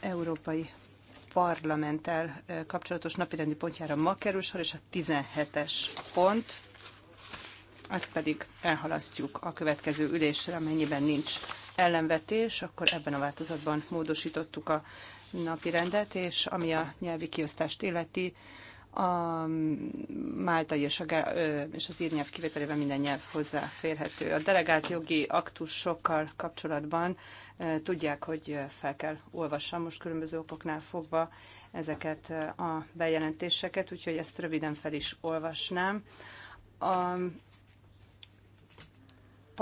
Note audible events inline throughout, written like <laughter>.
Európai Parlamenttel kapcsolatos napirendi pontjára ma kerül sor, és a 17-es pont, azt pedig elhalasztjuk a következő ülésre, amennyiben nincs ellenvetés, akkor ebben a változatban módosítottuk a napirendet, és ami a nyelvi kiosztást illeti, a mm, máltai és, a, és az írnyelv kivételével minden nyelv hozzáférhető. A delegált jogi aktusokkal kapcsolatban tudják, hogy fel kell olvassam most különböző okoknál fogva ezeket a bejelentéseket, úgyhogy ezt röviden fel is olvasnám. A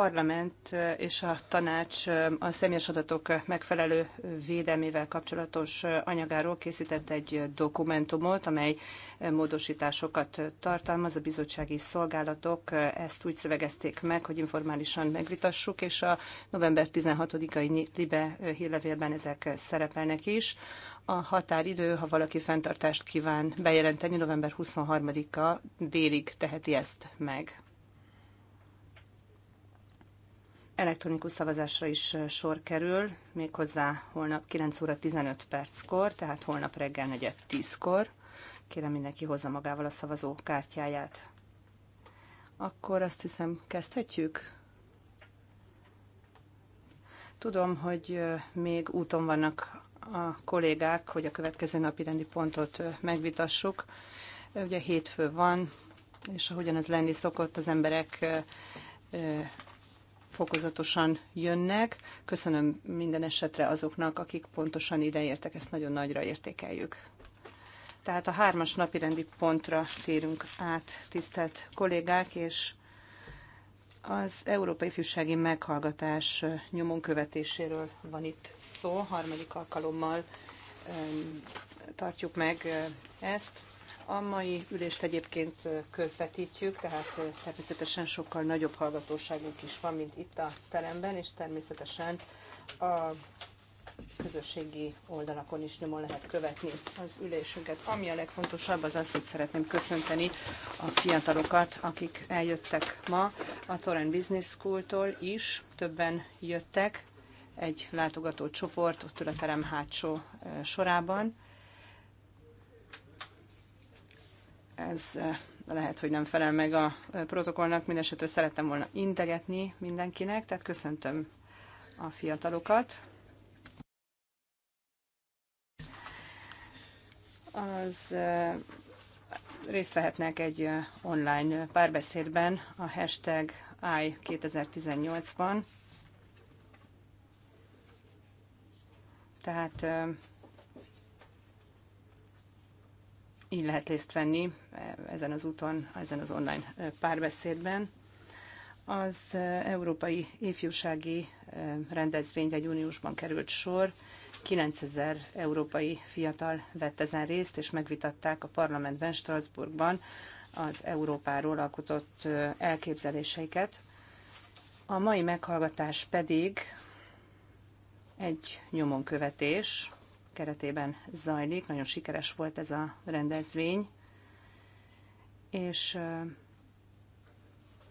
parlament eh, és a tanács eh, a személyes adatok megfelelő védelmével kapcsolatos eh, anyagáról készített egy dokumentumot, amely módosításokat tartalmaz. A bizottsági szolgálatok ezt úgy szövegezték meg, hogy informálisan megvitassuk, és a november 16-ai Libe hírlevélben ezek szerepelnek is. A határidő, ha valaki fenntartást kíván bejelenteni, november 23-a délig teheti ezt meg. elektronikus szavazásra is sor kerül, méghozzá holnap 9 óra 15 perckor, tehát holnap reggel 10 kor Kérem mindenki hozza magával a szavazó kártyáját. Akkor azt hiszem, kezdhetjük? Tudom, hogy még úton vannak a kollégák, hogy a következő napi rendi pontot megvitassuk. Ugye hétfő van, és ahogyan az lenni szokott, az emberek fokozatosan jönnek. Köszönöm minden esetre azoknak, akik pontosan ideértek, ezt nagyon nagyra értékeljük. Tehát a hármas napi rendi pontra térünk át, tisztelt kollégák, és az Európai Fűsági Meghallgatás nyomon követéséről van itt szó. Harmadik alkalommal tartjuk meg eh, ezt. A mai ülést egyébként közvetítjük, tehát természetesen sokkal nagyobb hallgatóságunk is van, mint itt a teremben, és természetesen a közösségi oldalakon is nyomon lehet követni az ülésünket. Ami a legfontosabb az az, hogy szeretném köszönteni a fiatalokat, akik eljöttek ma a Torrent Business School-tól is. Többen jöttek, egy látogató csoport, ott ül a terem hátsó eh, sorában ez eh, lehet, hogy nem felel meg a eh, protokollnak, mindesetre szerettem volna integetni mindenkinek, tehát köszöntöm a fiatalokat. Az eh, részt vehetnek egy online párbeszédben a hashtag i 2018-ban. Tehát így lehet részt venni e, ezen az úton, ezen az online e, párbeszédben. Az e, Európai Ifjúsági Rendezvényre júniusban került sor, 9000 európai fiatal vett ezen részt, és megvitatták a parlamentben, Strasbourgban az Európáról alkotott elképzeléseiket. A mai meghallgatás pedig egy nyomonkövetés keretében zajlik. Nagyon sikeres volt ez a rendezvény, és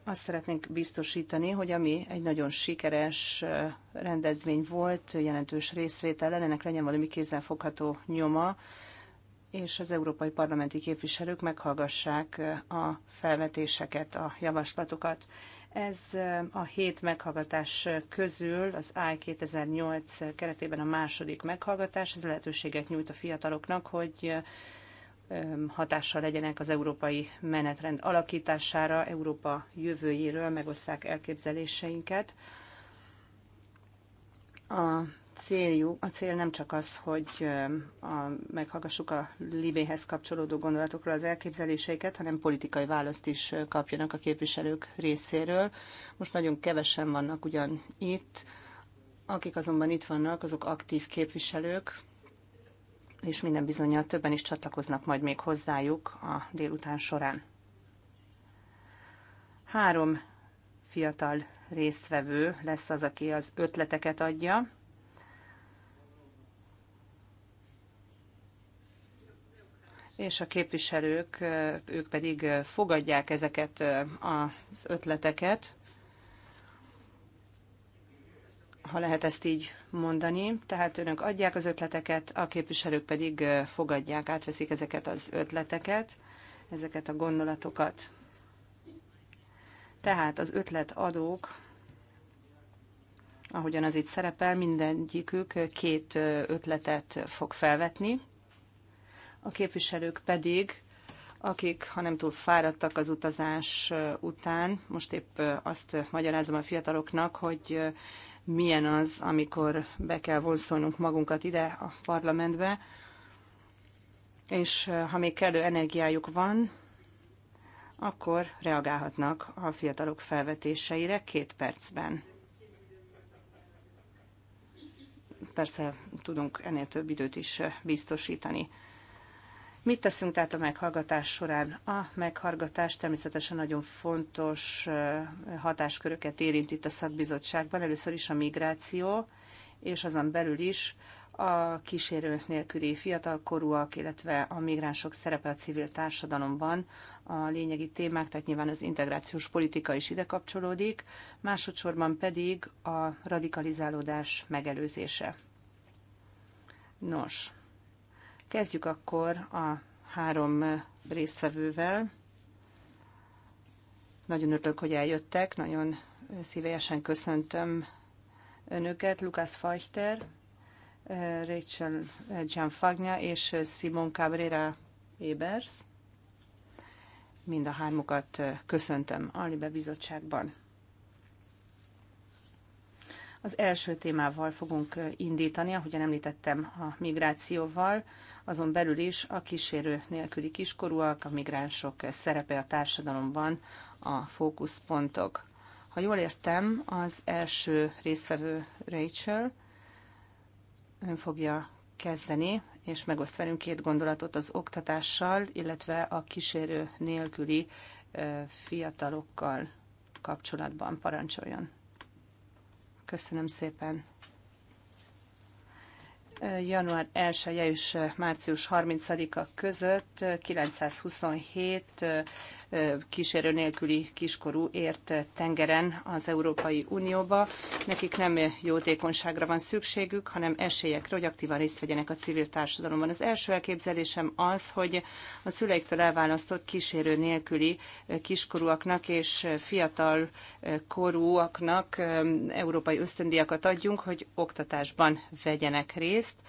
azt szeretnénk biztosítani, hogy ami egy nagyon sikeres rendezvény volt, jelentős részvétel, ennek legyen valami kézzelfogható nyoma, és az európai parlamenti képviselők meghallgassák a felvetéseket, a javaslatokat. Ez a hét meghallgatás közül az I 2008 keretében a második meghallgatás. Ez lehetőséget nyújt a fiataloknak, hogy hatással legyenek az európai menetrend alakítására, Európa jövőjéről megosszák elképzeléseinket. A céljuk, a cél nem csak az, hogy a, meghallgassuk a Libéhez kapcsolódó gondolatokról az elképzeléseiket, hanem politikai választ is kapjanak a képviselők részéről. Most nagyon kevesen vannak ugyan itt, akik azonban itt vannak, azok aktív képviselők, és minden bizonyal többen is csatlakoznak majd még hozzájuk a délután során. Három fiatal résztvevő lesz az, aki az ötleteket adja, és a képviselők, ők pedig fogadják ezeket az ötleteket, ha lehet ezt így mondani. Tehát önök adják az ötleteket, a képviselők pedig fogadják, átveszik ezeket az ötleteket, ezeket a gondolatokat. Tehát az ötletadók, ahogyan az itt szerepel, mindegyikük két ötletet fog felvetni, a képviselők pedig, akik, ha nem túl fáradtak az utazás után, most épp azt magyarázom a fiataloknak, hogy milyen az, amikor be kell vonszolnunk magunkat ide a parlamentbe, és ha még kellő energiájuk van, akkor reagálhatnak a fiatalok felvetéseire két percben. Persze tudunk ennél több időt is biztosítani. Mit teszünk tehát a meghallgatás során? A meghallgatás természetesen nagyon fontos hatásköröket érint itt a szakbizottságban, először is a migráció, és azon belül is a kísérő nélküli fiatalkorúak, illetve a migránsok szerepe a civil társadalomban a lényegi témák, tehát nyilván az integrációs politika is ide kapcsolódik, másodszorban pedig a radikalizálódás megelőzése. Nos, Kezdjük akkor a három résztvevővel. Nagyon örülök, hogy eljöttek, nagyon szívesen köszöntöm önöket, Lukas Fajter, Rachel Gianfagna és Simon Cabrera Ebers. Mind a hármukat köszöntöm a Libe Bizottságban. Az első témával fogunk indítani, ahogyan említettem, a migrációval azon belül is a kísérő nélküli kiskorúak, a migránsok szerepe a társadalomban a fókuszpontok. Ha jól értem, az első résztvevő Rachel ön fogja kezdeni, és megoszt velünk két gondolatot az oktatással, illetve a kísérő nélküli fiatalokkal kapcsolatban parancsoljon. Köszönöm szépen január 1-e és március 30-a között 927 kísérő nélküli kiskorú ért tengeren az Európai Unióba. Nekik nem jótékonyságra van szükségük, hanem esélyekre, hogy aktívan részt vegyenek a civil társadalomban. Az első elképzelésem az, hogy a szüleiktől elválasztott kísérő nélküli kiskorúaknak és fiatal korúaknak európai ösztöndiakat adjunk, hogy oktatásban vegyenek részt részt,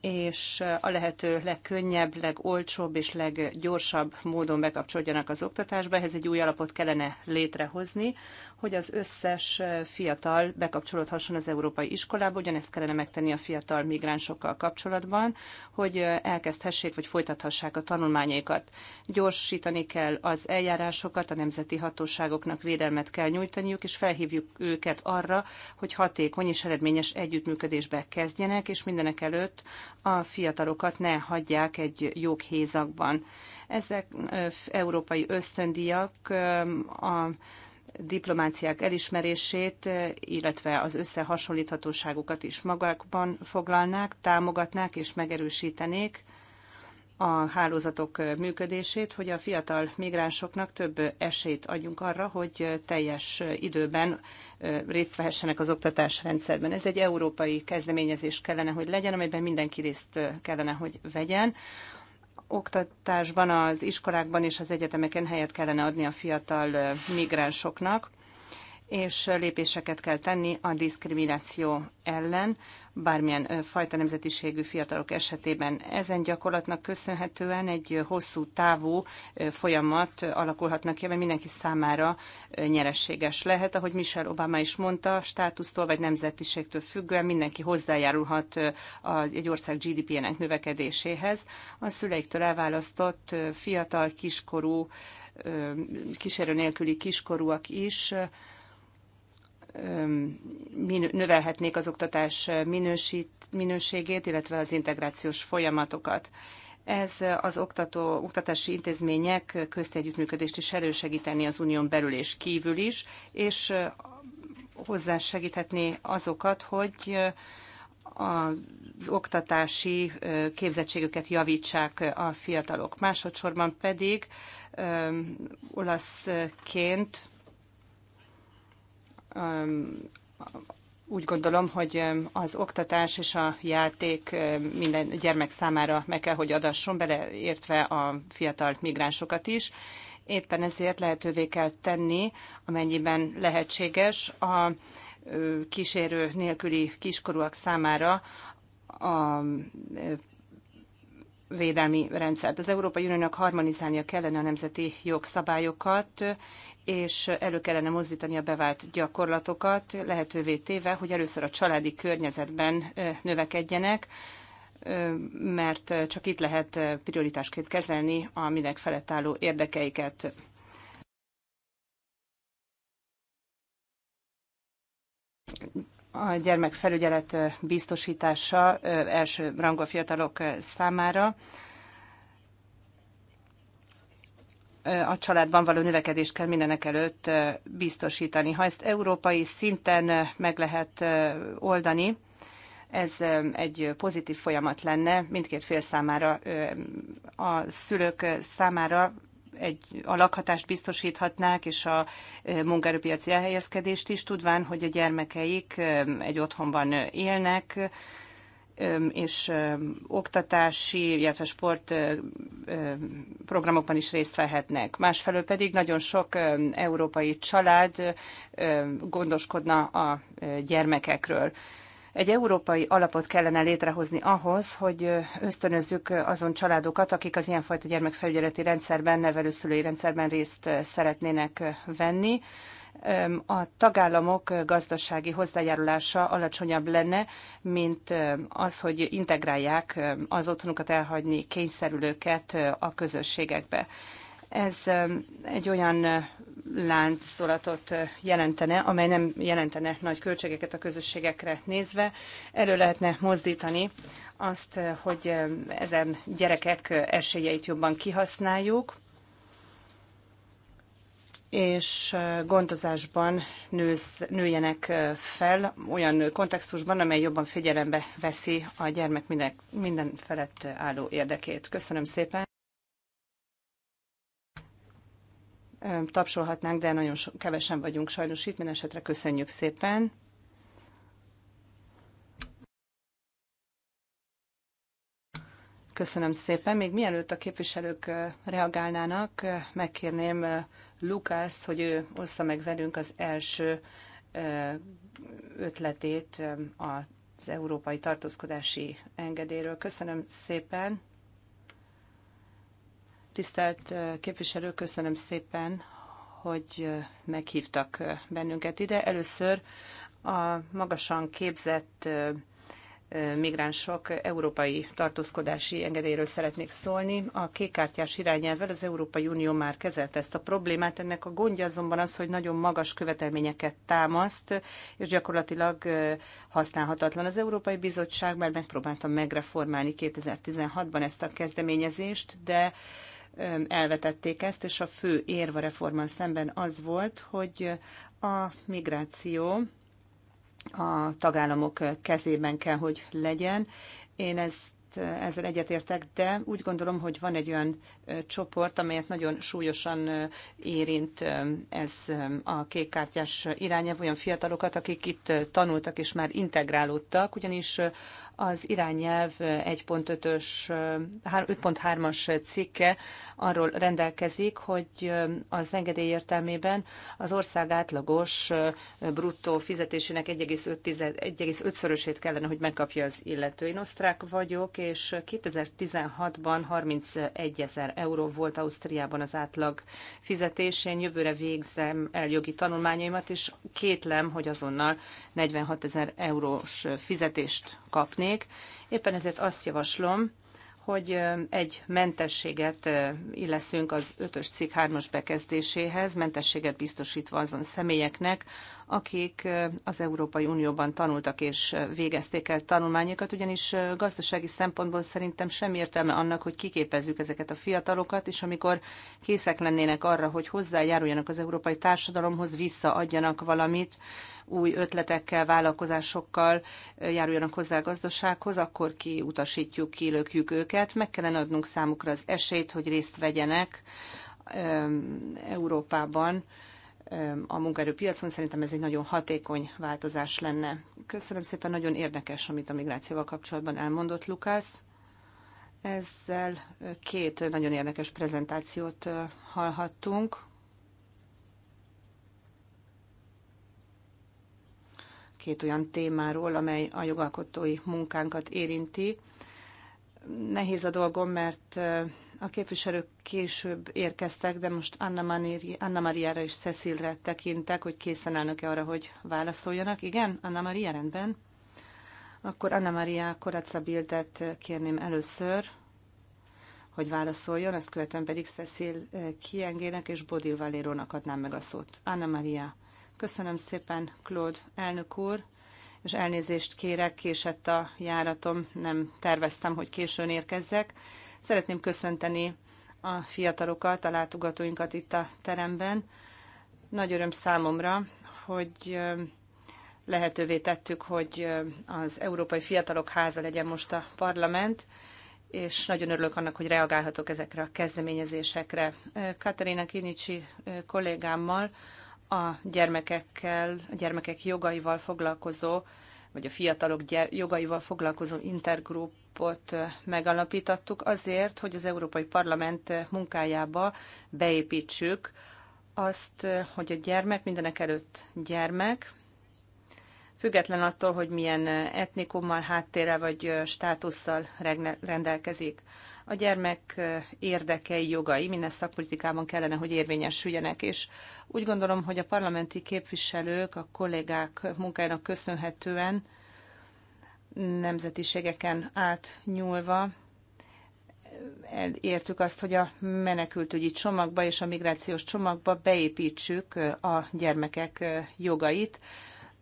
és a lehető legkönnyebb, legolcsóbb és leggyorsabb módon bekapcsoljanak az oktatásba. Ehhez egy új alapot kellene létrehozni, hogy az összes fiatal bekapcsolódhasson az európai iskolába, ugyanezt kellene megtenni a fiatal migránsokkal kapcsolatban, hogy elkezdhessék vagy folytathassák a tanulmányaikat. Gyorsítani kell az eljárásokat, a nemzeti hatóságoknak védelmet kell nyújtaniuk, és felhívjuk őket arra, hogy hatékony és eredményes együttműködésbe kezdjenek, és mindenek előtt a fiatalokat ne hagyják egy joghézakban. Ezek európai ösztöndíjak a diplomáciák elismerését, illetve az összehasonlíthatóságukat is magukban foglalnák, támogatnák és megerősítenék a hálózatok működését, hogy a fiatal migránsoknak több esélyt adjunk arra, hogy teljes időben részt vehessenek az oktatásrendszerben. Ez egy európai kezdeményezés kellene, hogy legyen, amelyben mindenki részt kellene, hogy vegyen oktatásban, az iskolákban és az egyetemeken helyet kellene adni a fiatal migránsoknak és lépéseket kell tenni a diszkrimináció ellen, bármilyen fajta nemzetiségű fiatalok esetében. Ezen gyakorlatnak köszönhetően egy hosszú távú folyamat alakulhatnak ki, mert mindenki számára nyereséges lehet. Ahogy Michelle Obama is mondta, státusztól vagy nemzetiségtől függően mindenki hozzájárulhat az, egy ország gdp ének növekedéséhez. A szüleiktől elválasztott fiatal, kiskorú, kísérő nélküli kiskorúak is növelhetnék az oktatás minősít, minőségét, illetve az integrációs folyamatokat. Ez az oktató, oktatási intézmények közt együttműködést is elősegíteni az unión belül és kívül is, és hozzásegíthetni azokat, hogy az oktatási képzettségüket javítsák a fiatalok. Másodszorban pedig olaszként úgy gondolom, hogy az oktatás és a játék minden gyermek számára meg kell, hogy adasson, bele értve a fiatal migránsokat is. Éppen ezért lehetővé kell tenni, amennyiben lehetséges, a kísérő nélküli kiskorúak számára a védelmi rendszert. Az Európai Uniónak harmonizálnia kellene a nemzeti jogszabályokat, és elő kellene mozdítani a bevált gyakorlatokat, lehetővé téve, hogy először a családi környezetben növekedjenek, mert csak itt lehet prioritásként kezelni a minek felett álló érdekeiket. A gyermekfelügyelet biztosítása első rangú fiatalok számára a családban való növekedést kell mindenek előtt biztosítani. Ha ezt európai szinten meg lehet oldani, ez egy pozitív folyamat lenne mindkét fél számára, a szülők számára egy, a lakhatást biztosíthatnák, és a munkaerőpiaci elhelyezkedést is, tudván, hogy a gyermekeik egy otthonban élnek, és oktatási, illetve sport programokban is részt vehetnek. Másfelől pedig nagyon sok európai család gondoskodna a gyermekekről. Egy európai alapot kellene létrehozni ahhoz, hogy ösztönözzük azon családokat, akik az ilyenfajta gyermekfelügyeleti rendszerben, nevelőszülői rendszerben részt szeretnének venni, a tagállamok gazdasági hozzájárulása alacsonyabb lenne, mint az, hogy integrálják az otthonukat elhagyni kényszerülőket a közösségekbe. Ez egy olyan láncolatot jelentene, amely nem jelentene nagy költségeket a közösségekre nézve. Elő lehetne mozdítani azt, hogy ezen gyerekek esélyeit jobban kihasználjuk, és gondozásban nőz, nőjenek fel olyan kontextusban, amely jobban figyelembe veszi a gyermek minden, minden felett álló érdekét. Köszönöm szépen! Tapsolhatnánk, de nagyon so, kevesen vagyunk sajnos itt, minden esetre köszönjük szépen! Köszönöm szépen. Még mielőtt a képviselők reagálnának, megkérném Lukászt, hogy ő ossza meg velünk az első ötletét az európai tartózkodási engedélyről. Köszönöm szépen! Tisztelt képviselő, köszönöm szépen, hogy meghívtak bennünket ide. Először a magasan képzett migránsok európai tartózkodási engedélyről szeretnék szólni. A kékkártyás irányelvvel az Európai Unió már kezelte ezt a problémát. Ennek a gondja azonban az, hogy nagyon magas követelményeket támaszt, és gyakorlatilag használhatatlan. Az Európai Bizottság már megpróbálta megreformálni 2016-ban ezt a kezdeményezést, de elvetették ezt, és a fő érv a reformon szemben az volt, hogy a migráció a tagállamok kezében kell, hogy legyen. Én ezt ezzel egyetértek, de úgy gondolom, hogy van egy olyan csoport, amelyet nagyon súlyosan érint ez a kékkártyás irányelv, olyan fiatalokat, akik itt tanultak és már integrálódtak, ugyanis az irányelv 1.5-ös, 5.3-as cikke arról rendelkezik, hogy az engedély értelmében az ország átlagos bruttó fizetésének 1,5-szörösét kellene, hogy megkapja az illető. Én osztrák vagyok, és 2016-ban 31 ezer euró volt Ausztriában az átlag fizetésén. Jövőre végzem el jogi tanulmányaimat, és kétlem, hogy azonnal 46 ezer eurós fizetést kapni szeretnék. Éppen ezért azt javaslom, hogy egy mentességet illeszünk az 5-ös cikk 3-os bekezdéséhez, mentességet biztosítva azon személyeknek, akik az Európai Unióban tanultak és végezték el tanulmányokat, ugyanis gazdasági szempontból szerintem sem értelme annak, hogy kiképezzük ezeket a fiatalokat, és amikor készek lennének arra, hogy hozzájáruljanak az európai társadalomhoz, visszaadjanak valamit, új ötletekkel, vállalkozásokkal járuljanak hozzá a gazdasághoz, akkor kiutasítjuk, kilökjük őket. Meg kellene adnunk számukra az esélyt, hogy részt vegyenek Európában a munkaerőpiacon. Szerintem ez egy nagyon hatékony változás lenne. Köszönöm szépen, nagyon érdekes, amit a migrációval kapcsolatban elmondott Lukász. Ezzel két nagyon érdekes prezentációt hallhattunk. Két olyan témáról, amely a jogalkotói munkánkat érinti. Nehéz a dolgom, mert a képviselők később érkeztek, de most Anna Mariára és Cecilre tekintek, hogy készen állnak-e arra, hogy válaszoljanak. Igen, Anna Maria, rendben. Akkor Anna Maria Koraca Bildet kérném először, hogy válaszoljon, ezt követően pedig Cecil Kiengének és Bodil Valérónak adnám meg a szót. Anna Maria, köszönöm szépen, Claude elnök úr, és elnézést kérek, késett a járatom, nem terveztem, hogy későn érkezzek. Szeretném köszönteni a fiatalokat, a látogatóinkat itt a teremben. Nagy öröm számomra, hogy lehetővé tettük, hogy az Európai Fiatalok Háza legyen most a parlament, és nagyon örülök annak, hogy reagálhatok ezekre a kezdeményezésekre. Katerina Kinicsi kollégámmal a gyermekekkel, a gyermekek jogaival foglalkozó vagy a fiatalok jogaival foglalkozó intergrupot megalapítottuk azért, hogy az Európai Parlament munkájába beépítsük azt, hogy a gyermek mindenek előtt gyermek, független attól, hogy milyen etnikummal, háttérrel vagy státusszal rendelkezik a gyermek érdekei, jogai minden szakpolitikában kellene, hogy érvényesüljenek, és úgy gondolom, hogy a parlamenti képviselők, a kollégák munkájának köszönhetően nemzetiségeken átnyúlva értük azt, hogy a menekültügyi csomagba és a migrációs csomagba beépítsük a gyermekek jogait,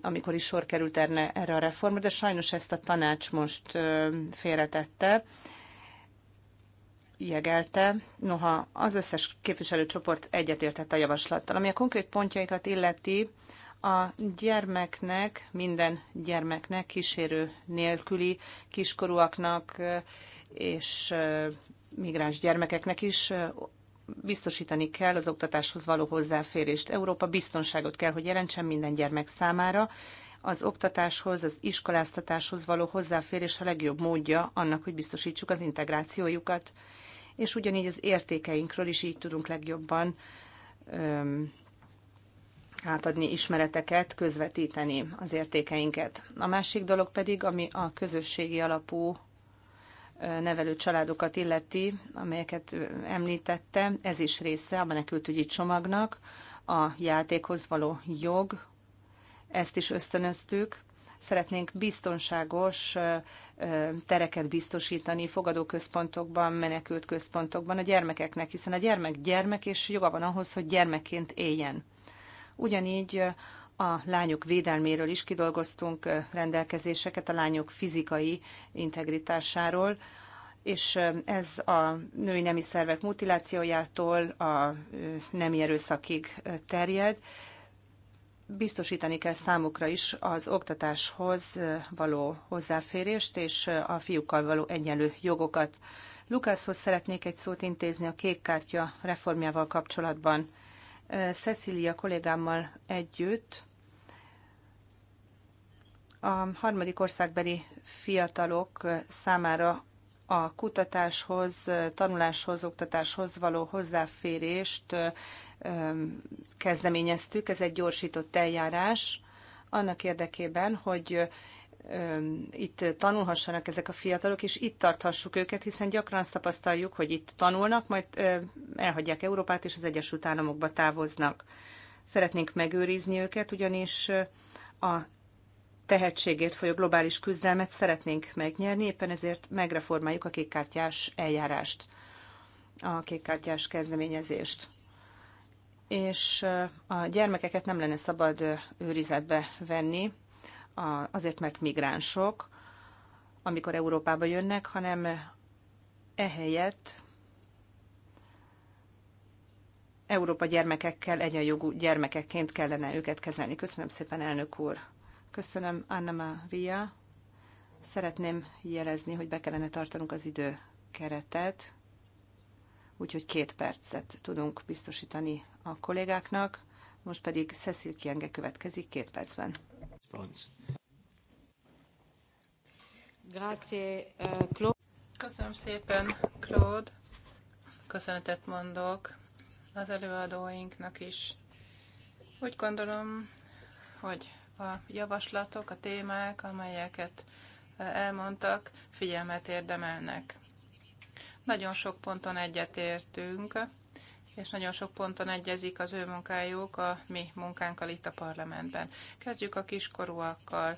amikor is sor került erre a reformra, de sajnos ezt a tanács most félretette jegelte, noha az összes képviselőcsoport egyetértett a javaslattal. Ami a konkrét pontjaikat illeti, a gyermeknek, minden gyermeknek, kísérő nélküli kiskorúaknak és migráns gyermekeknek is biztosítani kell az oktatáshoz való hozzáférést. Európa biztonságot kell, hogy jelentsen minden gyermek számára. Az oktatáshoz, az iskoláztatáshoz való hozzáférés a legjobb módja annak, hogy biztosítsuk az integrációjukat és ugyanígy az értékeinkről is így tudunk legjobban öm, átadni ismereteket, közvetíteni az értékeinket. A másik dolog pedig, ami a közösségi alapú nevelő családokat illeti, amelyeket említette, ez is része a menekültügyi csomagnak, a játékhoz való jog, ezt is ösztönöztük, Szeretnénk biztonságos tereket biztosítani fogadóközpontokban, menekült központokban a gyermekeknek, hiszen a gyermek gyermek, és joga van ahhoz, hogy gyermekként éljen. Ugyanígy a lányok védelméről is kidolgoztunk rendelkezéseket, a lányok fizikai integritásáról, és ez a női nemi szervek mutilációjától a nemi erőszakig terjed, biztosítani kell számukra is az oktatáshoz való hozzáférést és a fiúkkal való egyenlő jogokat. Lukaszhoz szeretnék egy szót intézni a kékkártya reformjával kapcsolatban. Cecilia kollégámmal együtt a harmadik országbeli fiatalok számára a kutatáshoz, tanuláshoz, oktatáshoz való hozzáférést kezdeményeztük. Ez egy gyorsított eljárás annak érdekében, hogy itt tanulhassanak ezek a fiatalok, és itt tarthassuk őket, hiszen gyakran azt tapasztaljuk, hogy itt tanulnak, majd elhagyják Európát, és az Egyesült Államokba távoznak. Szeretnénk megőrizni őket, ugyanis a tehetségért folyó globális küzdelmet szeretnénk megnyerni, éppen ezért megreformáljuk a kékkártyás eljárást, a kékkártyás kezdeményezést és a gyermekeket nem lenne szabad őrizetbe venni, azért mert migránsok, amikor Európába jönnek, hanem ehelyett Európa gyermekekkel egyenjogú gyermekekként kellene őket kezelni. Köszönöm szépen, elnök úr. Köszönöm, Anna Maria. Szeretném jelezni, hogy be kellene tartanunk az időkeretet, úgyhogy két percet tudunk biztosítani a kollégáknak, most pedig Cecil Kienge következik két percben. Eh, Köszönöm szépen, Claude. Köszönetet mondok az előadóinknak is. Úgy gondolom, hogy a javaslatok, a témák, amelyeket eh, elmondtak, figyelmet érdemelnek. Nagyon sok ponton egyetértünk, és nagyon sok ponton egyezik az ő munkájuk a mi munkánkkal itt a parlamentben. Kezdjük a kiskorúakkal.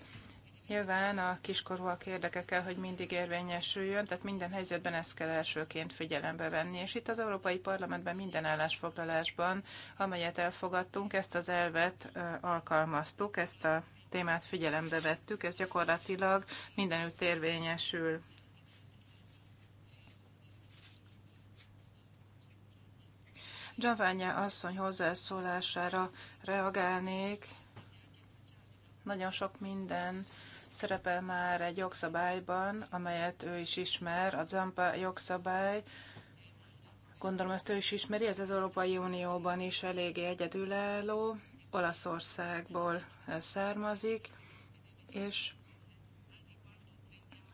Nyilván a kiskorúak érdeke kell, hogy mindig érvényesüljön, tehát minden helyzetben ezt kell elsőként figyelembe venni. És itt az Európai Parlamentben minden állásfoglalásban, amelyet elfogadtunk, ezt az elvet alkalmaztuk, ezt a témát figyelembe vettük, ez gyakorlatilag mindenütt érvényesül. Javánya asszony hozzászólására reagálnék. Nagyon sok minden szerepel már egy jogszabályban, amelyet ő is ismer, a Zampa jogszabály. Gondolom, ezt ő is ismeri, ez az Európai Unióban is eléggé egyedülálló, Olaszországból származik, és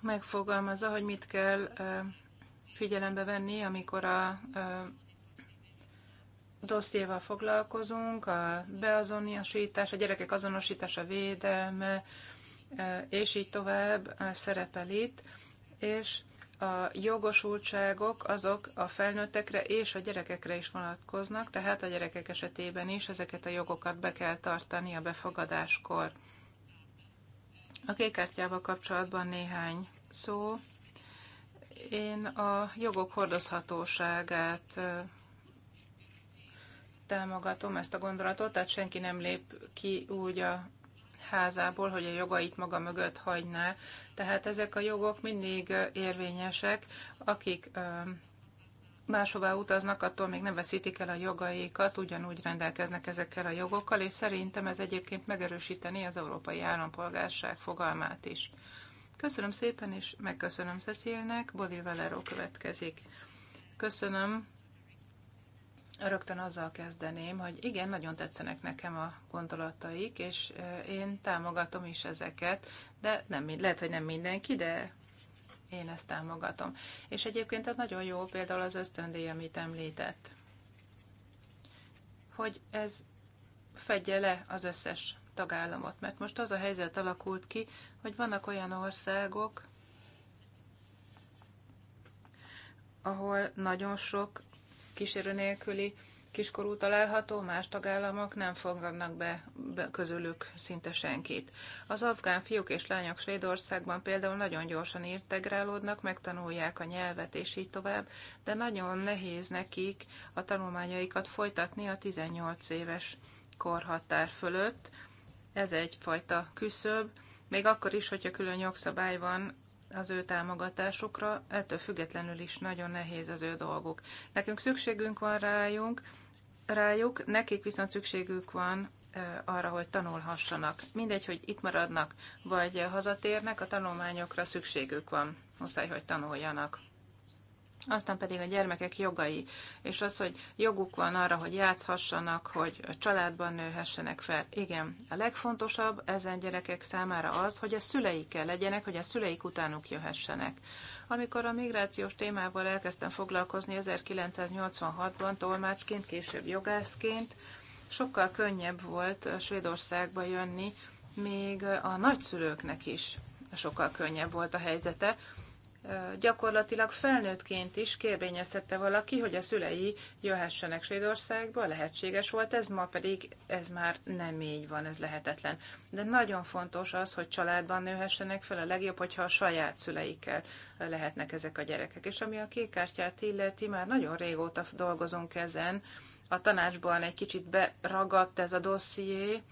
megfogalmazza, hogy mit kell figyelembe venni, amikor a dossziéval foglalkozunk, a beazonosítás, a gyerekek azonosítása, védelme, e, és így tovább e, szerepel itt, és a jogosultságok azok a felnőttekre és a gyerekekre is vonatkoznak, tehát a gyerekek esetében is ezeket a jogokat be kell tartani a befogadáskor. A kékártyával kapcsolatban néhány szó. Én a jogok hordozhatóságát e, támogatom ezt a gondolatot, tehát senki nem lép ki úgy a házából, hogy a jogait maga mögött hagyná. Tehát ezek a jogok mindig érvényesek, akik máshová utaznak, attól még nem veszítik el a jogaikat, ugyanúgy rendelkeznek ezekkel a jogokkal, és szerintem ez egyébként megerősíteni az európai állampolgárság fogalmát is. Köszönöm szépen, és megköszönöm Cecilnek, Bodil Valero következik. Köszönöm, Rögtön azzal kezdeném, hogy igen, nagyon tetszenek nekem a gondolataik, és én támogatom is ezeket, de nem, lehet, hogy nem mindenki, de én ezt támogatom. És egyébként az nagyon jó, például az ösztöndíj, amit említett, hogy ez fedje le az összes tagállamot, mert most az a helyzet alakult ki, hogy vannak olyan országok, ahol nagyon sok kísérő nélküli kiskorú található, más tagállamok nem fogadnak be, be közülük szinte senkit. Az afgán fiúk és lányok Svédországban például nagyon gyorsan integrálódnak, megtanulják a nyelvet és így tovább, de nagyon nehéz nekik a tanulmányaikat folytatni a 18 éves korhatár fölött. Ez egyfajta küszöb, még akkor is, hogyha külön jogszabály van az ő támogatásukra, ettől függetlenül is nagyon nehéz az ő dolguk. Nekünk szükségünk van rájunk, rájuk, nekik viszont szükségük van arra, hogy tanulhassanak. Mindegy, hogy itt maradnak, vagy hazatérnek, a tanulmányokra szükségük van. Muszáj, hogy tanuljanak aztán pedig a gyermekek jogai, és az, hogy joguk van arra, hogy játszhassanak, hogy a családban nőhessenek fel. Igen, a legfontosabb ezen gyerekek számára az, hogy a szüleikkel legyenek, hogy a szüleik utánuk jöhessenek. Amikor a migrációs témával elkezdtem foglalkozni 1986-ban tolmácsként, később jogászként, sokkal könnyebb volt Svédországba jönni, még a nagyszülőknek is sokkal könnyebb volt a helyzete, gyakorlatilag felnőttként is kérvényezhette valaki, hogy a szülei jöhessenek Svédországba, lehetséges volt ez, ma pedig ez már nem így van, ez lehetetlen. De nagyon fontos az, hogy családban nőhessenek fel, a legjobb, hogyha a saját szüleikkel lehetnek ezek a gyerekek. És ami a kékkártyát illeti, már nagyon régóta dolgozunk ezen, a tanácsban egy kicsit beragadt ez a dosszié,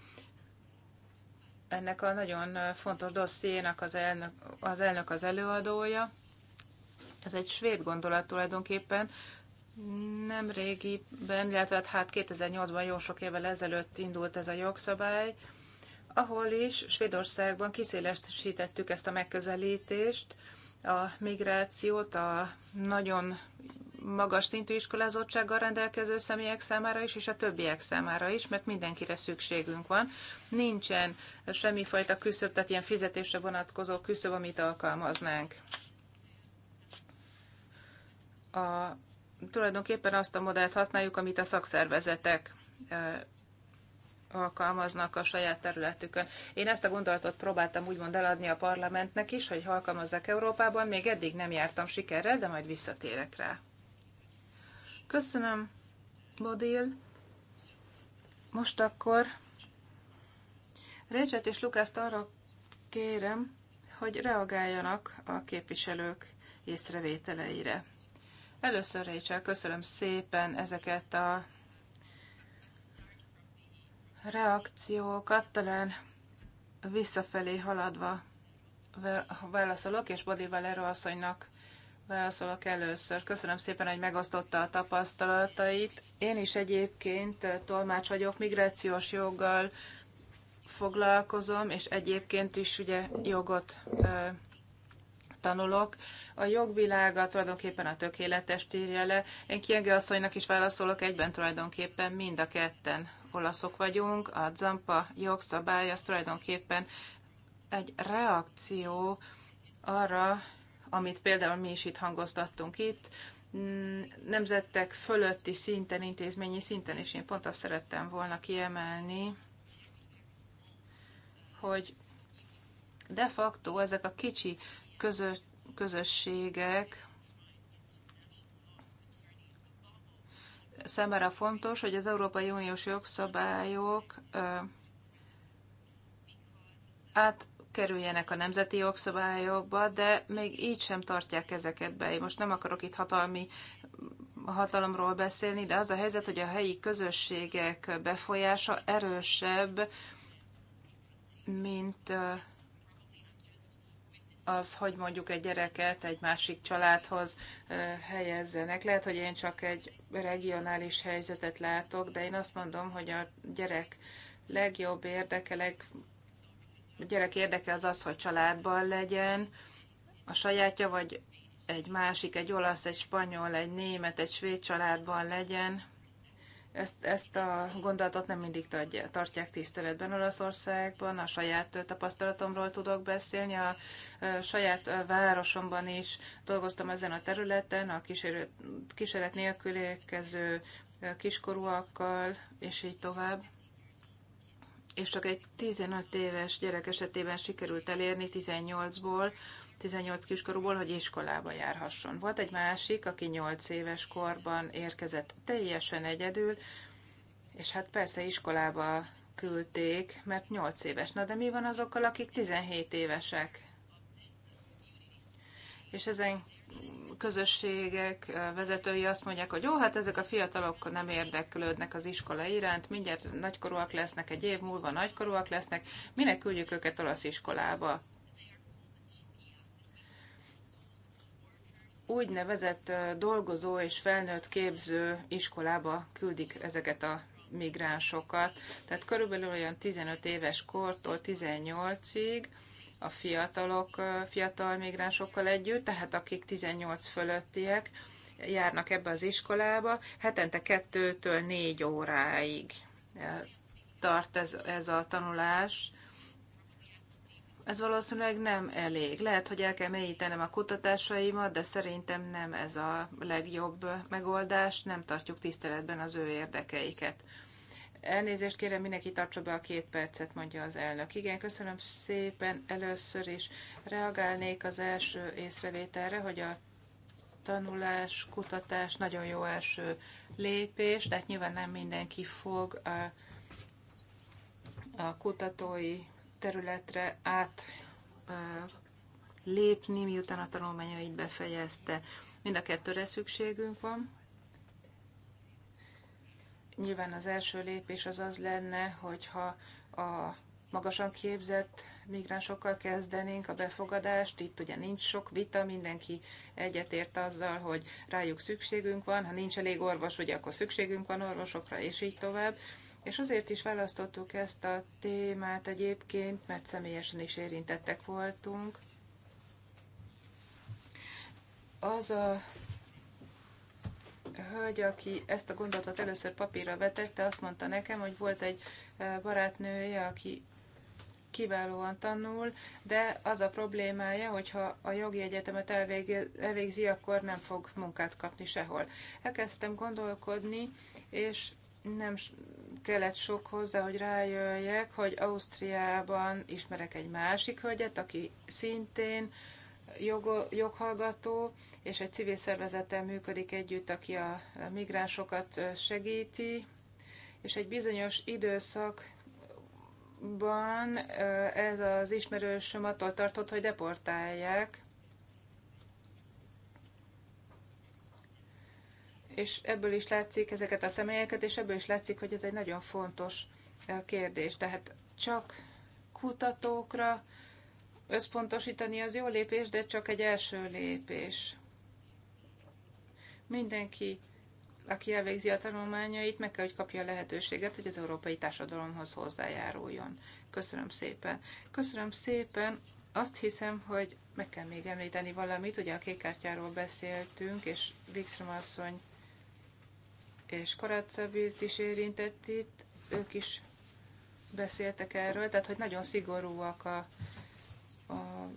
ennek a nagyon fontos dossziénak az elnök az, elnök az előadója, ez egy svéd gondolat tulajdonképpen. Nem régiben, illetve hát 2008-ban hát jó sok évvel ezelőtt indult ez a jogszabály, ahol is Svédországban kiszélesítettük ezt a megközelítést, a migrációt a nagyon magas szintű iskolázottsággal rendelkező személyek számára is, és a többiek számára is, mert mindenkire szükségünk van. Nincsen semmifajta küszöb, tehát ilyen fizetésre vonatkozó küszöb, amit alkalmaznánk a, tulajdonképpen azt a modellt használjuk, amit a szakszervezetek alkalmaznak a saját területükön. Én ezt a gondolatot próbáltam úgymond eladni a parlamentnek is, hogy alkalmazzak Európában, még eddig nem jártam sikerrel, de majd visszatérek rá. Köszönöm, Bodil. Most akkor Récset és Lukást arra kérem, hogy reagáljanak a képviselők észrevételeire. Először, Rachel, köszönöm szépen ezeket a reakciókat, talán visszafelé haladva válaszolok, és Bodi Valero asszonynak válaszolok először. Köszönöm szépen, hogy megosztotta a tapasztalatait. Én is egyébként tolmács vagyok, migrációs joggal foglalkozom, és egyébként is ugye jogot tanulok. A jogvilága tulajdonképpen a tökéletes írja le. Én Kienge asszonynak is válaszolok egyben tulajdonképpen mind a ketten olaszok vagyunk. A Zampa jogszabály az tulajdonképpen egy reakció arra, amit például mi is itt hangoztattunk itt, nemzettek fölötti szinten, intézményi szinten, és én pont azt szerettem volna kiemelni, hogy de facto ezek a kicsi közös, közösségek számára fontos, hogy az Európai Uniós jogszabályok átkerüljenek a nemzeti jogszabályokba, de még így sem tartják ezeket be. Én most nem akarok itt hatalmi hatalomról beszélni, de az a helyzet, hogy a helyi közösségek befolyása erősebb, mint az, hogy mondjuk egy gyereket egy másik családhoz helyezzenek. Lehet, hogy én csak egy regionális helyzetet látok, de én azt mondom, hogy a gyerek legjobb érdeke, leg... a gyerek érdeke az az, hogy családban legyen, a sajátja, vagy egy másik, egy olasz, egy spanyol, egy német, egy svéd családban legyen, ezt, ezt a gondolatot nem mindig tadja, tartják tiszteletben Olaszországban. A saját tapasztalatomról tudok beszélni, a, a saját városomban is dolgoztam ezen a területen, a kísérlet, kísérlet nélkül érkező kiskorúakkal, és így tovább. És csak egy 15 éves gyerek esetében sikerült elérni 18-ból, 18 kiskorúból, hogy iskolába járhasson. Volt egy másik, aki 8 éves korban érkezett teljesen egyedül, és hát persze iskolába küldték, mert 8 éves. Na de mi van azokkal, akik 17 évesek? És ezen közösségek vezetői azt mondják, hogy jó, hát ezek a fiatalok nem érdeklődnek az iskola iránt, mindjárt nagykorúak lesznek, egy év múlva nagykorúak lesznek, minek küldjük őket olasz iskolába? úgynevezett dolgozó és felnőtt képző iskolába küldik ezeket a migránsokat. Tehát körülbelül olyan 15 éves kortól 18-ig a fiatalok, fiatal migránsokkal együtt, tehát akik 18 fölöttiek járnak ebbe az iskolába, hetente kettőtől négy óráig tart ez, ez a tanulás ez valószínűleg nem elég. Lehet, hogy el kell mélyítenem a kutatásaimat, de szerintem nem ez a legjobb megoldás, nem tartjuk tiszteletben az ő érdekeiket. Elnézést kérem, mindenki tartsa be a két percet, mondja az elnök. Igen, köszönöm szépen először is. Reagálnék az első észrevételre, hogy a tanulás, kutatás nagyon jó első lépés, de hát nyilván nem mindenki fog a, a kutatói területre át lépni, miután a tanulmányait befejezte. Mind a kettőre szükségünk van. Nyilván az első lépés az az lenne, hogyha a magasan képzett migránsokkal kezdenénk a befogadást. Itt ugye nincs sok vita, mindenki egyetért azzal, hogy rájuk szükségünk van. Ha nincs elég orvos, ugye akkor szükségünk van orvosokra, és így tovább. És azért is választottuk ezt a témát egyébként, mert személyesen is érintettek voltunk. Az a hölgy, aki ezt a gondolatot először papírra vetette, azt mondta nekem, hogy volt egy e, barátnője, aki kiválóan tanul, de az a problémája, hogyha a jogi egyetemet elvégzi, akkor nem fog munkát kapni sehol. Elkezdtem gondolkodni, és nem kellett sok hozzá, hogy rájöjjek, hogy Ausztriában ismerek egy másik hölgyet, aki szintén jog, joghallgató, és egy civil szervezettel működik együtt, aki a migránsokat segíti, és egy bizonyos időszak ez az ismerősöm attól tartott, hogy deportálják, és ebből is látszik ezeket a személyeket, és ebből is látszik, hogy ez egy nagyon fontos eh, kérdés. Tehát csak kutatókra összpontosítani az jó lépés, de csak egy első lépés. Mindenki, aki elvégzi a tanulmányait, meg kell, hogy kapja a lehetőséget, hogy az európai társadalomhoz hozzájáruljon. Köszönöm szépen. Köszönöm szépen. Azt hiszem, hogy meg kell még említeni valamit, ugye a kékkártyáról beszéltünk, és Wikström asszony és Karácsabilt is érintett itt, ők is beszéltek erről, tehát hogy nagyon szigorúak a, a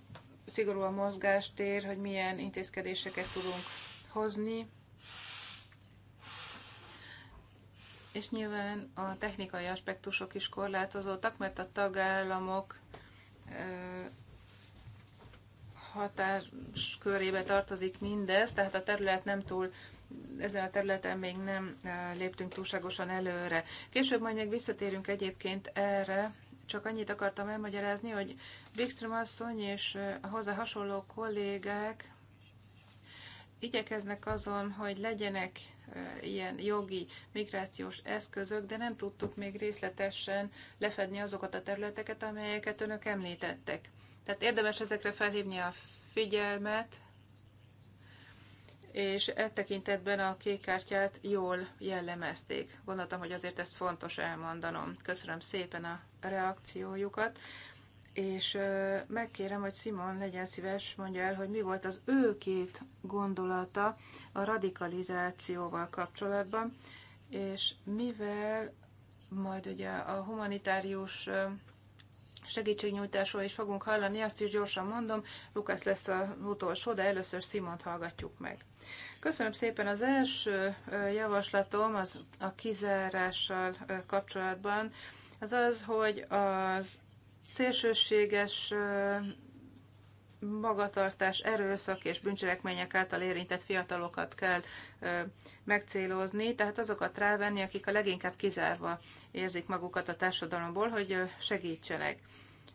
szigorú a mozgástér, hogy milyen intézkedéseket tudunk hozni, és nyilván a technikai aspektusok is korlátozottak, mert a tagállamok hatás körébe tartozik mindez, tehát a terület nem túl ezen a területen még nem eh, léptünk túlságosan előre. Később majd még visszatérünk egyébként erre, csak annyit akartam elmagyarázni, hogy Wikström asszony és eh, hozzá hasonló kollégák igyekeznek azon, hogy legyenek eh, ilyen jogi, migrációs eszközök, de nem tudtuk még részletesen lefedni azokat a területeket, amelyeket önök említettek. Tehát érdemes ezekre felhívni a figyelmet, és e tekintetben a kék kártyát jól jellemezték. Gondoltam, hogy azért ezt fontos elmondanom. Köszönöm szépen a reakciójukat, és megkérem, hogy Simon legyen szíves, mondja el, hogy mi volt az ő két gondolata a radikalizációval kapcsolatban, és mivel majd ugye a humanitárius segítségnyújtásról is fogunk hallani, azt is gyorsan mondom, Lukasz lesz az utolsó, de először Simont hallgatjuk meg. Köszönöm szépen. Az első javaslatom az a kizárással kapcsolatban az az, hogy az szélsőséges magatartás, erőszak és bűncselekmények által érintett fiatalokat kell ö, megcélozni, tehát azokat rávenni, akik a leginkább kizárva érzik magukat a társadalomból, hogy ö, segítsenek.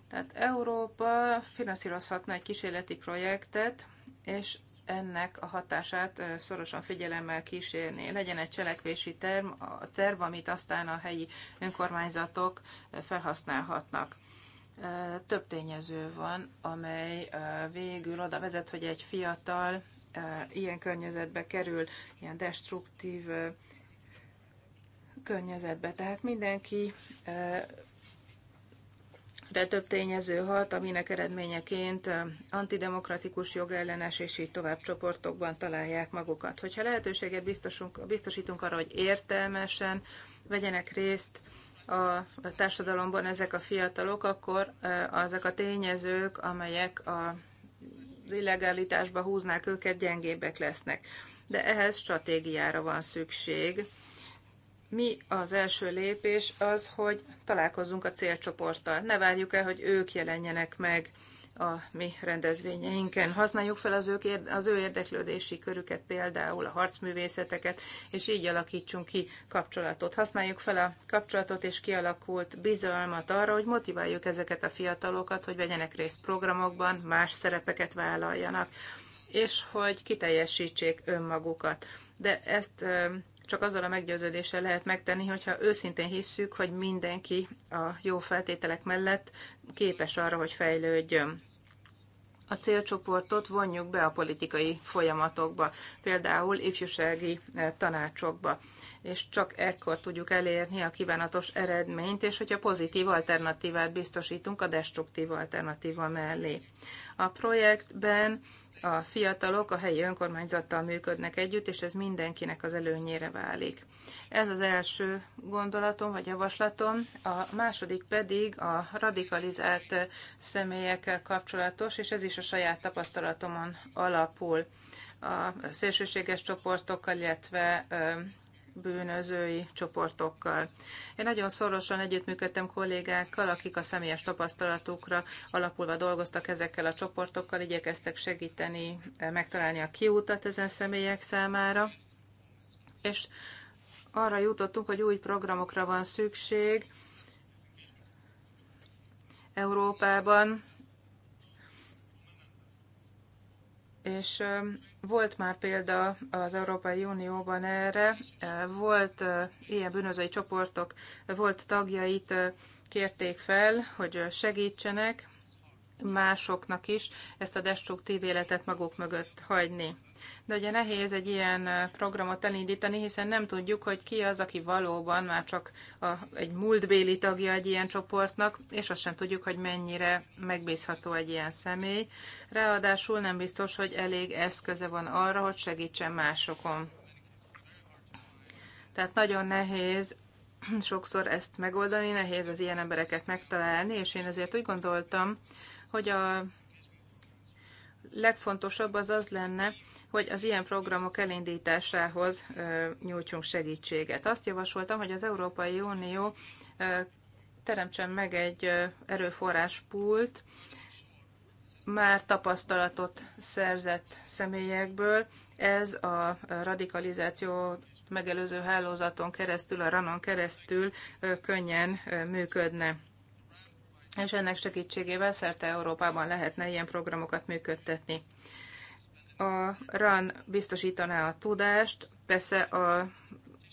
Tehát Európa finanszírozhatna egy kísérleti projektet, és ennek a hatását szorosan figyelemmel kísérni. Legyen egy cselekvési terv, a terv, amit aztán a helyi önkormányzatok felhasználhatnak több tényező van, amely végül oda vezet, hogy egy fiatal ilyen környezetbe kerül, ilyen destruktív környezetbe. Tehát mindenki de több tényező hat, aminek eredményeként antidemokratikus, jogellenes és így tovább csoportokban találják magukat. Hogyha lehetőséget biztosunk, biztosítunk arra, hogy értelmesen vegyenek részt a társadalomban ezek a fiatalok, akkor azok a tényezők, amelyek a, az illegalitásba húznák őket, gyengébbek lesznek. De ehhez stratégiára van szükség. Mi az első lépés az, hogy találkozzunk a célcsoporttal. Ne várjuk el, hogy ők jelenjenek meg a mi rendezvényeinken. Használjuk fel az, ők, az ő érdeklődési körüket, például a harcművészeteket, és így alakítsunk ki kapcsolatot. Használjuk fel a kapcsolatot és kialakult bizalmat arra, hogy motiváljuk ezeket a fiatalokat, hogy vegyenek részt programokban, más szerepeket vállaljanak, és hogy kiteljesítsék önmagukat. De ezt csak azzal a meggyőződéssel lehet megtenni, hogyha őszintén hisszük, hogy mindenki a jó feltételek mellett képes arra, hogy fejlődjön. A célcsoportot vonjuk be a politikai folyamatokba, például ifjúsági eh, tanácsokba, és csak ekkor tudjuk elérni a kívánatos eredményt, és hogyha pozitív alternatívát biztosítunk a destruktív alternatíva mellé. A projektben a fiatalok a helyi önkormányzattal működnek együtt, és ez mindenkinek az előnyére válik. Ez az első gondolatom vagy javaslatom. A második pedig a radikalizált személyekkel kapcsolatos, és ez is a saját tapasztalatomon alapul. A szélsőséges csoportokkal, illetve bűnözői csoportokkal. Én nagyon szorosan együttműködtem kollégákkal, akik a személyes tapasztalatukra alapulva dolgoztak ezekkel a csoportokkal, igyekeztek segíteni, eh, megtalálni a kiútat ezen személyek számára, és arra jutottunk, hogy új programokra van szükség Európában, És volt már példa az Európai Unióban erre, volt ilyen bűnözői csoportok, volt tagjait kérték fel, hogy segítsenek másoknak is ezt a destruktív életet maguk mögött hagyni de ugye nehéz egy ilyen programot elindítani, hiszen nem tudjuk, hogy ki az, aki valóban már csak a, egy múltbéli tagja egy ilyen csoportnak, és azt sem tudjuk, hogy mennyire megbízható egy ilyen személy. Ráadásul nem biztos, hogy elég eszköze van arra, hogy segítsen másokon. Tehát nagyon nehéz <clears throat> sokszor ezt megoldani, nehéz az ilyen embereket megtalálni, és én ezért úgy gondoltam, hogy a legfontosabb az az lenne, hogy az ilyen programok elindításához nyújtsunk segítséget. Azt javasoltam, hogy az Európai Unió teremtsen meg egy erőforráspult, már tapasztalatot szerzett személyekből. Ez a radikalizáció megelőző hálózaton keresztül, a ranon keresztül könnyen működne és ennek segítségével szerte Európában lehetne ilyen programokat működtetni. A RAN biztosítaná a tudást, persze a,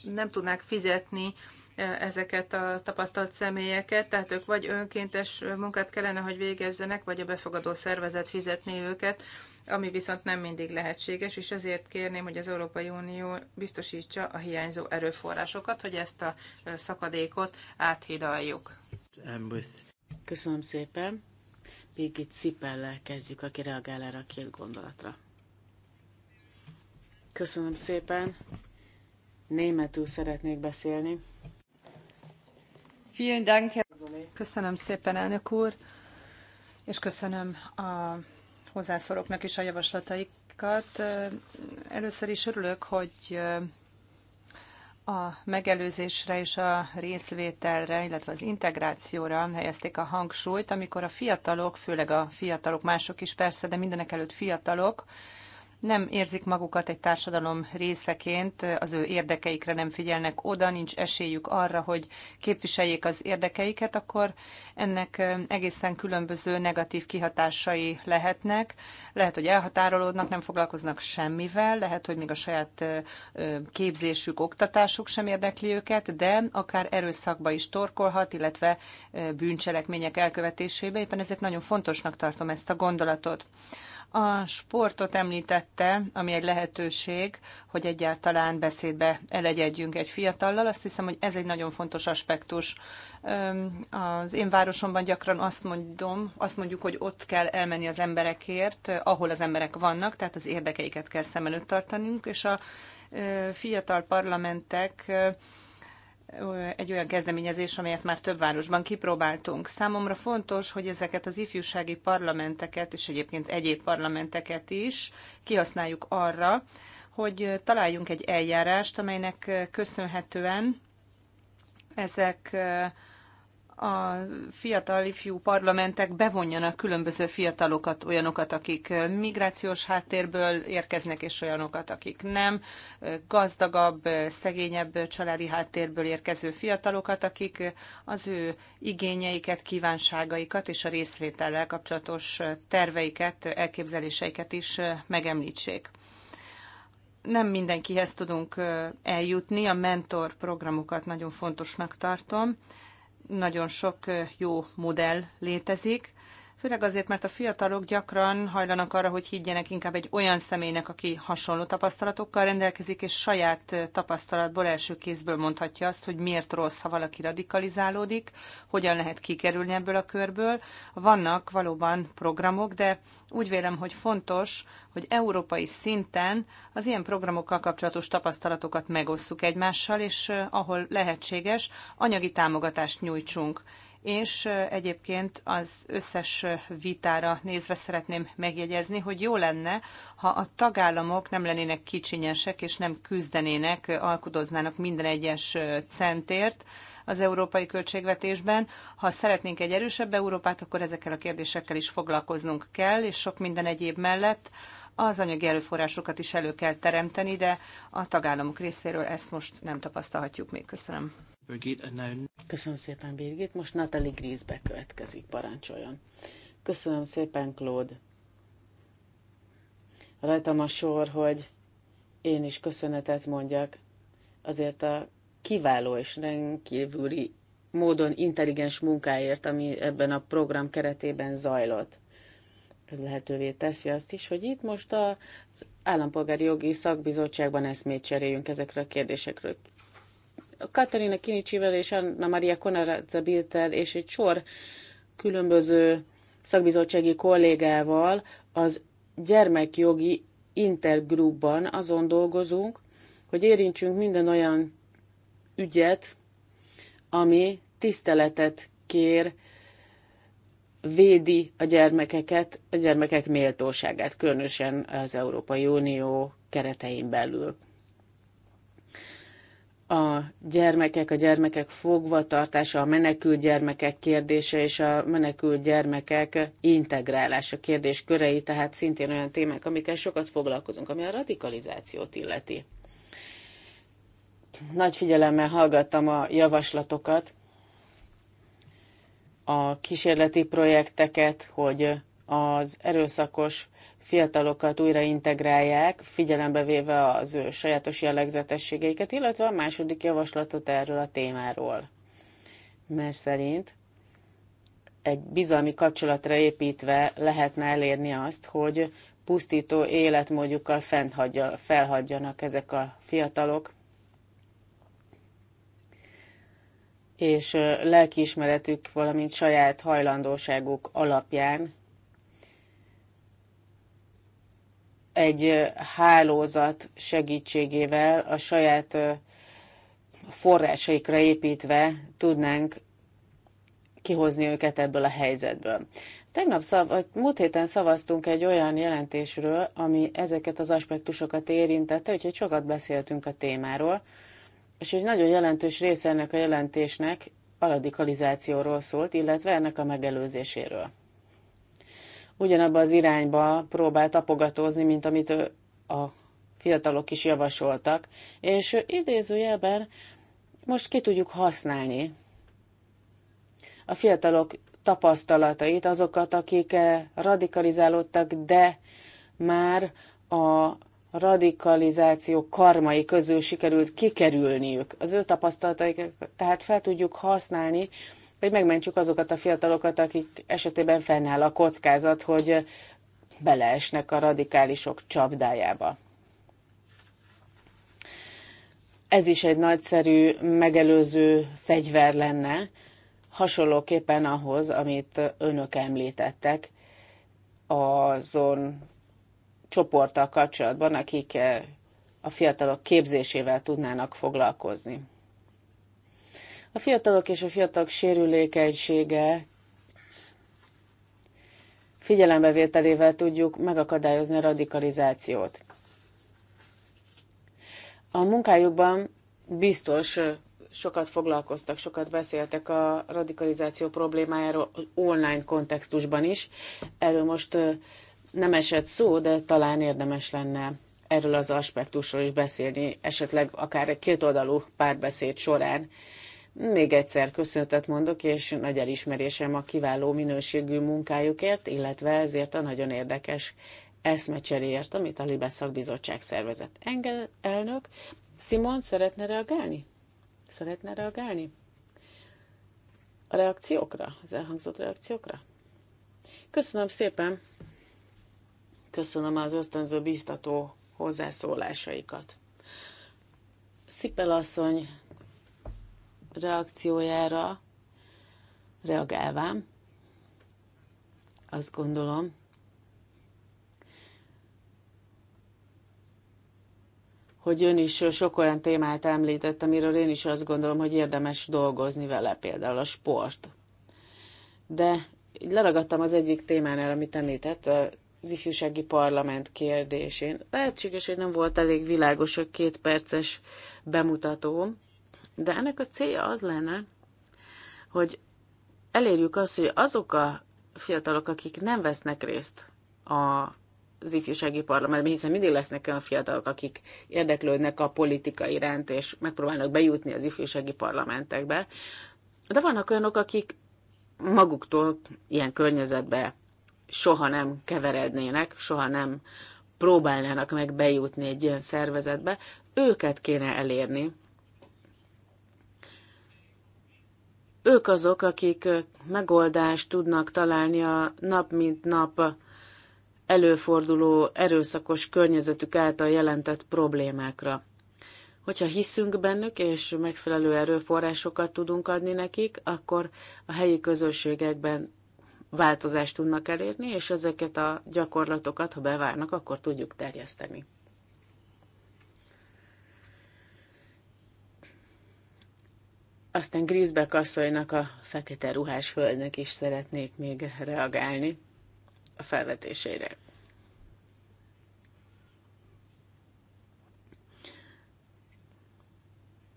nem tudnák fizetni e, ezeket a tapasztalt személyeket, tehát ők vagy önkéntes munkát kellene, hogy végezzenek, vagy a befogadó szervezet fizetni őket, ami viszont nem mindig lehetséges, és ezért kérném, hogy az Európai Unió biztosítsa a hiányzó erőforrásokat, hogy ezt a e, szakadékot áthidaljuk. Köszönöm szépen. Birgit Cipellel kezdjük, aki reagál erre a két gondolatra. Köszönöm szépen. Németül szeretnék beszélni. Köszönöm szépen, elnök úr, és köszönöm a hozzászólóknak is a javaslataikat. Először is örülök, hogy a megelőzésre és a részvételre, illetve az integrációra helyezték a hangsúlyt, amikor a fiatalok, főleg a fiatalok, mások is persze, de mindenek előtt fiatalok nem érzik magukat egy társadalom részeként, az ő érdekeikre nem figyelnek oda, nincs esélyük arra, hogy képviseljék az érdekeiket, akkor ennek egészen különböző negatív kihatásai lehetnek. Lehet, hogy elhatárolódnak, nem foglalkoznak semmivel, lehet, hogy még a saját képzésük, oktatásuk sem érdekli őket, de akár erőszakba is torkolhat, illetve bűncselekmények elkövetésébe. Éppen ezért nagyon fontosnak tartom ezt a gondolatot. A sportot említette, ami egy lehetőség, hogy egyáltalán beszédbe elegyedjünk egy fiatallal. Azt hiszem, hogy ez egy nagyon fontos aspektus. Az én városomban gyakran azt mondom, azt mondjuk, hogy ott kell elmenni az emberekért, eh, ahol az emberek vannak, tehát az érdekeiket kell szem előtt tartanunk, és a eh, fiatal parlamentek eh, egy olyan kezdeményezés, amelyet már több városban kipróbáltunk. Számomra fontos, hogy ezeket az ifjúsági parlamenteket, és egyébként egyéb parlamenteket is kihasználjuk arra, hogy találjunk egy eljárást, amelynek köszönhetően ezek a fiatal ifjú parlamentek bevonjanak különböző fiatalokat, olyanokat, akik migrációs háttérből érkeznek, és olyanokat, akik nem, gazdagabb, szegényebb családi háttérből érkező fiatalokat, akik az ő igényeiket, kívánságaikat és a részvétellel kapcsolatos terveiket, elképzeléseiket is megemlítsék nem mindenkihez tudunk eljutni, a mentor programokat nagyon fontosnak tartom, nagyon sok jó modell létezik, főleg azért, mert a fiatalok gyakran hajlanak arra, hogy higgyenek inkább egy olyan személynek, aki hasonló tapasztalatokkal rendelkezik, és saját tapasztalatból, első kézből mondhatja azt, hogy miért rossz, ha valaki radikalizálódik, hogyan lehet kikerülni ebből a körből. Vannak valóban programok, de úgy vélem, hogy fontos, hogy európai szinten az ilyen programokkal kapcsolatos tapasztalatokat megosszuk egymással, és eh, ahol lehetséges, anyagi támogatást nyújtsunk és egyébként az összes vitára nézve szeretném megjegyezni, hogy jó lenne, ha a tagállamok nem lennének kicsinyesek, és nem küzdenének, alkudoznának minden egyes centért az európai költségvetésben. Ha szeretnénk egy erősebb Európát, akkor ezekkel a kérdésekkel is foglalkoznunk kell, és sok minden egyéb mellett az anyagi erőforrásokat is elő kell teremteni, de a tagállamok részéről ezt most nem tapasztalhatjuk még. Köszönöm. Köszönöm szépen, Birgit. Most Natalie Grisbe következik, parancsoljon. Köszönöm szépen, Claude. Rajtam a sor, hogy én is köszönetet mondjak azért a kiváló és rendkívüli módon intelligens munkáért, ami ebben a program keretében zajlott. Ez lehetővé teszi azt is, hogy itt most az Állampolgári Jogi Szakbizottságban eszmét cseréljünk ezekről a kérdésekről. Katarina Kinicsivel és Anna Maria Konaradza Biltel és egy sor különböző szakbizottsági kollégával az gyermekjogi intergrupban azon dolgozunk, hogy érintsünk minden olyan ügyet, ami tiszteletet kér, védi a gyermekeket, a gyermekek méltóságát, különösen az Európai Unió keretein belül a gyermekek, a gyermekek fogvatartása, a menekült gyermekek kérdése és a menekült gyermekek integrálása kérdéskörei, tehát szintén olyan témák, amikkel sokat foglalkozunk, ami a radikalizációt illeti. Nagy figyelemmel hallgattam a javaslatokat, a kísérleti projekteket, hogy az erőszakos fiatalokat újra integrálják, figyelembe véve az ő sajátos jellegzetességeiket, illetve a második javaslatot erről a témáról. Mert szerint egy bizalmi kapcsolatra építve lehetne elérni azt, hogy pusztító életmódjukkal hagyja felhagyjanak ezek a fiatalok, és lelkiismeretük, valamint saját hajlandóságuk alapján egy hálózat segítségével a saját forrásaikra építve tudnánk kihozni őket ebből a helyzetből. Tegnap szav, múlt héten szavaztunk egy olyan jelentésről, ami ezeket az aspektusokat érintette, úgyhogy sokat beszéltünk a témáról, és egy nagyon jelentős része ennek a jelentésnek a radikalizációról szólt, illetve ennek a megelőzéséről ugyanabba az irányba próbál tapogatózni, mint amit a fiatalok is javasoltak, és idézőjelben most ki tudjuk használni a fiatalok tapasztalatait, azokat, akik eh, radikalizálódtak, de már a radikalizáció karmai közül sikerült kikerülniük. Az ő tapasztalataikat tehát fel tudjuk használni hogy megmentsük azokat a fiatalokat, akik esetében fennáll a kockázat, hogy beleesnek a radikálisok csapdájába. Ez is egy nagyszerű, megelőző fegyver lenne, hasonlóképpen ahhoz, amit önök említettek azon csoporttal kapcsolatban, akik eh, a fiatalok képzésével tudnának foglalkozni. A fiatalok és a fiatalok sérülékenysége figyelembevételével tudjuk megakadályozni a radikalizációt. A munkájukban biztos sokat foglalkoztak, sokat beszéltek a radikalizáció problémájáról online kontextusban is. Erről most nem esett szó, de talán érdemes lenne erről az aspektusról is beszélni, esetleg akár egy kétoldalú párbeszéd során még egyszer köszöntet mondok, és nagy elismerésem a kiváló minőségű munkájukért, illetve ezért a nagyon érdekes eszmecseréért, amit a Libes szakbizottság szervezett. Engel elnök, Simon szeretne reagálni? Szeretne reagálni? A reakciókra, az elhangzott reakciókra? Köszönöm szépen! Köszönöm az ösztönző biztató hozzászólásaikat. Szipel asszony reakciójára reagálvám, azt gondolom, hogy ön is sok olyan témát említett, amiről én is azt gondolom, hogy érdemes dolgozni vele, például a sport. De így leragadtam az egyik témánál, amit említett, az ifjúsági parlament kérdésén. Lehetséges, hogy nem volt elég világos a két perces bemutatóm, de ennek a célja az lenne, hogy elérjük azt, hogy azok a fiatalok, akik nem vesznek részt a az ifjúsági parlamentben, hiszen mindig lesznek olyan fiatalok, akik érdeklődnek a politika iránt, és megpróbálnak bejutni az ifjúsági parlamentekbe. De vannak olyanok, akik maguktól ilyen környezetbe soha nem keverednének, soha nem próbálnának meg bejutni egy ilyen szervezetbe. Őket kéne elérni, Ők azok, akik megoldást tudnak találni a nap mint nap előforduló erőszakos környezetük által jelentett problémákra. Hogyha hiszünk bennük, és megfelelő erőforrásokat tudunk adni nekik, akkor a helyi közösségekben változást tudnak elérni, és ezeket a gyakorlatokat, ha bevárnak, akkor tudjuk terjeszteni. Aztán Grisbeck asszonynak a fekete ruhás hölgynek is szeretnék még reagálni a felvetésére.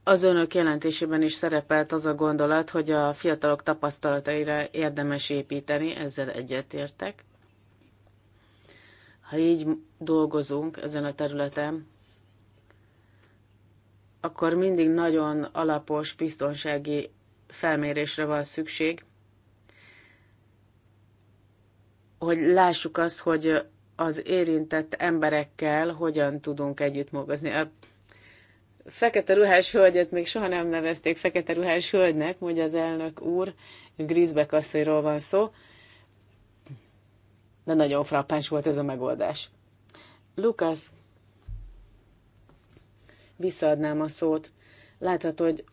Az önök jelentésében is szerepelt az a gondolat, hogy a fiatalok tapasztalataira érdemes építeni, ezzel egyetértek. Ha így dolgozunk ezen a területen, akkor mindig nagyon alapos biztonsági felmérésre van szükség, hogy lássuk azt, hogy az érintett emberekkel hogyan tudunk mogozni. A fekete ruhás hölgyet még soha nem nevezték fekete ruhás hölgynek, mondja az elnök úr, Grisbek asszonyról van szó, de nagyon frappáns volt ez a megoldás. Lukasz visszaadnám a szót. Láthatod, hogy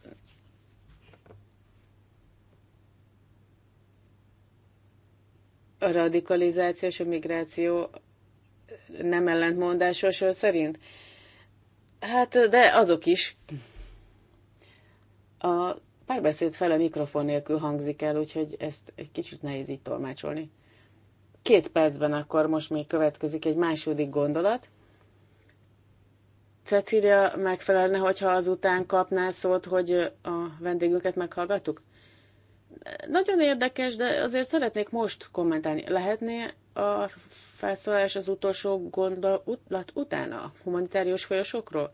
a radikalizáció és a migráció nem ellentmondásos szerint? Hát, de azok is. A párbeszéd fele mikrofon nélkül hangzik el, úgyhogy ezt egy kicsit nehéz így tolmácsolni. Két percben akkor most még következik egy második gondolat, Cecília megfelelne, hogyha azután kapná szót, hogy a vendégünket meghallgattuk? Nagyon érdekes, de azért szeretnék most kommentálni. Lehetné a felszólás az utolsó gondolat utána, a humanitárius folyosokról?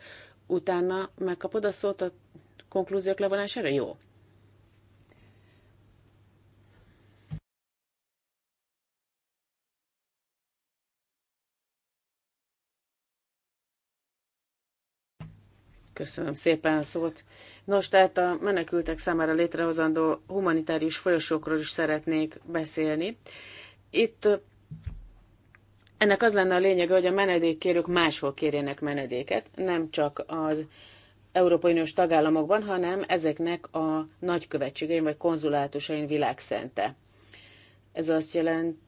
Utána megkapod a szót a konklúziók levonására? Jó. Köszönöm szépen a szót. Nos, tehát a menekültek számára létrehozandó humanitárius folyosókról is szeretnék beszélni. Itt ennek az lenne a lényege, hogy a menedékkérők máshol kérjenek menedéket, nem csak az Európai Uniós tagállamokban, hanem ezeknek a nagykövetségein vagy konzulátusain világszente. Ez azt jelenti,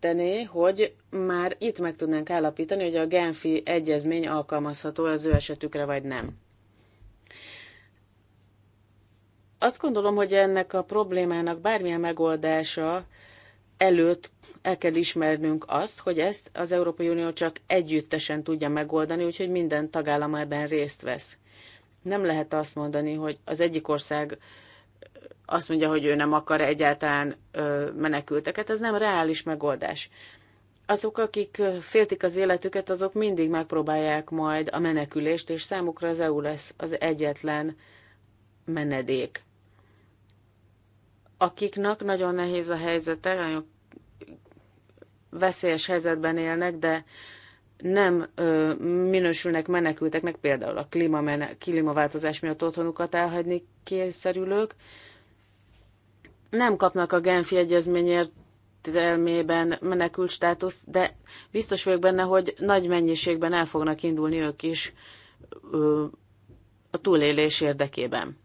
segítené, hogy már itt meg tudnánk állapítani, hogy a Genfi egyezmény alkalmazható az ő esetükre, vagy nem. Azt gondolom, hogy ennek a problémának bármilyen megoldása előtt el kell ismernünk azt, hogy ezt az Európai Unió csak együttesen tudja megoldani, úgyhogy minden tagállam ebben részt vesz. Nem lehet azt mondani, hogy az egyik ország azt mondja, hogy ő nem akar egyáltalán menekülteket, ez nem reális megoldás. Azok, akik féltik az életüket, azok mindig megpróbálják majd a menekülést, és számukra az EU lesz az egyetlen menedék. Akiknak nagyon nehéz a helyzete, nagyon veszélyes helyzetben élnek, de nem ö, minősülnek menekülteknek, például a klímaváltozás miatt otthonukat elhagyni kényszerülők, nem kapnak a Genfi Egyezmény értelmében menekült státuszt, de biztos vagyok benne, hogy nagy mennyiségben el fognak indulni ők is ö, a túlélés érdekében.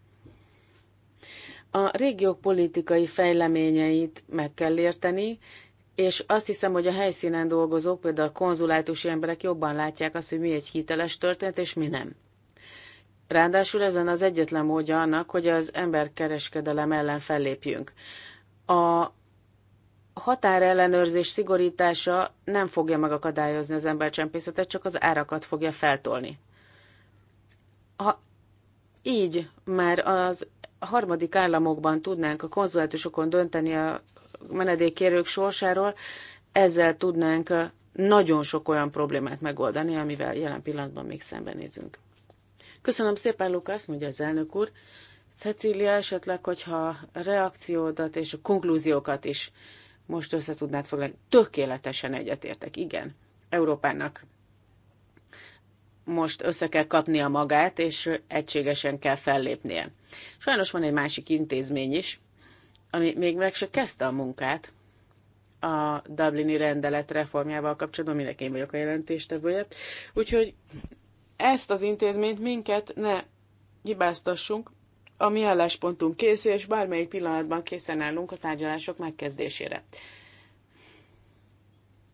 A régiók politikai fejleményeit meg kell érteni, és azt hiszem, hogy a helyszínen dolgozók, például a konzulátusi emberek jobban látják azt, hogy mi egy hiteles történet, és mi nem. Ráadásul ezen az egyetlen módja annak, hogy az emberkereskedelem ellen fellépjünk. A határellenőrzés szigorítása nem fogja megakadályozni az embercsempészetet, csak az árakat fogja feltolni. Ha így már az harmadik államokban tudnánk a konzulátusokon dönteni a menedékkérők sorsáról, ezzel tudnánk nagyon sok olyan problémát megoldani, amivel jelen pillanatban még szembenézünk. Köszönöm szépen, Lukasz, mondja az elnök úr. Cecília, esetleg, hogyha a reakciódat és a konklúziókat is most össze tudnád foglalni. Tökéletesen egyetértek, igen. Európának most össze kell kapnia magát, és egységesen kell fellépnie. Sajnos van egy másik intézmény is, ami még meg se kezdte a munkát a Dublini rendelet reformjával kapcsolatban, mindenki én vagyok a jelentéstevője. Úgyhogy ezt az intézményt minket ne hibáztassunk, a mi álláspontunk kész, és bármelyik pillanatban készen állunk a tárgyalások megkezdésére.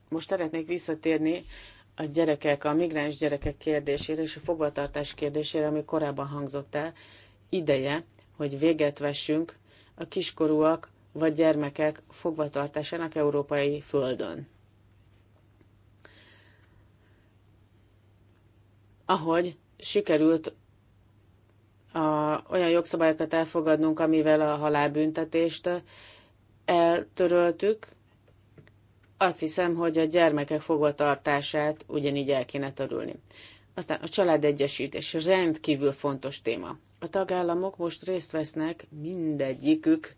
Most szeretnék visszatérni a gyerekek, a migráns gyerekek kérdésére és a fogvatartás kérdésére, ami korábban hangzott el. Ideje, hogy véget vessünk a kiskorúak vagy gyermekek fogvatartásának európai földön. ahogy sikerült a, olyan jogszabályokat elfogadnunk, amivel a halálbüntetést eh, eltöröltük, azt hiszem, hogy a gyermekek fogvatartását ugyanígy el kéne törülni. Aztán a családegyesítés rendkívül fontos téma. A tagállamok most részt vesznek, mindegyikük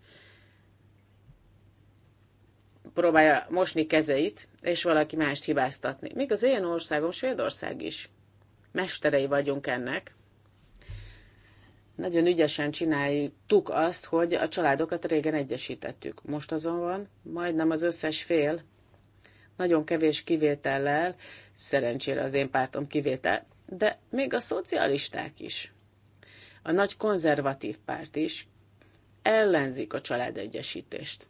próbálja mosni kezeit, és valaki mást hibáztatni. Még az én országom Svédország is mesterei vagyunk ennek. Nagyon ügyesen csináltuk azt, hogy a családokat régen egyesítettük. Most azonban majdnem az összes fél, nagyon kevés kivétellel, szerencsére az én pártom kivétel, de még a szocialisták is, a nagy konzervatív párt is ellenzik a családegyesítést.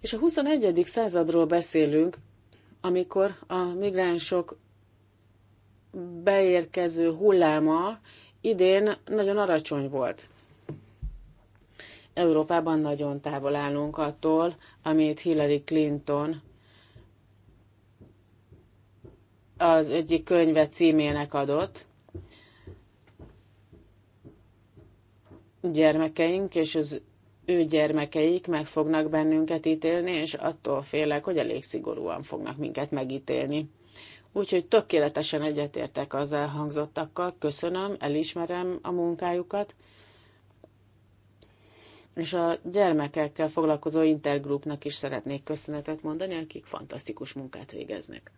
És a 21. századról beszélünk, amikor a migránsok beérkező hulláma idén nagyon aracsony volt. Európában nagyon távol állunk attól, amit Hillary Clinton az egyik könyve címének adott. Gyermekeink és az ő gyermekeik meg fognak bennünket ítélni, és attól félek, hogy elég szigorúan fognak minket megítélni. Úgyhogy tökéletesen egyetértek az elhangzottakkal, köszönöm, elismerem a munkájukat, és a gyermekekkel foglalkozó intergrupnak is szeretnék köszönetet mondani, akik fantasztikus munkát végeznek.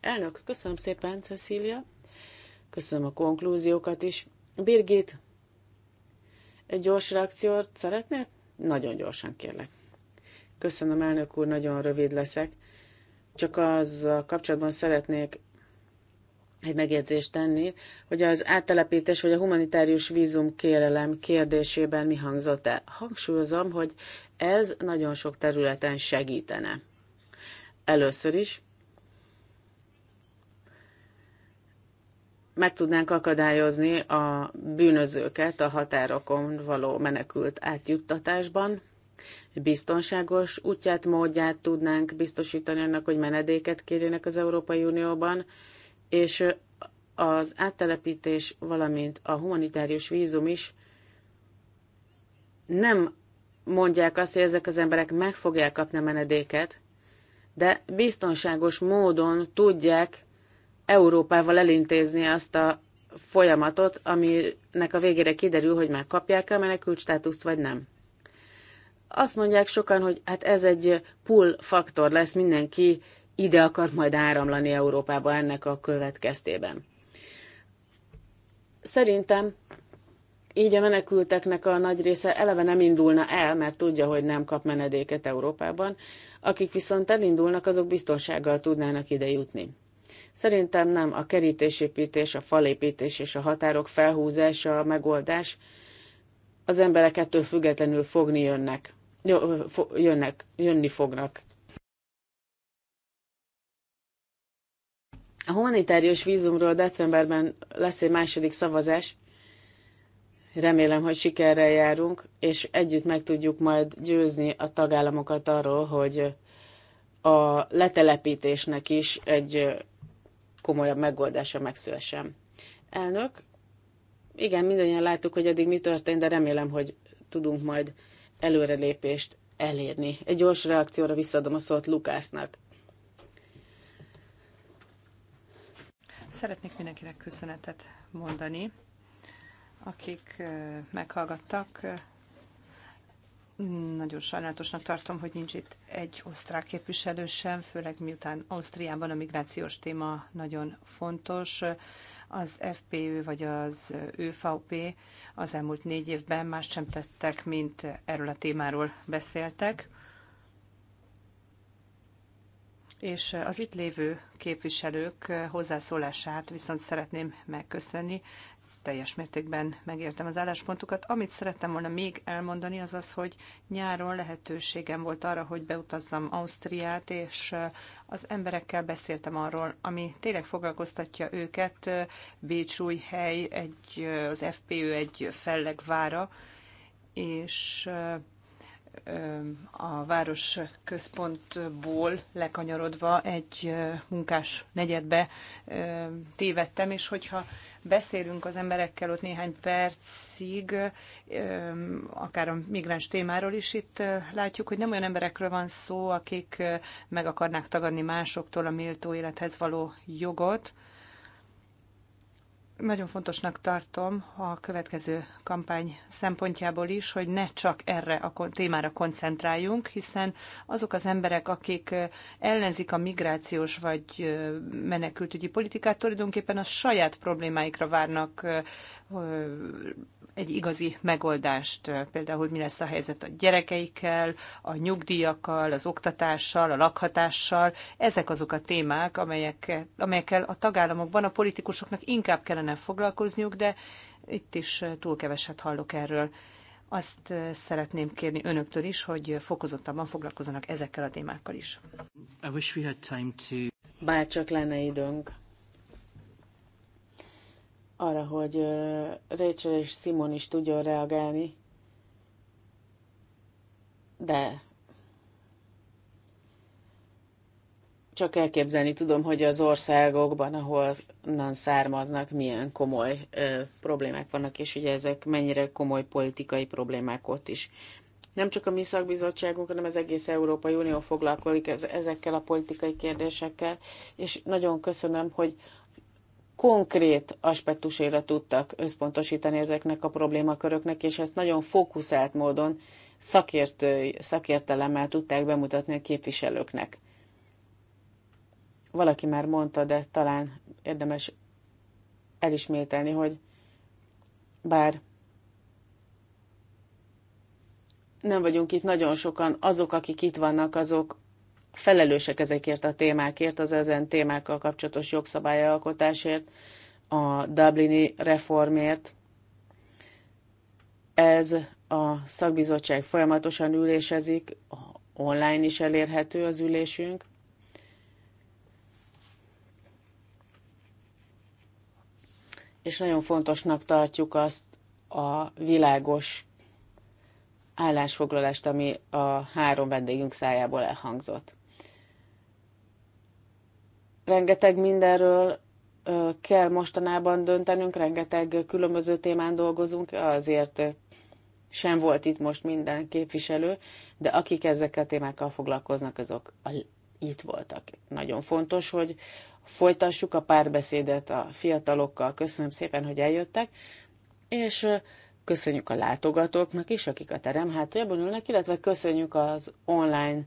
Elnök, köszönöm szépen, Cecília, köszönöm a konklúziókat is. Birgit, egy gyors reakciót szeretnél? Nagyon gyorsan kérlek. Köszönöm, elnök úr, nagyon rövid leszek. Csak a kapcsolatban szeretnék egy megjegyzést tenni, hogy az áttelepítés vagy a humanitárius vízum kérelem kérdésében mi hangzott el. Hangsúlyozom, hogy ez nagyon sok területen segítene. Először is meg tudnánk akadályozni a bűnözőket a határokon való menekült átjuttatásban, biztonságos útját, módját tudnánk biztosítani annak, hogy menedéket kérjenek az Európai Unióban, és az áttelepítés, valamint a humanitárius vízum is nem mondják azt, hogy ezek az emberek meg fogják kapni a menedéket, de biztonságos módon tudják Európával elintézni azt a folyamatot, aminek a végére kiderül, hogy megkapják a menekült státuszt, vagy nem. Azt mondják sokan, hogy hát ez egy pull faktor lesz, mindenki ide akar majd áramlani Európába ennek a következtében. Szerintem így a menekülteknek a nagy része eleve nem indulna el, mert tudja, hogy nem kap menedéket Európában. Akik viszont elindulnak, azok biztonsággal tudnának ide jutni. Szerintem nem a kerítésépítés, a falépítés és a határok felhúzása a megoldás. Az emberek ettől függetlenül fogni jönnek jönnek, jönni fognak. A humanitárius vízumról decemberben lesz egy második szavazás. Remélem, hogy sikerrel járunk, és együtt meg tudjuk majd győzni a tagállamokat arról, hogy a letelepítésnek is egy komolyabb megoldása megszülessen. Elnök, igen, mindannyian láttuk, hogy eddig mi történt, de remélem, hogy tudunk majd előrelépést elérni. Egy gyors reakcióra visszaadom a szót Lukásznak. Szeretnék mindenkinek köszönetet mondani, akik meghallgattak. Nagyon sajnálatosnak tartom, hogy nincs itt egy osztrák képviselő sem, főleg miután Ausztriában a migrációs téma nagyon fontos az FPÖ vagy az ÖVP az elmúlt négy évben más sem tettek, mint erről a témáról beszéltek. És az itt lévő képviselők hozzászólását viszont szeretném megköszönni teljes mértékben megértem az álláspontukat. Amit szerettem volna még elmondani, az az, hogy nyáron lehetőségem volt arra, hogy beutazzam Ausztriát, és eh, az emberekkel beszéltem arról, ami tényleg foglalkoztatja őket. Bécs új hely, egy, eh, az FPÖ egy fellegvára, és eh, a város központból lekanyarodva egy munkás negyedbe tévedtem, és hogyha beszélünk az emberekkel ott néhány percig, akár a migráns témáról is itt látjuk, hogy nem olyan emberekről van szó, akik meg akarnák tagadni másoktól a méltó élethez való jogot, nagyon fontosnak tartom a következő kampány szempontjából is, hogy ne csak erre a témára koncentráljunk, hiszen azok az emberek, akik ellenzik a migrációs vagy menekültügyi politikát, tulajdonképpen a saját problémáikra várnak egy igazi megoldást, például hogy mi lesz a helyzet a gyerekeikkel, a nyugdíjakkal, az oktatással, a lakhatással. Ezek azok a témák, amelyek, amelyekkel a tagállamokban a politikusoknak inkább kellene foglalkozniuk, de itt is túl keveset hallok erről. Azt szeretném kérni önöktől is, hogy fokozottabban foglalkozzanak ezekkel a témákkal is. Bárcsak lenne időnk arra, hogy Rachel és Simon is tudjon reagálni, de csak elképzelni tudom, hogy az országokban, ahol nem származnak, milyen komoly ö, problémák vannak, és ugye ezek mennyire komoly politikai problémák ott is. Nem csak a mi szakbizottságunk, hanem az egész Európai Unió foglalkozik ezekkel a politikai kérdésekkel, és nagyon köszönöm, hogy konkrét aspektusére tudtak összpontosítani ezeknek a problémaköröknek, és ezt nagyon fókuszált módon szakértői, szakértelemmel tudták bemutatni a képviselőknek. Valaki már mondta, de talán érdemes elismételni, hogy bár nem vagyunk itt nagyon sokan, azok, akik itt vannak, azok felelősek ezekért a témákért, az ezen témákkal kapcsolatos jogszabályalkotásért, a Dublini reformért. Ez a szakbizottság folyamatosan ülésezik, online is elérhető az ülésünk. És nagyon fontosnak tartjuk azt a világos állásfoglalást, ami a három vendégünk szájából elhangzott rengeteg mindenről kell mostanában döntenünk, rengeteg különböző témán dolgozunk, azért sem volt itt most minden képviselő, de akik ezekkel a témákkal foglalkoznak, azok itt voltak. Nagyon fontos, hogy folytassuk a párbeszédet a fiatalokkal. Köszönöm szépen, hogy eljöttek, és köszönjük a látogatóknak is, akik a terem hátuljában ülnek, illetve köszönjük az online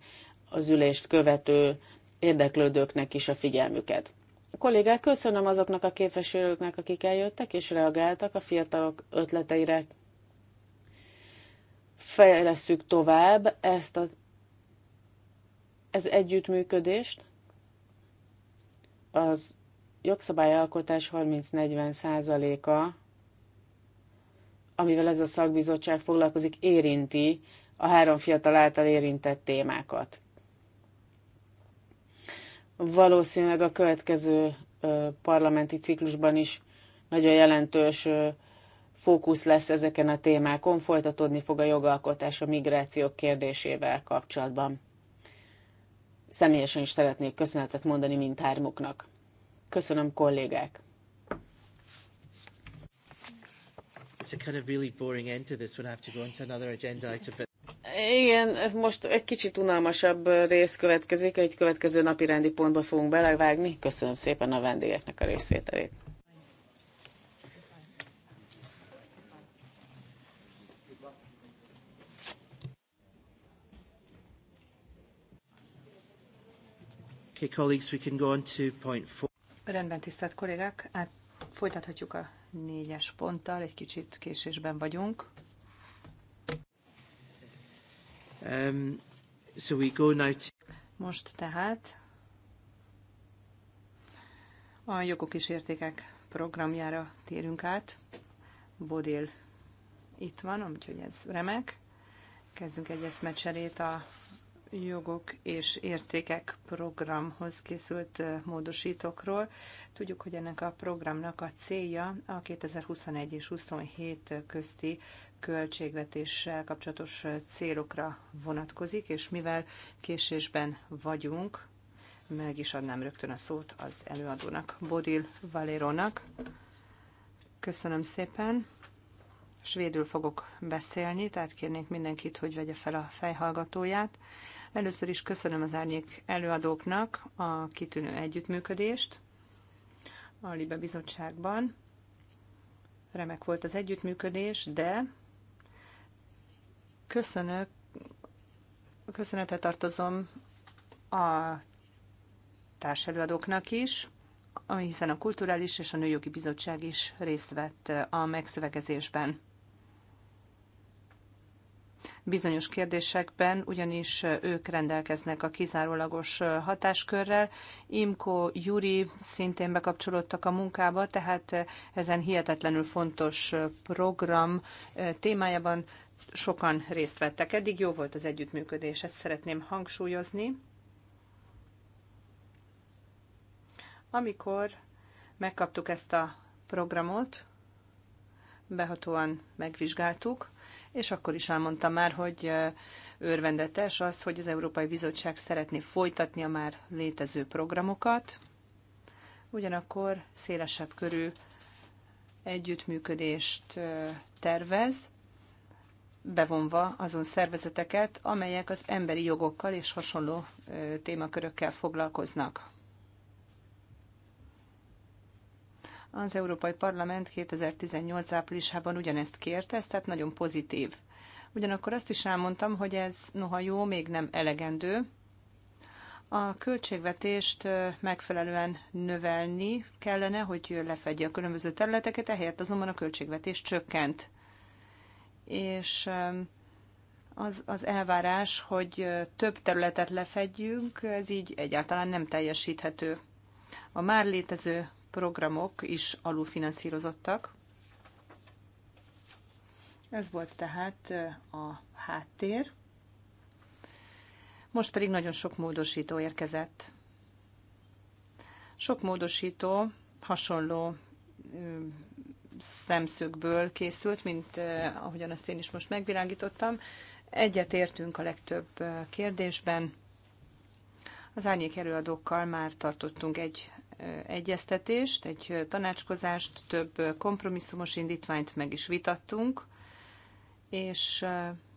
az ülést követő érdeklődőknek is a figyelmüket. A kollégák, köszönöm azoknak a képviselőknek, akik eljöttek és reagáltak a fiatalok ötleteire. Fejlesszük tovább ezt az ez együttműködést. Az jogszabályalkotás 30-40 a amivel ez a szakbizottság foglalkozik, érinti a három fiatal által érintett témákat valószínűleg a következő parlamenti ciklusban is nagyon jelentős fókusz lesz ezeken a témákon, folytatódni fog a jogalkotás a migráció kérdésével kapcsolatban. Személyesen is szeretnék köszönetet mondani mindhármuknak. Köszönöm, kollégák! It's a kind of really boring end to this when I have to go into another agenda item, but igen, most egy kicsit unalmasabb rész következik, egy következő napi rendi pontba fogunk belevágni. Köszönöm szépen a vendégeknek a részvételét. Okay, colleagues, we can go on to point four. Rendben, tisztelt kollégák, át folytathatjuk a négyes ponttal, egy kicsit késésben vagyunk. Um, so we go now to... Most tehát a jogok és értékek programjára térünk át. Bodil itt van, úgyhogy ez remek. Kezdünk egy eszmecserét a jogok és értékek programhoz készült módosítókról. Tudjuk, hogy ennek a programnak a célja a 2021 és 27 közti költségvetéssel kapcsolatos célokra vonatkozik, és mivel késésben vagyunk, meg is adnám rögtön a szót az előadónak, Bodil Valéronak. Köszönöm szépen. Svédül fogok beszélni, tehát kérnék mindenkit, hogy vegye fel a fejhallgatóját. Először is köszönöm az árnyék előadóknak a kitűnő együttműködést a Libe Bizottságban. Remek volt az együttműködés, de köszönök, köszönetet tartozom a társelőadóknak is, hiszen a Kulturális és a Nőjogi Bizottság is részt vett a megszövegezésben. Bizonyos kérdésekben ugyanis ők rendelkeznek a kizárólagos hatáskörrel. Imko, Juri szintén bekapcsolódtak a munkába, tehát ezen hihetetlenül fontos program témájában sokan részt vettek. Eddig jó volt az együttműködés, ezt szeretném hangsúlyozni. Amikor megkaptuk ezt a programot, behatóan megvizsgáltuk, és akkor is elmondta már, hogy örvendetes az, hogy az Európai Bizottság szeretné folytatni a már létező programokat, ugyanakkor szélesebb körű együttműködést tervez, bevonva azon szervezeteket, amelyek az emberi jogokkal és hasonló témakörökkel foglalkoznak. Az Európai Parlament 2018 áprilisában ugyanezt kérte, ez tehát nagyon pozitív. Ugyanakkor azt is elmondtam, hogy ez noha jó, még nem elegendő. A költségvetést megfelelően növelni kellene, hogy lefedje a különböző területeket, ehelyett azonban a költségvetés csökkent. És az, az elvárás, hogy több területet lefedjünk, ez így egyáltalán nem teljesíthető. A már létező programok is alulfinanszírozottak. Ez volt tehát a háttér. Most pedig nagyon sok módosító érkezett. Sok módosító hasonló szemszögből készült, mint ahogyan azt én is most megvilágítottam. Egyet értünk a legtöbb kérdésben. Az árnyék előadókkal már tartottunk egy egyeztetést, egy tanácskozást, több kompromisszumos indítványt meg is vitattunk, és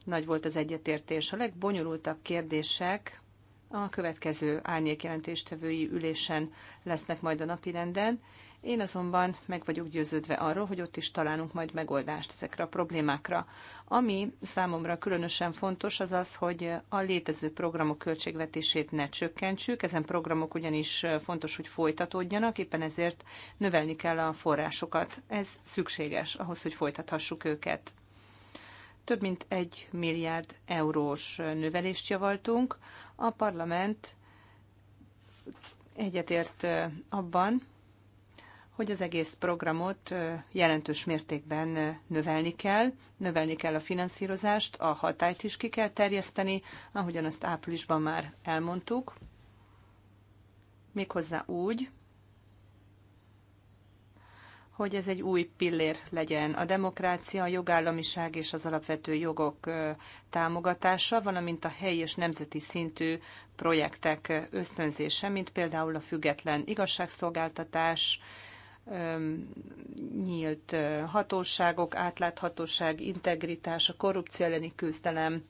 nagy volt az egyetértés. A legbonyolultabb kérdések a következő árnyékjelentéstevői ülésen lesznek majd a napirenden, én azonban meg vagyok győződve arról, hogy ott is találunk majd megoldást ezekre a problémákra. Ami számomra különösen fontos az az, hogy a létező programok költségvetését ne csökkentsük, ezen programok ugyanis fontos, hogy folytatódjanak, éppen ezért növelni kell a forrásokat. Ez szükséges ahhoz, hogy folytathassuk őket. Több mint egy milliárd eurós növelést javaltunk. A parlament egyetért abban, hogy az egész programot jelentős mértékben növelni kell, növelni kell a finanszírozást, a hatályt is ki kell terjeszteni, ahogyan azt áprilisban már elmondtuk, méghozzá úgy, hogy ez egy új pillér legyen. A demokrácia, a jogállamiság és az alapvető jogok támogatása, valamint a helyi és nemzeti szintű projektek ösztönzése, mint például a független igazságszolgáltatás, nyílt hatóságok, átláthatóság, integritás, a korrupció elleni küzdelem,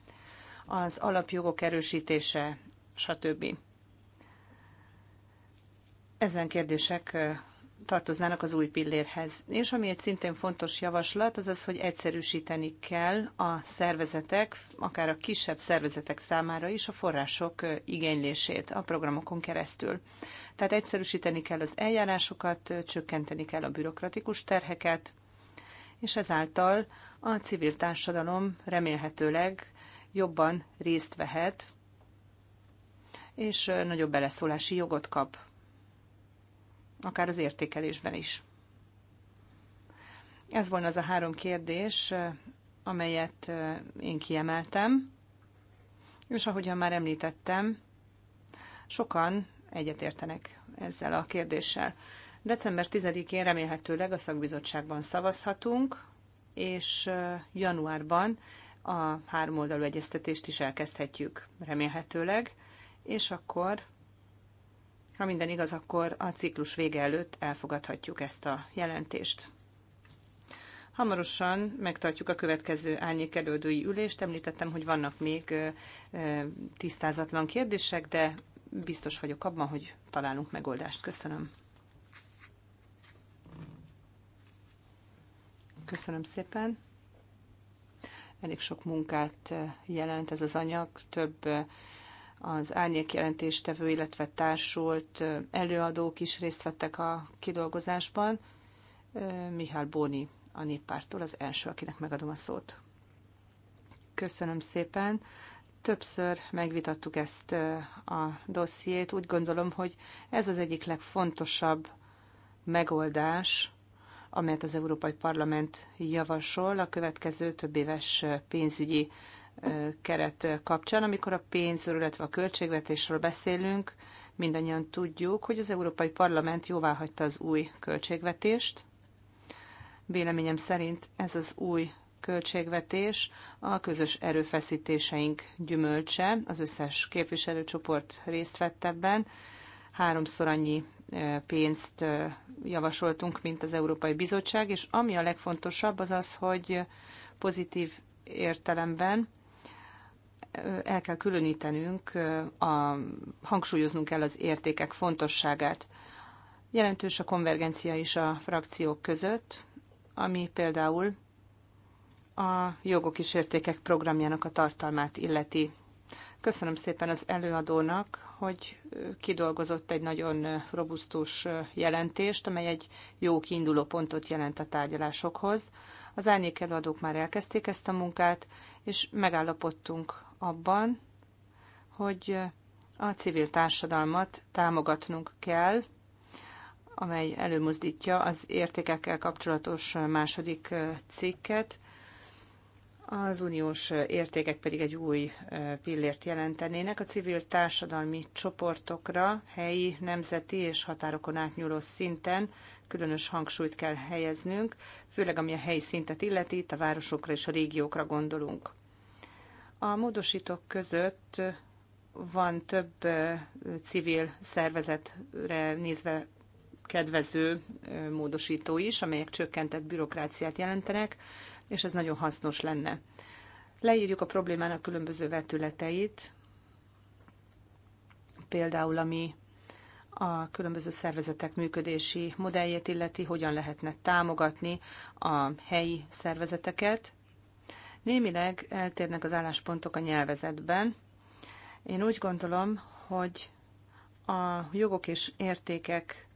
az alapjogok erősítése, stb. Ezen kérdések tartoznának az új pillérhez. És ami egy szintén fontos javaslat, az az, hogy egyszerűsíteni kell a szervezetek, akár a kisebb szervezetek számára is a források igénylését a programokon keresztül. Tehát egyszerűsíteni kell az eljárásokat, csökkenteni kell a bürokratikus terheket, és ezáltal a civil társadalom remélhetőleg jobban részt vehet, és nagyobb beleszólási jogot kap akár az értékelésben is. Ez volna az a három kérdés, amelyet én kiemeltem, és ahogyan már említettem, sokan egyetértenek ezzel a kérdéssel. December 10-én remélhetőleg a szakbizottságban szavazhatunk, és januárban a háromoldalú egyeztetést is elkezdhetjük remélhetőleg, és akkor ha minden igaz, akkor a ciklus vége előtt elfogadhatjuk ezt a jelentést. Hamarosan megtartjuk a következő árnyékelődői ülést. Említettem, hogy vannak még tisztázatlan kérdések, de biztos vagyok abban, hogy találunk megoldást. Köszönöm. Köszönöm szépen. Elég sok munkát jelent ez az anyag, több az árnyék jelentéstevő, illetve társult előadók is részt vettek a kidolgozásban. Mihály Bóni a néppártól az első, akinek megadom a szót. Köszönöm szépen. Többször megvitattuk ezt a dossziét. Úgy gondolom, hogy ez az egyik legfontosabb megoldás, amelyet az Európai Parlament javasol a következő több éves pénzügyi keret kapcsán. Amikor a pénzről, illetve a költségvetésről beszélünk, mindannyian tudjuk, hogy az Európai Parlament jóváhagyta az új költségvetést. Véleményem szerint ez az új költségvetés a közös erőfeszítéseink gyümölcse. Az összes képviselőcsoport részt vett ebben. Háromszor annyi e, pénzt e, javasoltunk, mint az Európai Bizottság, és ami a legfontosabb, az az, hogy pozitív értelemben el kell különítenünk, a, hangsúlyoznunk kell az értékek fontosságát. Jelentős a konvergencia is a frakciók között, ami például a jogok és értékek programjának a tartalmát illeti. Köszönöm szépen az előadónak, hogy kidolgozott egy nagyon robusztus jelentést, amely egy jó kiinduló pontot jelent a tárgyalásokhoz. Az árnyék előadók már elkezdték ezt a munkát, és megállapodtunk abban, hogy a civil társadalmat támogatnunk kell, amely előmozdítja az értékekkel kapcsolatos második cikket, az uniós értékek pedig egy új pillért jelentenének a civil társadalmi csoportokra, helyi, nemzeti és határokon átnyúló szinten különös hangsúlyt kell helyeznünk, főleg ami a helyi szintet illeti, itt a városokra és a régiókra gondolunk. A módosítók között van több civil szervezetre nézve kedvező módosító is, amelyek csökkentett bürokráciát jelentenek, és ez nagyon hasznos lenne. Leírjuk a problémának különböző vetületeit, például ami a különböző szervezetek működési modelljét illeti, hogyan lehetne támogatni a helyi szervezeteket, Némileg eltérnek az álláspontok a nyelvezetben. Én úgy gondolom, hogy a jogok és értékek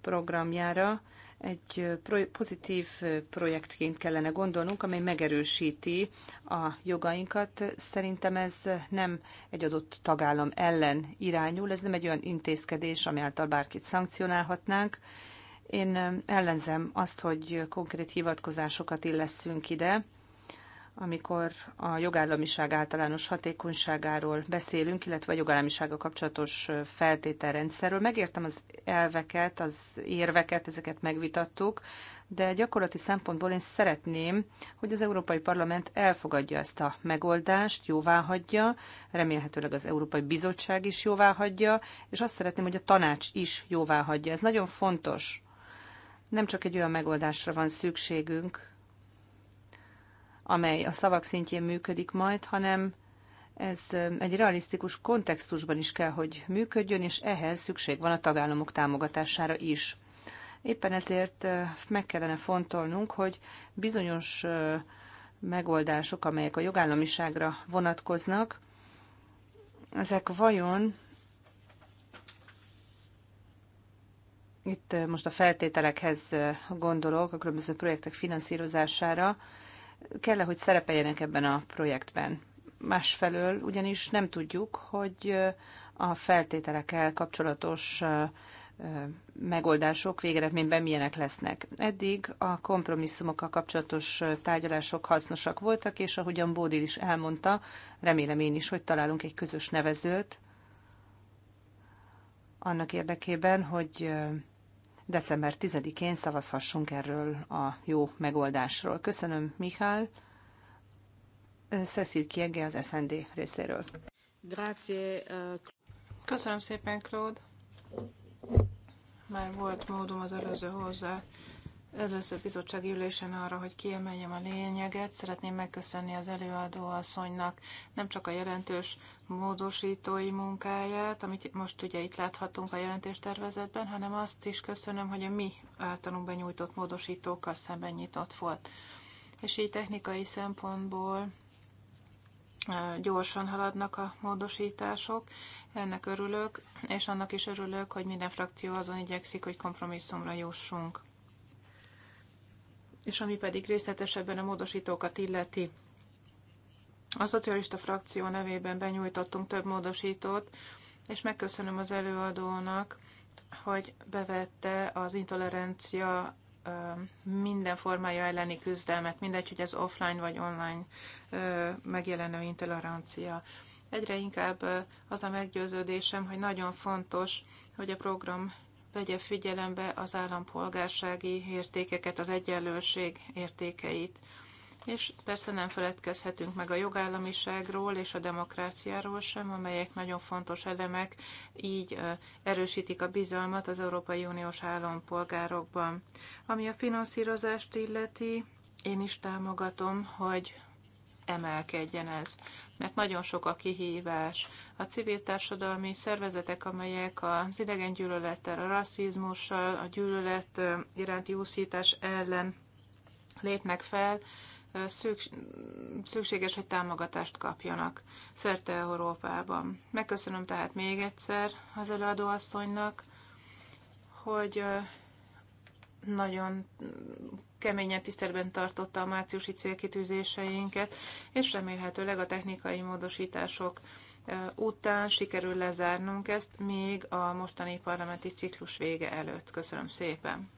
programjára egy pozitív projektként kellene gondolnunk, amely megerősíti a jogainkat. Szerintem ez nem egy adott tagállam ellen irányul, ez nem egy olyan intézkedés, ami által bárkit szankcionálhatnánk. Én ellenzem azt, hogy konkrét hivatkozásokat illeszünk ide, amikor a jogállamiság általános hatékonyságáról beszélünk, illetve a jogállamisága kapcsolatos feltételrendszerről. Megértem az elveket, az érveket, ezeket megvitattuk, de gyakorlati szempontból én szeretném, hogy az Európai Parlament elfogadja ezt a megoldást, jóvá hagyja, remélhetőleg az Európai Bizottság is jóvá hagyja, és azt szeretném, hogy a tanács is jóvá hagyja. Ez nagyon fontos. Nem csak egy olyan megoldásra van szükségünk, amely a szavak szintjén működik majd, hanem ez um, egy realisztikus kontextusban is kell, hogy működjön, és ehhez szükség van a tagállamok támogatására is. Éppen ezért uh, meg kellene fontolnunk, hogy bizonyos uh, megoldások, amelyek a jogállamiságra vonatkoznak, ezek vajon itt uh, most a feltételekhez gondolok, a különböző projektek finanszírozására, kell -e, hogy szerepeljenek ebben a projektben. Másfelől ugyanis nem tudjuk, hogy a feltételekkel kapcsolatos megoldások végeredményben milyenek lesznek. Eddig a kompromisszumokkal kapcsolatos tárgyalások hasznosak voltak, és ahogyan Bódil is elmondta, remélem én is, hogy találunk egy közös nevezőt annak érdekében, hogy december 10-én szavazhassunk erről a jó megoldásról. Köszönöm, Mihály. Cecil Kiege az SND részéről. Grazie. Uh, Köszönöm szépen, Claude. Már volt módom az előző hozzá Először bizottsági ülésen arra, hogy kiemeljem a lényeget. Szeretném megköszönni az előadó asszonynak nem csak a jelentős módosítói munkáját, amit most ugye itt láthatunk a jelentéstervezetben, hanem azt is köszönöm, hogy a mi általunk benyújtott módosítókkal szemben nyitott volt. És így technikai szempontból gyorsan haladnak a módosítások, ennek örülök, és annak is örülök, hogy minden frakció azon igyekszik, hogy kompromisszumra jussunk és ami pedig részletesebben a módosítókat illeti. A szocialista frakció nevében benyújtottunk több módosítót, és megköszönöm az előadónak, hogy bevette az intolerancia minden formája elleni küzdelmet, mindegy, hogy ez offline vagy online megjelenő intolerancia. Egyre inkább az a meggyőződésem, hogy nagyon fontos, hogy a program vegye figyelembe az állampolgársági értékeket, az egyenlőség értékeit. És persze nem feledkezhetünk meg a jogállamiságról és a demokráciáról sem, amelyek nagyon fontos elemek, így erősítik a bizalmat az Európai Uniós állampolgárokban. Ami a finanszírozást illeti, én is támogatom, hogy emelkedjen ez. Mert nagyon sok a kihívás. A civil társadalmi szervezetek, amelyek az gyűlölettel, a rasszizmussal, a gyűlölet iránti úszítás ellen lépnek fel, szükséges, hogy támogatást kapjanak szerte Európában. Megköszönöm tehát még egyszer az előadóasszonynak, hogy nagyon keményen tisztelben tartotta a márciusi célkitűzéseinket, és remélhetőleg a technikai módosítások után sikerül lezárnunk ezt még a mostani parlamenti ciklus vége előtt. Köszönöm szépen!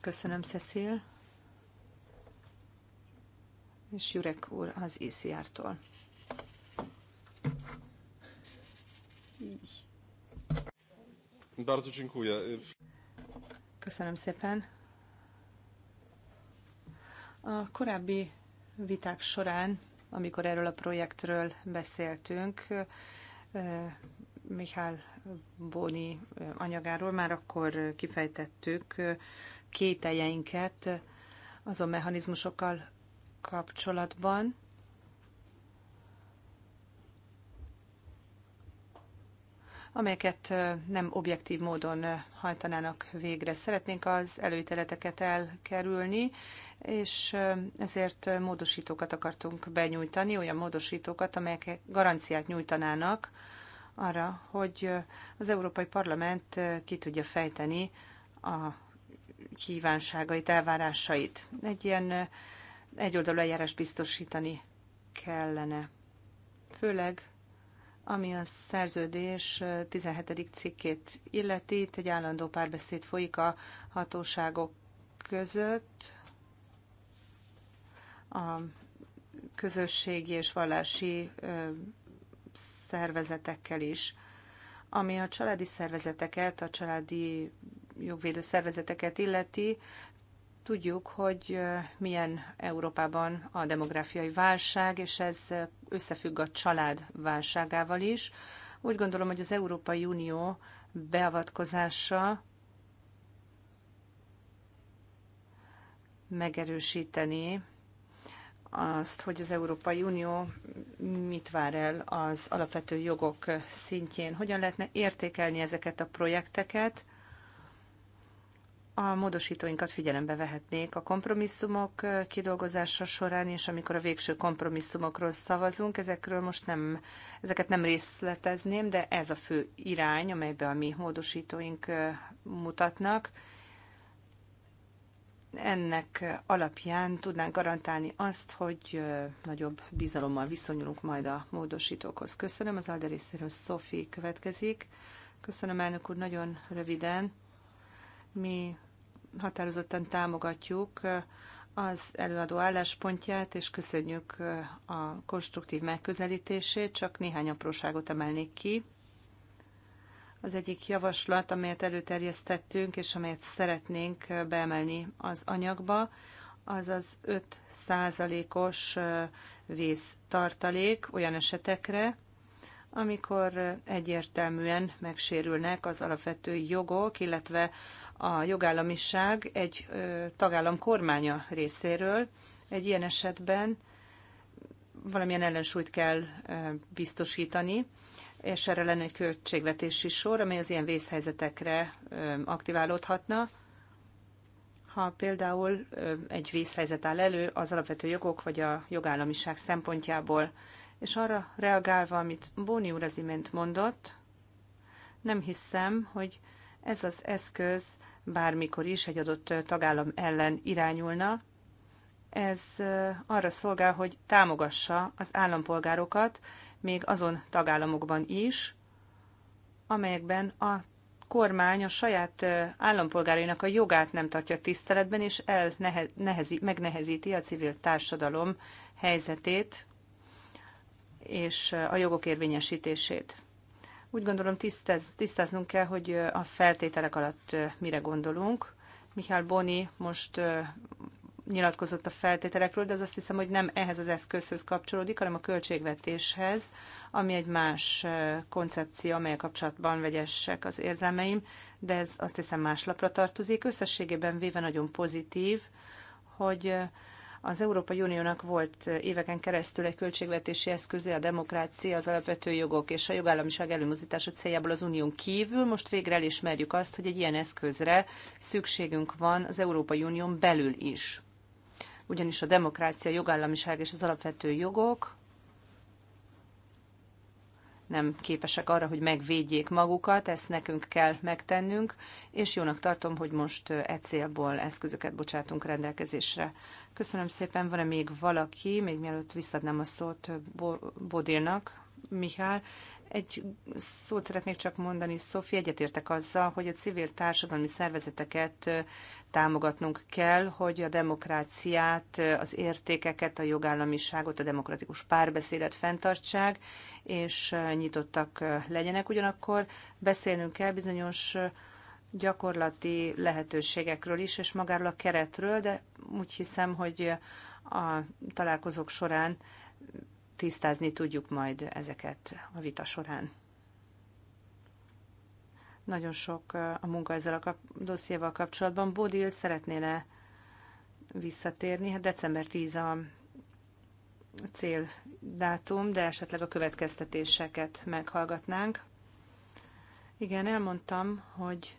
Köszönöm, Cecil! És Jurek úr az ICR-tól. E Bardzo dziękuję. Köszönöm szépen. A korábbi viták során, amikor erről a projektről beszéltünk, Mihály Boni anyagáról már akkor kifejtettük kételjeinket azon mechanizmusokkal kapcsolatban, amelyeket nem objektív módon hajtanának végre. Szeretnénk az előíteleteket elkerülni, és ezért módosítókat akartunk benyújtani, olyan módosítókat, amelyek garanciát nyújtanának arra, hogy az Európai Parlament ki tudja fejteni a kívánságait, elvárásait. Egy ilyen egyoldalú eljárás biztosítani kellene. Főleg ami a szerződés 17. cikkét illeti, itt egy állandó párbeszéd folyik a hatóságok között, a közösségi és vallási szervezetekkel is. Ami a családi szervezeteket, a családi jogvédő szervezeteket illeti, Tudjuk, hogy milyen Európában a demográfiai válság, és ez összefügg a család válságával is. Úgy gondolom, hogy az Európai Unió beavatkozása megerősíteni azt, hogy az Európai Unió mit vár el az alapvető jogok szintjén, hogyan lehetne értékelni ezeket a projekteket, a módosítóinkat figyelembe vehetnék a kompromisszumok kidolgozása során, és amikor a végső kompromisszumokról szavazunk, ezekről most nem, ezeket nem részletezném, de ez a fő irány, amelybe a mi módosítóink mutatnak. Ennek alapján tudnánk garantálni azt, hogy nagyobb bizalommal viszonyulunk majd a módosítókhoz. Köszönöm, az Alde részéről Szofi következik. Köszönöm, elnök úr, nagyon röviden mi határozottan támogatjuk az előadó álláspontját, és köszönjük a konstruktív megközelítését, csak néhány apróságot emelnék ki. Az egyik javaslat, amelyet előterjesztettünk, és amelyet szeretnénk beemelni az anyagba, az az 5 százalékos víztartalék olyan esetekre, amikor egyértelműen megsérülnek az alapvető jogok, illetve a jogállamiság egy tagállam kormánya részéről. Egy ilyen esetben valamilyen ellensúlyt kell biztosítani, és erre lenne egy költségvetési sor, amely az ilyen vészhelyzetekre aktiválódhatna. Ha például egy vészhelyzet áll elő az alapvető jogok vagy a jogállamiság szempontjából, és arra reagálva, amit Bóni úr az imént mondott, nem hiszem, hogy ez az eszköz bármikor is egy adott tagállam ellen irányulna. Ez arra szolgál, hogy támogassa az állampolgárokat, még azon tagállamokban is, amelyekben a kormány a saját állampolgárainak a jogát nem tartja tiszteletben, és elnehezi, megnehezíti a civil társadalom helyzetét és a jogok érvényesítését. Úgy gondolom tisztáz, tisztáznunk kell, hogy a feltételek alatt mire gondolunk. Mihály Boni most nyilatkozott a feltételekről, de az azt hiszem, hogy nem ehhez az eszközhöz kapcsolódik, hanem a költségvetéshez, ami egy más koncepció, amely kapcsolatban vegyesek az érzelmeim, de ez azt hiszem más lapra tartozik. Összességében véve nagyon pozitív, hogy az Európai Uniónak volt éveken keresztül egy költségvetési eszköze a demokrácia, az alapvető jogok és a jogállamiság előmozdítása céljából az unión kívül. Most végre elismerjük azt, hogy egy ilyen eszközre szükségünk van az Európai Unión belül is. Ugyanis a demokrácia, jogállamiság és az alapvető jogok nem képesek arra, hogy megvédjék magukat, ezt nekünk kell megtennünk, és jónak tartom, hogy most e célból eszközöket bocsátunk rendelkezésre. Köszönöm szépen, van-e még valaki, még mielőtt visszadnám a szót Bodilnak, Mihály, egy szót szeretnék csak mondani, Szofi, egyetértek azzal, hogy a civil társadalmi szervezeteket támogatnunk kell, hogy a demokráciát, az értékeket, a jogállamiságot, a demokratikus párbeszédet fenntartsák, és nyitottak legyenek. Ugyanakkor beszélnünk kell bizonyos gyakorlati lehetőségekről is, és magáról a keretről, de úgy hiszem, hogy a találkozók során tisztázni tudjuk majd ezeket a vita során. Nagyon sok a munka ezzel a kap- dossziéval kapcsolatban. Bodil szeretnéne visszatérni. Hát december 10 a cél dátum, de esetleg a következtetéseket meghallgatnánk. Igen, elmondtam, hogy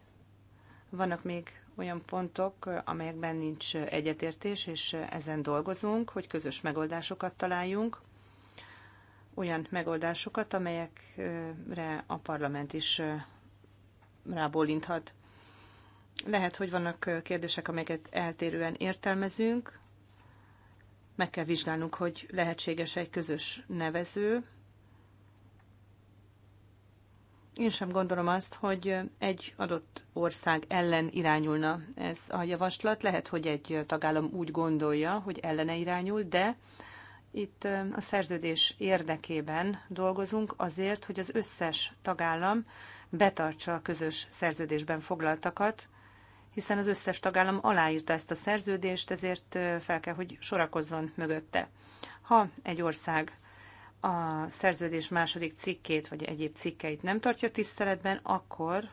vannak még olyan pontok, amelyekben nincs egyetértés, és ezen dolgozunk, hogy közös megoldásokat találjunk olyan megoldásokat, amelyekre a parlament is rábólinthat. Lehet, hogy vannak kérdések, amelyeket eltérően értelmezünk. Meg kell vizsgálnunk, hogy lehetséges egy közös nevező. Én sem gondolom azt, hogy egy adott ország ellen irányulna ez a javaslat. Lehet, hogy egy tagállam úgy gondolja, hogy ellene irányul, de itt a szerződés érdekében dolgozunk azért, hogy az összes tagállam betartsa a közös szerződésben foglaltakat, hiszen az összes tagállam aláírta ezt a szerződést, ezért fel kell, hogy sorakozzon mögötte. Ha egy ország a szerződés második cikkét vagy egyéb cikkeit nem tartja tiszteletben, akkor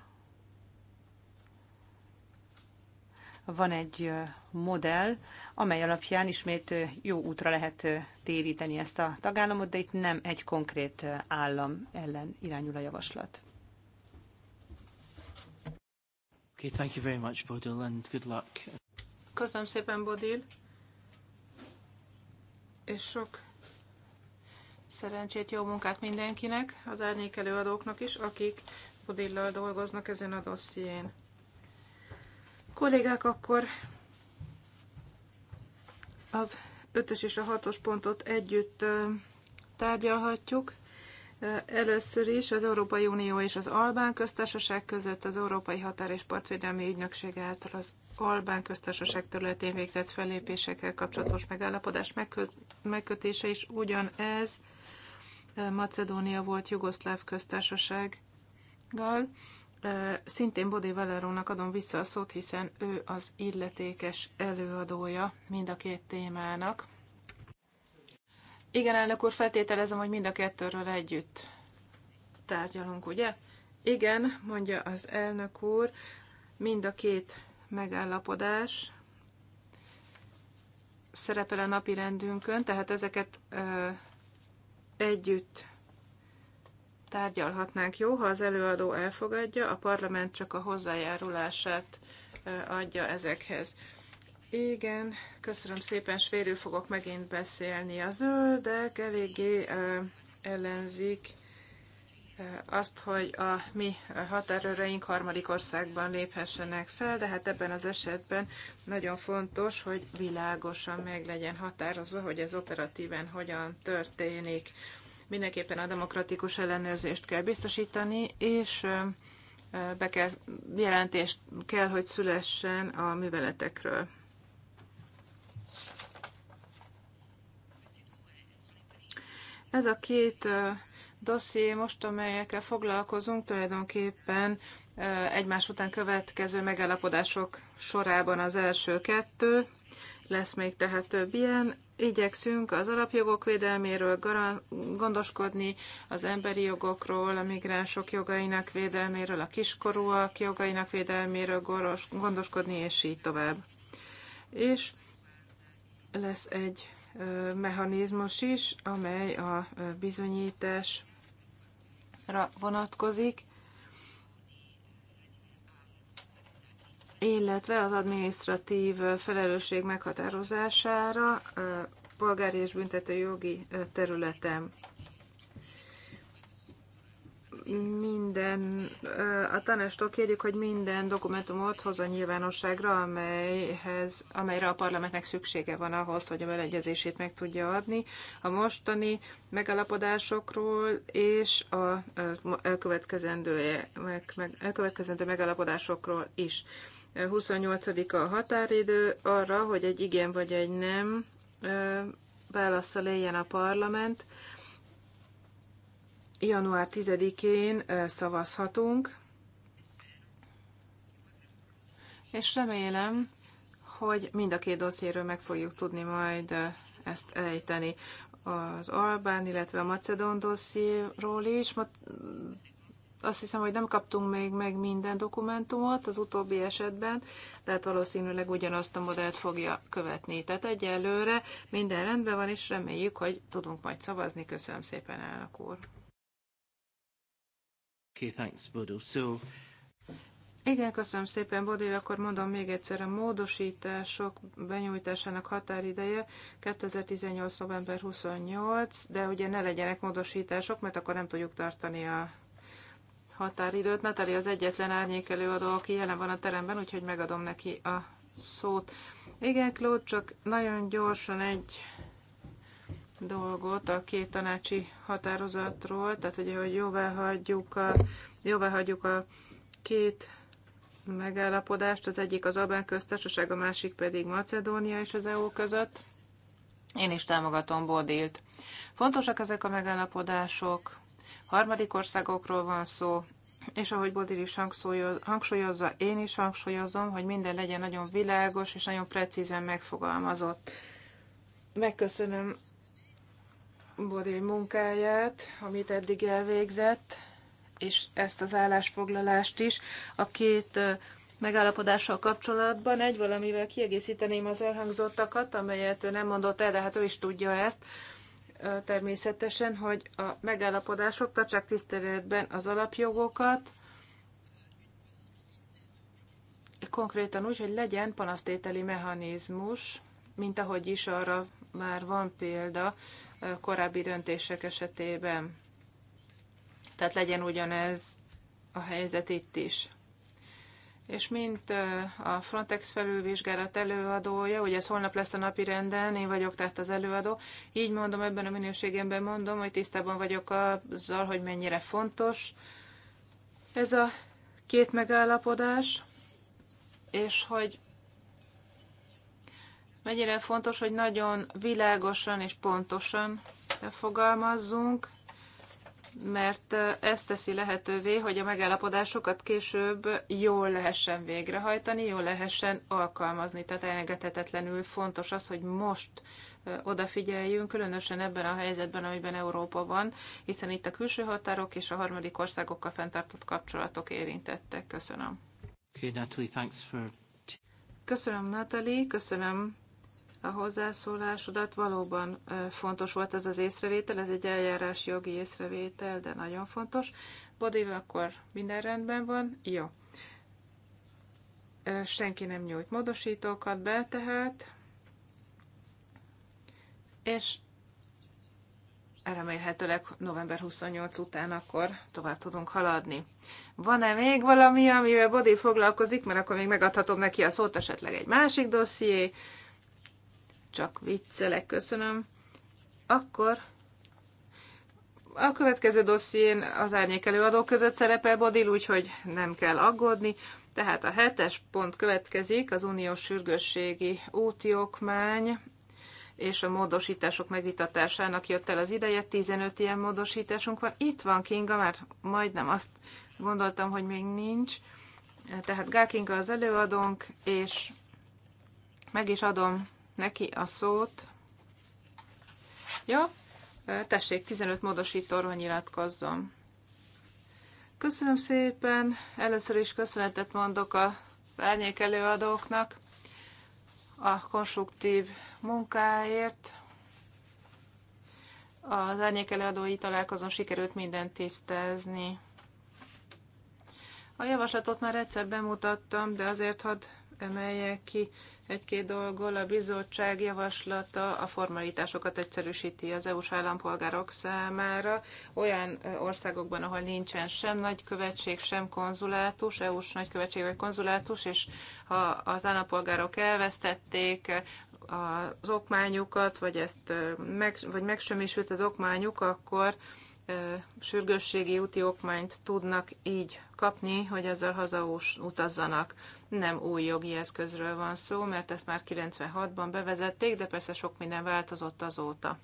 van egy modell, amely alapján ismét jó útra lehet téríteni ezt a tagállamot, de itt nem egy konkrét állam ellen irányul a javaslat. Okay, thank you very much, Bodil, and good luck. Köszönöm szépen, Bodil, és sok szerencsét, jó munkát mindenkinek, az árnyék előadóknak is, akik Bodillal dolgoznak ezen a dosszién. Kollégák, akkor az 5-ös és a 6-os pontot együtt tárgyalhatjuk. Először is az Európai Unió és az Albán Köztársaság között az Európai Határ és Partvédelmi Ügynökség által az Albán Köztársaság területén végzett fellépésekkel kapcsolatos megállapodás megkötése is ugyanez Macedónia volt Jugoszláv köztársasággal. Szintén Bodé Valerónak adom vissza a szót, hiszen ő az illetékes előadója mind a két témának. Igen, elnök úr, feltételezem, hogy mind a kettőről együtt tárgyalunk, ugye? Igen, mondja az elnök úr, mind a két megállapodás szerepel a napi rendünkön, tehát ezeket ö, együtt tárgyalhatnánk. Jó, ha az előadó elfogadja, a parlament csak a hozzájárulását adja ezekhez. Igen, köszönöm szépen, svérül fogok megint beszélni. A zöldek eléggé ellenzik azt, hogy a mi határőreink harmadik országban léphessenek fel, de hát ebben az esetben nagyon fontos, hogy világosan meg legyen határozva, hogy ez operatíven hogyan történik. Mindenképpen a demokratikus ellenőrzést kell biztosítani, és be kell, jelentést kell, hogy szülessen a műveletekről. Ez a két dosszié most, amelyekkel foglalkozunk, tulajdonképpen egymás után következő megállapodások sorában az első kettő, lesz még tehát több ilyen, igyekszünk az alapjogok védelméről gondoskodni, az emberi jogokról, a migránsok jogainak védelméről, a kiskorúak jogainak védelméről gondoskodni, és így tovább. És lesz egy mechanizmus is, amely a bizonyításra vonatkozik, illetve az adminisztratív felelősség meghatározására polgári és büntető jogi területen. Minden, a tanástól kérjük, hogy minden dokumentumot hozza nyilvánosságra, amelyhez, amelyre a parlamentnek szüksége van ahhoz, hogy a beleegyezését meg tudja adni a mostani megalapodásokról és a elkövetkezendő, meg, meg, elkövetkezendő megalapodásokról is. 28-a a határidő arra, hogy egy igen vagy egy nem válaszol éljen a parlament. Január 10-én szavazhatunk, és remélem, hogy mind a két dossziéről meg fogjuk tudni majd ezt ejteni. Az Albán, illetve a Macedon dossziéról is azt hiszem, hogy nem kaptunk még meg minden dokumentumot az utóbbi esetben, tehát valószínűleg ugyanazt a modellt fogja követni. Tehát egyelőre minden rendben van, és reméljük, hogy tudunk majd szavazni. Köszönöm szépen, elnök úr. Okay, thanks, Bodo. So... Igen, köszönöm szépen, Bodi. Akkor mondom még egyszer, a módosítások benyújtásának határideje 2018. november 28, de ugye ne legyenek módosítások, mert akkor nem tudjuk tartani a határidőt. Natali az egyetlen árnyék előadó, aki jelen van a teremben, úgyhogy megadom neki a szót. Igen, Claude, csak nagyon gyorsan egy dolgot a két tanácsi határozatról, tehát ugye, hogy jóvá hagyjuk a, jóvá hagyjuk a két megállapodást, az egyik az Albán köztársaság, a másik pedig Macedónia és az EU között. Én is támogatom Bodilt. Fontosak ezek a megállapodások, harmadik országokról van szó, és ahogy Bodil is hangsúlyozza, én is hangsúlyozom, hogy minden legyen nagyon világos és nagyon precízen megfogalmazott. Megköszönöm Bodil munkáját, amit eddig elvégzett, és ezt az állásfoglalást is. A két megállapodással kapcsolatban egy valamivel kiegészíteném az elhangzottakat, amelyet ő nem mondott el, de hát ő is tudja ezt természetesen, hogy a megállapodások tartsák tiszteletben az alapjogokat, konkrétan úgy, hogy legyen panasztételi mechanizmus, mint ahogy is arra már van példa korábbi döntések esetében. Tehát legyen ugyanez a helyzet itt is és mint a Frontex felülvizsgálat előadója, ugye ez holnap lesz a napi renden, én vagyok tehát az előadó, így mondom, ebben a minőségemben mondom, hogy tisztában vagyok azzal, hogy mennyire fontos ez a két megállapodás, és hogy mennyire fontos, hogy nagyon világosan és pontosan fogalmazzunk, mert ez teszi lehetővé, hogy a megállapodásokat később jól lehessen végrehajtani, jól lehessen alkalmazni. Tehát elengedhetetlenül fontos az, hogy most odafigyeljünk, különösen ebben a helyzetben, amiben Európa van, hiszen itt a külső határok és a harmadik országokkal fenntartott kapcsolatok érintettek. Köszönöm. Okay, Natalie, thanks for... Köszönöm, Natalie, köszönöm a hozzászólásodat. Valóban fontos volt ez az észrevétel, ez egy eljárás jogi észrevétel, de nagyon fontos. Bodil, akkor minden rendben van? Jó. Senki nem nyújt módosítókat be, tehát. És remélhetőleg november 28 után akkor tovább tudunk haladni. Van-e még valami, amivel Bodil foglalkozik, mert akkor még megadhatom neki a szót esetleg egy másik dosszié, csak viccelek, köszönöm. Akkor a következő dosszién az árnyék előadók között szerepel Bodil, úgyhogy nem kell aggódni. Tehát a hetes pont következik, az uniós sürgősségi útiokmány és a módosítások megvitatásának jött el az ideje, 15 ilyen módosításunk van. Itt van Kinga, már majdnem azt gondoltam, hogy még nincs. Tehát Gákinga az előadónk, és meg is adom neki a szót. Ja, tessék, 15 módosítóról nyilatkozzon. Köszönöm szépen. Először is köszönetet mondok a árnyék előadóknak a konstruktív munkáért. Az árnyék előadói találkozón sikerült mindent tisztázni. A javaslatot már egyszer bemutattam, de azért hadd emeljek ki egy-két dolgol. A bizottság javaslata a formalitásokat egyszerűsíti az EU-s állampolgárok számára. Olyan országokban, ahol nincsen sem nagykövetség, sem konzulátus, EU-s nagykövetség vagy konzulátus, és ha az állampolgárok elvesztették az okmányukat, vagy, ezt meg, vagy megsemmisült az okmányuk, akkor sürgősségi úti okmányt tudnak így kapni, hogy ezzel haza utazzanak nem új jogi eszközről van szó, mert ezt már 96-ban bevezették, de persze sok minden változott azóta.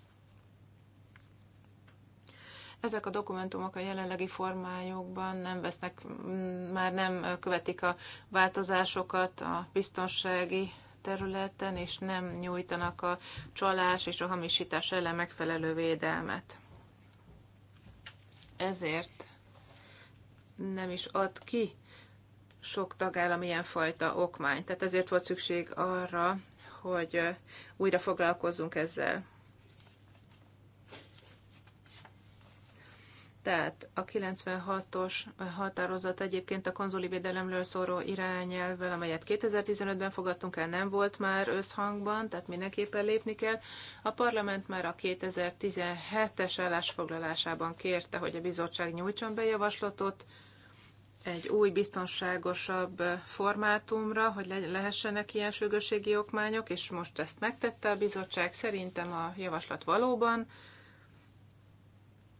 Ezek a dokumentumok a jelenlegi formájukban nem vesznek, már nem követik a változásokat a biztonsági területen, és nem nyújtanak a csalás és a hamisítás ellen megfelelő védelmet. Ezért nem is ad ki sok tagállam ilyenfajta okmány. Tehát ezért volt szükség arra, hogy újra foglalkozzunk ezzel. Tehát a 96-os határozat egyébként a konzuli védelemről szóró irányelvvel, amelyet 2015-ben fogadtunk el, nem volt már összhangban, tehát mindenképpen lépni kell. A parlament már a 2017-es állásfoglalásában kérte, hogy a bizottság nyújtson be javaslatot egy új, biztonságosabb formátumra, hogy lehessenek ilyen sürgősségi okmányok, és most ezt megtette a bizottság. Szerintem a javaslat valóban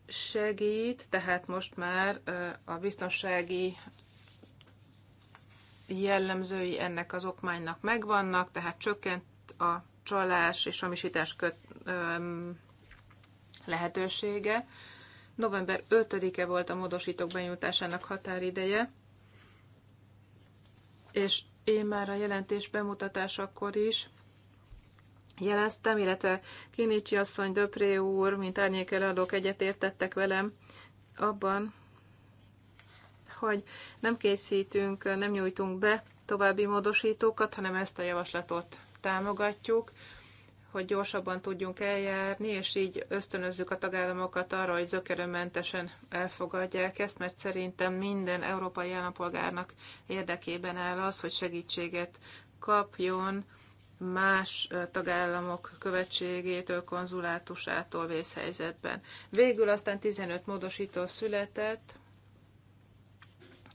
segít, tehát most már a biztonsági jellemzői ennek az okmánynak megvannak, tehát csökkent a csalás és hamisítás köt, öm, lehetősége November 5-e volt a módosítók benyújtásának határideje, és én már a jelentés bemutatásakor is jeleztem, illetve Kinicsi asszony, Döpré úr, mint árnyékeladók egyetértettek velem abban, hogy nem készítünk, nem nyújtunk be további módosítókat, hanem ezt a javaslatot támogatjuk, hogy gyorsabban tudjunk eljárni, és így ösztönözzük a tagállamokat arra, hogy zökerőmentesen elfogadják ezt, mert szerintem minden európai állampolgárnak érdekében áll az, hogy segítséget kapjon más tagállamok követségétől, konzulátusától vészhelyzetben. Végül aztán 15 módosító született,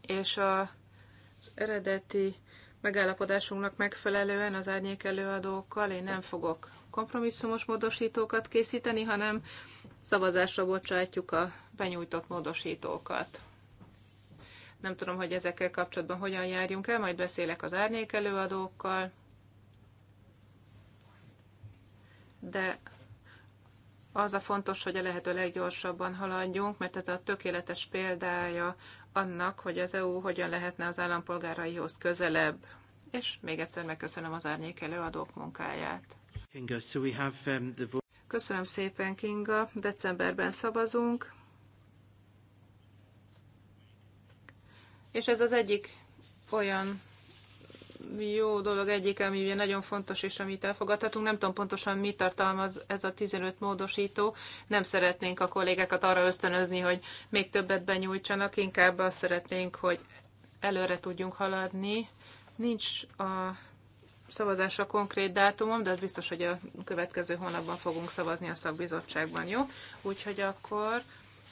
és az eredeti megállapodásunknak megfelelően az árnyék előadókkal én nem fogok kompromisszumos módosítókat készíteni, hanem szavazásra bocsátjuk a benyújtott módosítókat. Nem tudom, hogy ezekkel kapcsolatban hogyan járjunk el, majd beszélek az árnyék előadókkal. De az a fontos, hogy a lehető leggyorsabban haladjunk, mert ez a tökéletes példája annak, hogy az EU hogyan lehetne az állampolgáraihoz közelebb. És még egyszer megköszönöm az árnyék előadók munkáját. Um, Köszönöm szépen, Kinga. Decemberben szavazunk. És ez az egyik olyan jó dolog egyik, ami ugye nagyon fontos, és amit elfogadhatunk. Nem tudom pontosan, mit tartalmaz ez a 15 módosító. Nem szeretnénk a kollégákat arra ösztönözni, hogy még többet benyújtsanak, inkább azt szeretnénk, hogy előre tudjunk haladni. Nincs a szavazásra konkrét dátumom, de az biztos, hogy a következő hónapban fogunk szavazni a szakbizottságban, jó? Úgyhogy akkor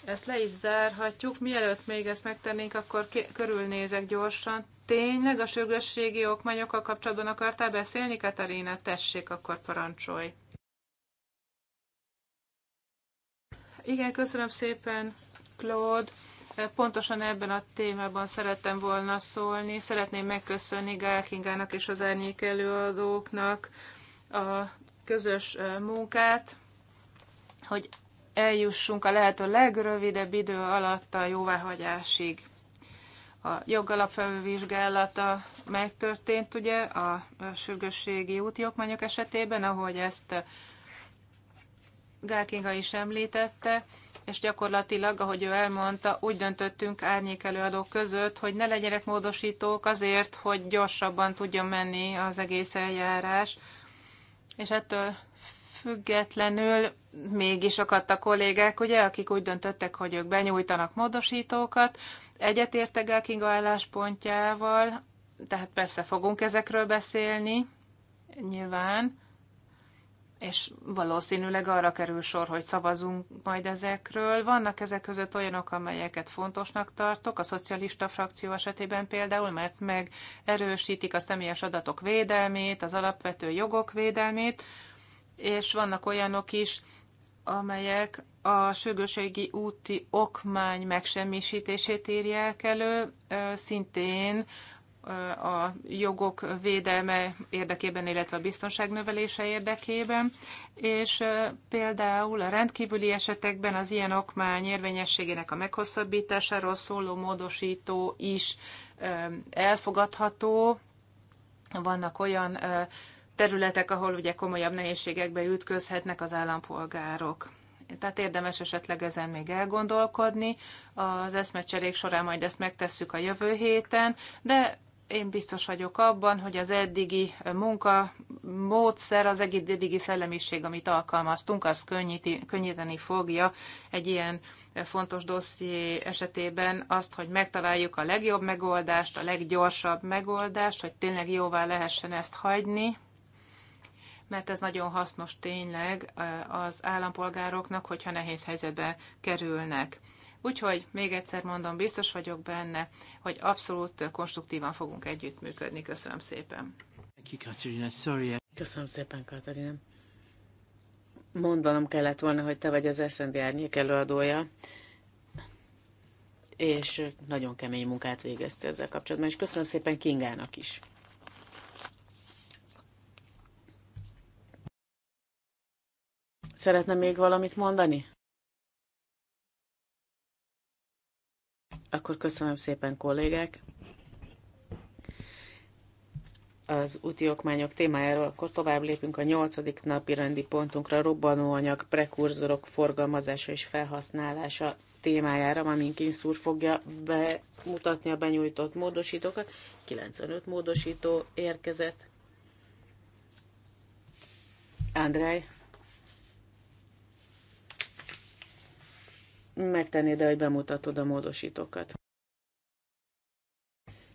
ezt le is zárhatjuk. Mielőtt még ezt megtennénk, akkor körülnézek gyorsan. Tényleg a sürgősségi okmányokkal kapcsolatban akartál beszélni, Katarina? Tessék, akkor parancsolj. Igen, köszönöm szépen, Claude. Pontosan ebben a témában szerettem volna szólni. Szeretném megköszönni Gál Kingának és az árnyék előadóknak a közös munkát, hogy eljussunk a lehető legrövidebb idő alatt a jóváhagyásig. A jogalapfelvizsgálata megtörtént ugye a sürgősségi úti esetében, ahogy ezt Gálkinga is említette, és gyakorlatilag, ahogy ő elmondta, úgy döntöttünk árnyék előadók között, hogy ne legyenek módosítók azért, hogy gyorsabban tudjon menni az egész eljárás, és ettől függetlenül mégis akadtak kollégák, ugye, akik úgy döntöttek, hogy ők benyújtanak módosítókat, egyetértek el Kinga álláspontjával, tehát persze fogunk ezekről beszélni, nyilván, és valószínűleg arra kerül sor, hogy szavazunk majd ezekről. Vannak ezek között olyanok, amelyeket fontosnak tartok, a szocialista frakció esetében például, mert megerősítik a személyes adatok védelmét, az alapvető jogok védelmét, és vannak olyanok is, amelyek a sürgőségi úti okmány megsemmisítését írják elő, szintén a jogok védelme érdekében, illetve a biztonság növelése érdekében, és például a rendkívüli esetekben az ilyen okmány érvényességének a meghosszabbításáról szóló módosító is elfogadható. Vannak olyan területek, ahol ugye komolyabb nehézségekbe ütközhetnek az állampolgárok tehát érdemes esetleg ezen még elgondolkodni. Az eszmecserék során majd ezt megtesszük a jövő héten, de én biztos vagyok abban, hogy az eddigi munka módszer, az eddigi szellemiség, amit alkalmaztunk, az könnyíti, könnyíteni fogja egy ilyen fontos dosszié esetében azt, hogy megtaláljuk a legjobb megoldást, a leggyorsabb megoldást, hogy tényleg jóvá lehessen ezt hagyni, mert ez nagyon hasznos tényleg az állampolgároknak, hogyha nehéz helyzetbe kerülnek. Úgyhogy még egyszer mondom, biztos vagyok benne, hogy abszolút konstruktívan fogunk együttműködni. Köszönöm szépen. Köszönöm szépen, Katarina. Mondanom kellett volna, hogy te vagy az SZND árnyék előadója, és nagyon kemény munkát végezte ezzel kapcsolatban, és köszönöm szépen Kingának is. Szeretne még valamit mondani? Akkor köszönöm szépen, kollégák! Az úti okmányok témájáról, akkor tovább lépünk a nyolcadik napi rendi pontunkra, robbanóanyag, prekurzorok forgalmazása és felhasználása témájára, amin Kinszúr fogja bemutatni a benyújtott módosítókat. 95 módosító érkezett. Andrej, megtenni, de hogy bemutatod a módosítókat.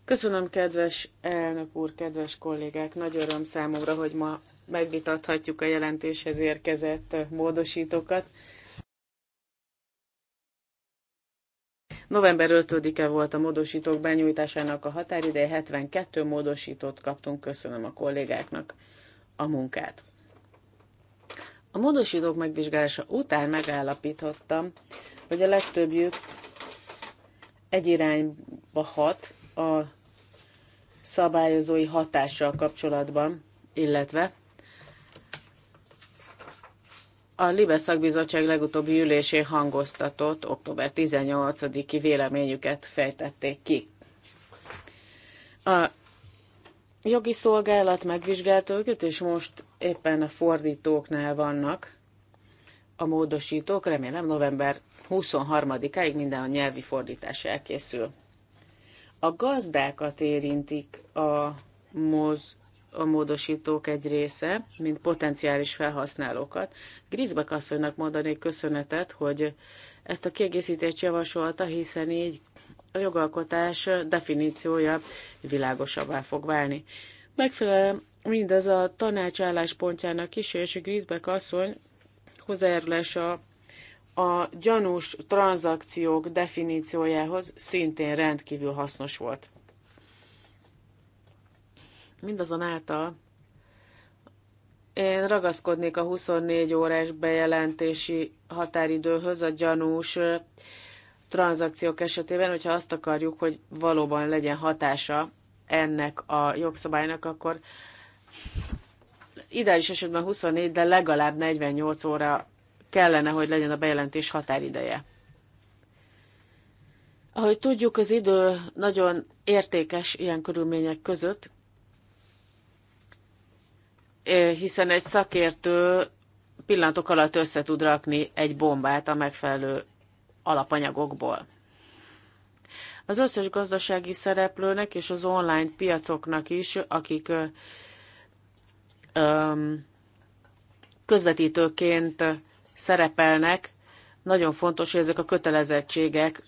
Köszönöm, kedves elnök úr, kedves kollégák! Nagy öröm számomra, hogy ma megvitathatjuk a jelentéshez érkezett módosítókat. November 5-e volt a módosítók benyújtásának a határideje, 72 módosítót kaptunk, köszönöm a kollégáknak a munkát. A módosítók megvizsgálása után megállapítottam, hogy a legtöbbjük egy irányba hat a szabályozói hatással kapcsolatban, illetve a Libes szakbizottság legutóbbi ülésén hangoztatott október 18-i véleményüket fejtették ki. A jogi szolgálat megvizsgálta őket, és most éppen a fordítóknál vannak a módosítók, remélem november 23-áig minden a nyelvi fordítás elkészül. A gazdákat érintik a, moz, a módosítók egy része, mint potenciális felhasználókat. Grisbek asszonynak mondanék köszönetet, hogy ezt a kiegészítést javasolta, hiszen így a jogalkotás definíciója világosabbá fog válni. Megfelelően mindez a tanács álláspontjának is, és Griszbek asszony hozzájárulása a gyanús tranzakciók definíciójához szintén rendkívül hasznos volt. Mindazonáltal én ragaszkodnék a 24 órás bejelentési határidőhöz a gyanús tranzakciók esetében, hogyha azt akarjuk, hogy valóban legyen hatása ennek a jogszabálynak, akkor ideális esetben 24, de legalább 48 óra kellene, hogy legyen a bejelentés határideje. Ahogy tudjuk, az idő nagyon értékes ilyen körülmények között, eh, hiszen egy szakértő pillanatok alatt össze tud rakni egy bombát a megfelelő alapanyagokból. Az összes gazdasági szereplőnek és az online piacoknak is, akik eh, közvetítőként szerepelnek, nagyon fontos, hogy ezek a kötelezettségek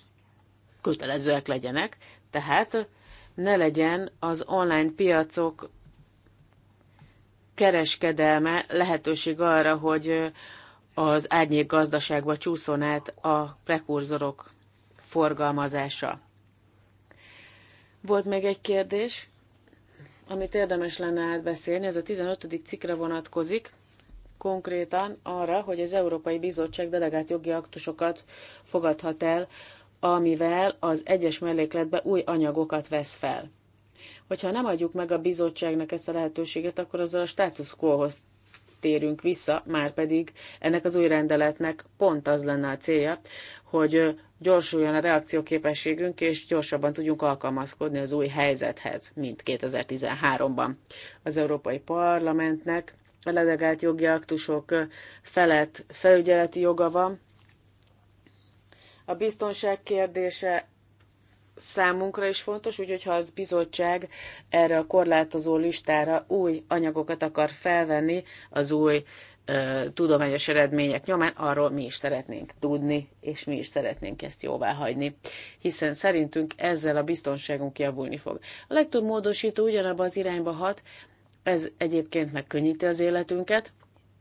kötelezőek legyenek, tehát ne legyen az online piacok kereskedelme lehetőség arra, hogy az árnyék gazdaságba csúszon át a prekurzorok forgalmazása. Volt még egy kérdés? amit érdemes lenne átbeszélni, ez a 15. cikkre vonatkozik, konkrétan arra, hogy az Európai Bizottság delegált jogi aktusokat fogadhat el, amivel az egyes mellékletbe új anyagokat vesz fel. Hogyha nem adjuk meg a bizottságnak ezt a lehetőséget, akkor azzal a status quo-hoz térünk vissza, már pedig ennek az új rendeletnek pont az lenne a célja, hogy gyorsuljon a reakcióképességünk, és gyorsabban tudjunk alkalmazkodni az új helyzethez, mint 2013-ban. Az Európai Parlamentnek a ledegált jogi aktusok felett felügyeleti joga van. A biztonság kérdése számunkra is fontos, úgyhogy ha az bizottság erre a korlátozó listára új anyagokat akar felvenni az új tudományos eredmények nyomán, arról mi is szeretnénk tudni, és mi is szeretnénk ezt jóvá hagyni, hiszen szerintünk ezzel a biztonságunk javulni fog. A legtöbb módosító ugyanabba az irányba hat, ez egyébként megkönnyíti az életünket,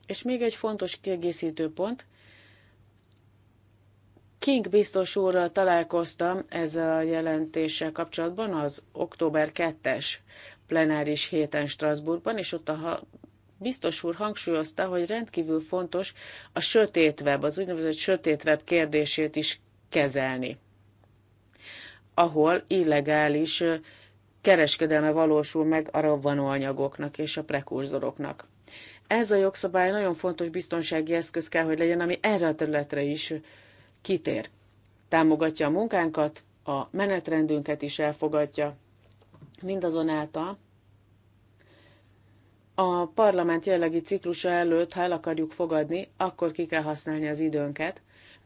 és még egy fontos kiegészítő pont, King biztos úrral találkoztam ezzel a jelentéssel kapcsolatban az október 2-es plenáris héten Strasbourgban, és ott a biztos úr hangsúlyozta, hogy rendkívül fontos a sötét web, az úgynevezett sötét web kérdését is kezelni, ahol illegális kereskedelme valósul meg a robbanóanyagoknak és a prekurzoroknak. Ez a jogszabály nagyon fontos biztonsági eszköz kell, hogy legyen, ami erre a területre is kitér. Támogatja a munkánkat, a menetrendünket is elfogadja, mindazonáltal a parlament jellegi ciklusa előtt, ha el akarjuk fogadni, akkor ki kell használni az időnket.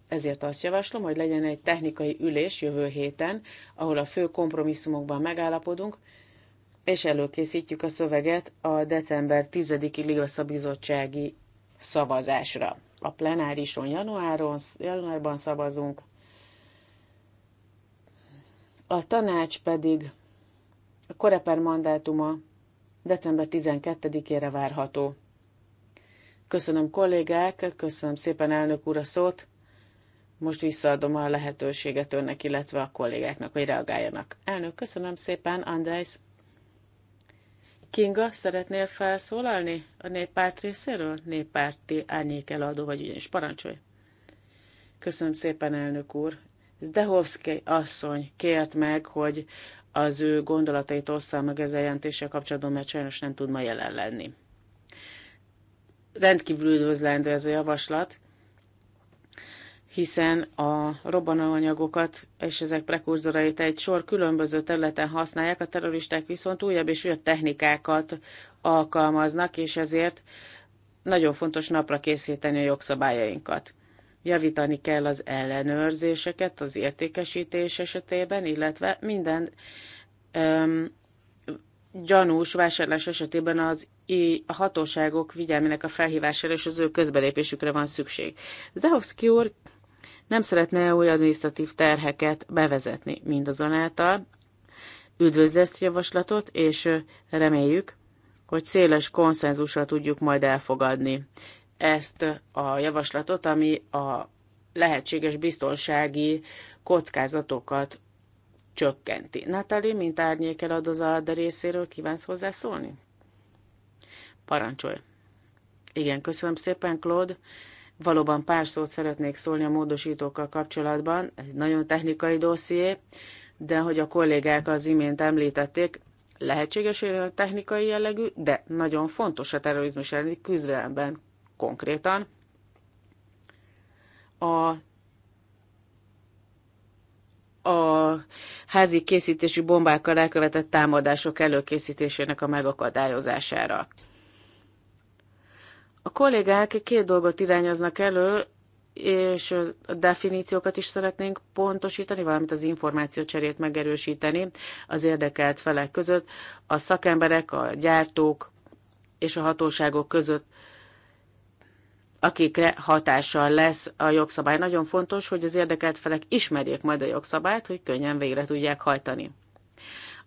Ezért azt javaslom, hogy legyen egy technikai ülés jövő héten, ahol a fő kompromisszumokban megállapodunk, és előkészítjük a szöveget a december 10-i Bizottsági szavazásra. A plenárison januáron, januárban szavazunk, a tanács pedig a koreper mandátuma december 12-ére várható. Köszönöm kollégák, köszönöm szépen elnök úr a szót. Most visszaadom a lehetőséget önnek, illetve a kollégáknak, hogy reagáljanak. Elnök, köszönöm szépen, Andrész. Kinga, szeretnél felszólalni a néppárt részéről? Néppárti árnyék eladó vagy ugyanis parancsolj. Köszönöm szépen, elnök úr. Zdehovszki asszony kért meg, hogy az ő gondolatait osszál meg ezzel jelentéssel kapcsolatban, mert sajnos nem tud ma jelen lenni. Rendkívül üdvözlendő ez a javaslat, hiszen a robbanóanyagokat és ezek prekurzorait egy sor különböző területen használják, a terroristák viszont újabb és újabb technikákat alkalmaznak, és ezért nagyon fontos napra készíteni a jogszabályainkat. Javítani kell az ellenőrzéseket az értékesítés esetében, illetve minden um, gyanús vásárlás esetében az a hatóságok figyelmének a felhívására és az ő közbelépésükre van szükség. Zahovszki úr nem szeretne új adminisztratív terheket bevezetni mindazonáltal. Üdvözli ezt a javaslatot, és reméljük, hogy széles konszenzussal tudjuk majd elfogadni ezt a javaslatot, ami a lehetséges biztonsági kockázatokat csökkenti. Natali, mint ad az ALDE részéről, kívánsz hozzászólni? Parancsolj! Igen, köszönöm szépen, Claude. Valóban pár szót szeretnék szólni a módosítókkal kapcsolatban. Ez nagyon technikai dosszié, de hogy a kollégák az imént említették, lehetséges, hogy a technikai jellegű, de nagyon fontos a terrorizmus elleni küzdelemben konkrétan a a házi készítésű bombákkal elkövetett támadások előkészítésének a megakadályozására. A kollégák két dolgot irányoznak elő, és a definíciókat is szeretnénk pontosítani, valamint az információcserét megerősíteni az érdekelt felek között, a szakemberek, a gyártók és a hatóságok között akikre hatással lesz a jogszabály. Nagyon fontos, hogy az érdekelt felek ismerjék majd a jogszabályt, hogy könnyen végre tudják hajtani.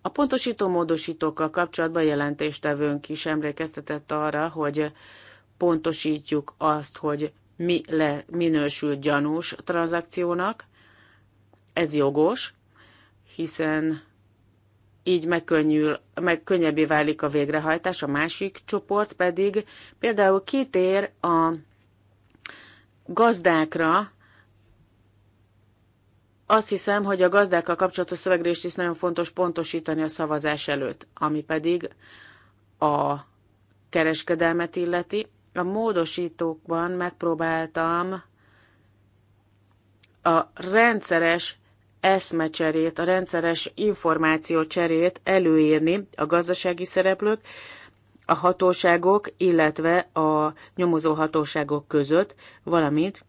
A pontosító módosítókkal kapcsolatban jelentéstevőnk is emlékeztetett arra, hogy pontosítjuk azt, hogy mi le minősül gyanús tranzakciónak. Ez jogos, hiszen így megkönnyül, meg könnyebbé válik a végrehajtás, a másik csoport pedig például kitér a gazdákra, azt hiszem, hogy a gazdákkal kapcsolatos szövegrést is nagyon fontos pontosítani a szavazás előtt, ami pedig a kereskedelmet illeti. A módosítókban megpróbáltam a rendszeres eszmecserét, a rendszeres információcserét előírni a gazdasági szereplők a hatóságok, illetve a nyomozó hatóságok között, valamint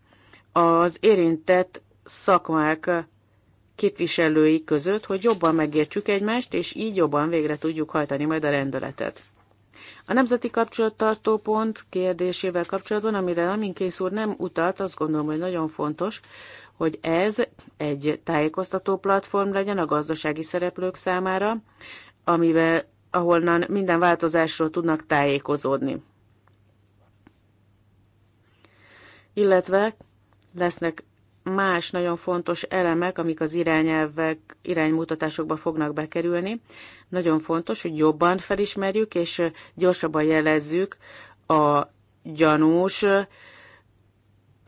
az érintett szakmák képviselői között, hogy jobban megértsük egymást, és így jobban végre tudjuk hajtani majd a rendeletet. A nemzeti kapcsolattartó pont kérdésével kapcsolatban, amire Aminkész úr nem utalt, azt gondolom, hogy nagyon fontos, hogy ez egy tájékoztató platform legyen a gazdasági szereplők számára, amivel ahonnan minden változásról tudnak tájékozódni. Illetve lesznek más nagyon fontos elemek, amik az irányelvek, iránymutatásokba fognak bekerülni. Nagyon fontos, hogy jobban felismerjük és gyorsabban jelezzük a gyanús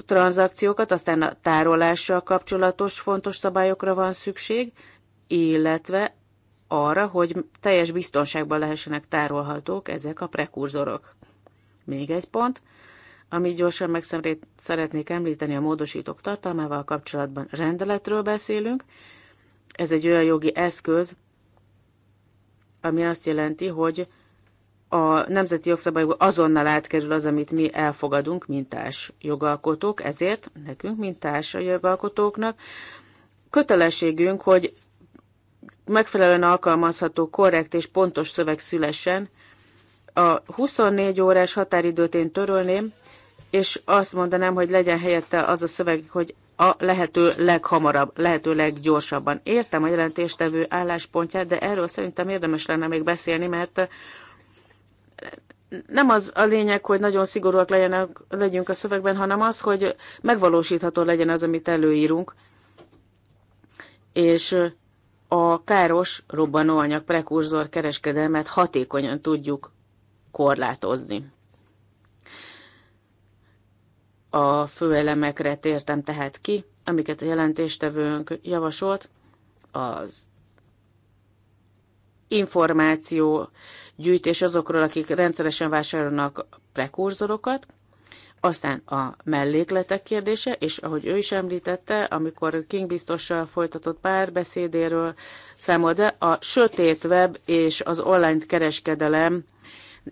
tranzakciókat, aztán a tárolással kapcsolatos fontos szabályokra van szükség, illetve arra, hogy teljes biztonságban lehessenek tárolhatók ezek a prekurzorok. Még egy pont, amit gyorsan meg szeretnék említeni a módosítók tartalmával kapcsolatban. Rendeletről beszélünk. Ez egy olyan jogi eszköz, ami azt jelenti, hogy a nemzeti jogszabályból azonnal átkerül az, amit mi elfogadunk, mintás jogalkotók, ezért nekünk, mintás jogalkotóknak kötelességünk, hogy megfelelően alkalmazható, korrekt és pontos szöveg szülessen. A 24 órás határidőt én törölném, és azt mondanám, hogy legyen helyette az a szöveg, hogy a lehető leghamarabb, lehető leggyorsabban. Értem a jelentéstevő álláspontját, de erről szerintem érdemes lenne még beszélni, mert nem az a lényeg, hogy nagyon szigorúak legyenek, legyünk a szövegben, hanem az, hogy megvalósítható legyen az, amit előírunk. És a káros robbanóanyag prekurzor kereskedelmet hatékonyan tudjuk korlátozni. A főelemekre tértem tehát ki, amiket a jelentéstevőnk javasolt, az információ gyűjtés azokról, akik rendszeresen vásárolnak prekurzorokat, aztán a mellékletek kérdése, és ahogy ő is említette, amikor King biztossal folytatott párbeszédéről számol be, a sötét web és az online kereskedelem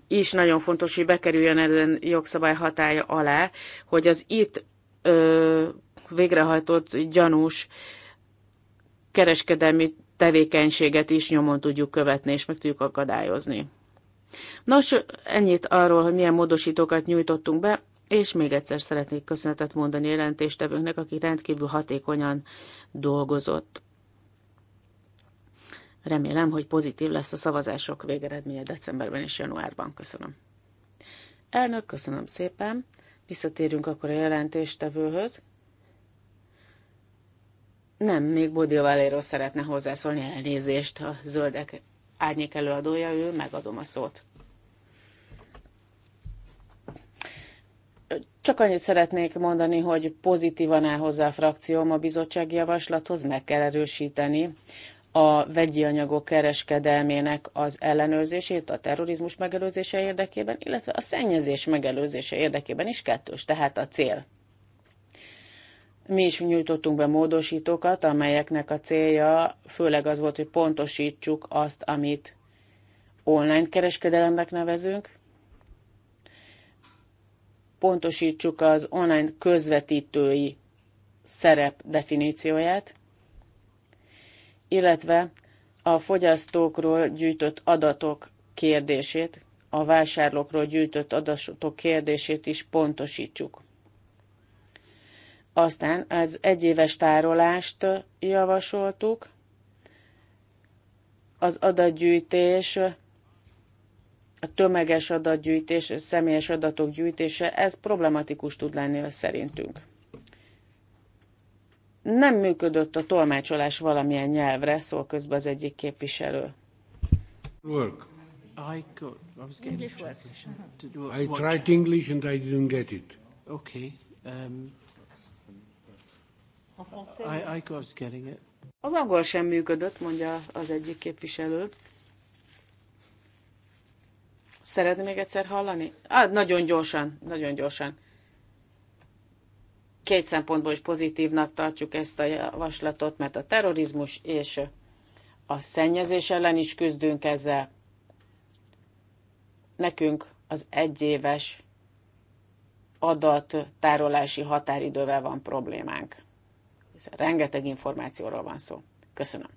is nagyon fontos, hogy bekerüljön ezen jogszabály hatája alá, hogy az itt ö, végrehajtott gyanús kereskedelmi tevékenységet is nyomon tudjuk követni, és meg tudjuk akadályozni. Nos, ennyit arról, hogy milyen módosítókat nyújtottunk be. És még egyszer szeretnék köszönetet mondani a jelentéstevőnknek, aki rendkívül hatékonyan dolgozott. Remélem, hogy pozitív lesz a szavazások végeredménye decemberben és januárban. Köszönöm. Elnök, köszönöm szépen. Visszatérünk akkor a jelentéstevőhöz. Nem, még Bodil Valéro szeretne hozzászólni elnézést a zöldek árnyék előadója, ő megadom a szót. Csak annyit szeretnék mondani, hogy pozitívan áll hozzá a frakcióm a bizottsági javaslathoz, meg kell erősíteni a vegyi anyagok kereskedelmének az ellenőrzését a terrorizmus megelőzése érdekében, illetve a szennyezés megelőzése érdekében is kettős, tehát a cél. Mi is nyújtottunk be módosítókat, amelyeknek a célja főleg az volt, hogy pontosítsuk azt, amit online kereskedelemnek nevezünk, pontosítsuk az online közvetítői szerep definícióját, illetve a fogyasztókról gyűjtött adatok kérdését, a vásárlókról gyűjtött adatok kérdését is pontosítsuk. Aztán az egyéves tárolást javasoltuk, az adatgyűjtés a tömeges adatgyűjtés, a személyes adatok gyűjtése, ez problematikus tud lenni szerintünk. Nem működött a tolmácsolás valamilyen nyelvre, szól közben az egyik képviselő. Work. I could, I was getting English works. I tried English and I didn't get it. Okay. Um, I, I was getting it. Az angol sem működött, mondja az egyik képviselő. Szeretné még egyszer hallani? Á, nagyon gyorsan, nagyon gyorsan. Két szempontból is pozitívnak tartjuk ezt a javaslatot, mert a terrorizmus és a szennyezés ellen is küzdünk ezzel. Nekünk az egyéves adattárolási határidővel van problémánk. Hiszen rengeteg információról van szó. Köszönöm.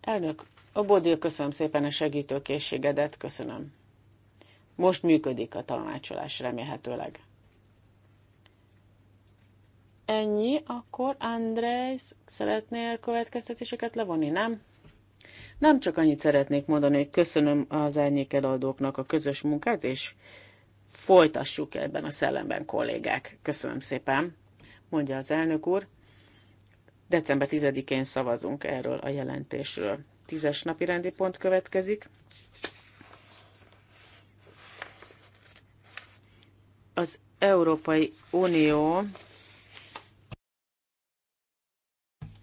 Elnök, a Bodil, köszönöm szépen a segítőkészségedet, köszönöm. Most működik a tanácsolás remélhetőleg. Ennyi, akkor Andrész szeretnél következtetéseket levonni, nem? Nem csak annyit szeretnék mondani, hogy köszönöm az elnyékeladóknak eladóknak a közös munkát, és folytassuk ebben a szellemben, kollégák. Köszönöm szépen, mondja az elnök úr. December 10-én szavazunk erről a jelentésről. Tízes napi rendi pont következik. Az Európai Unió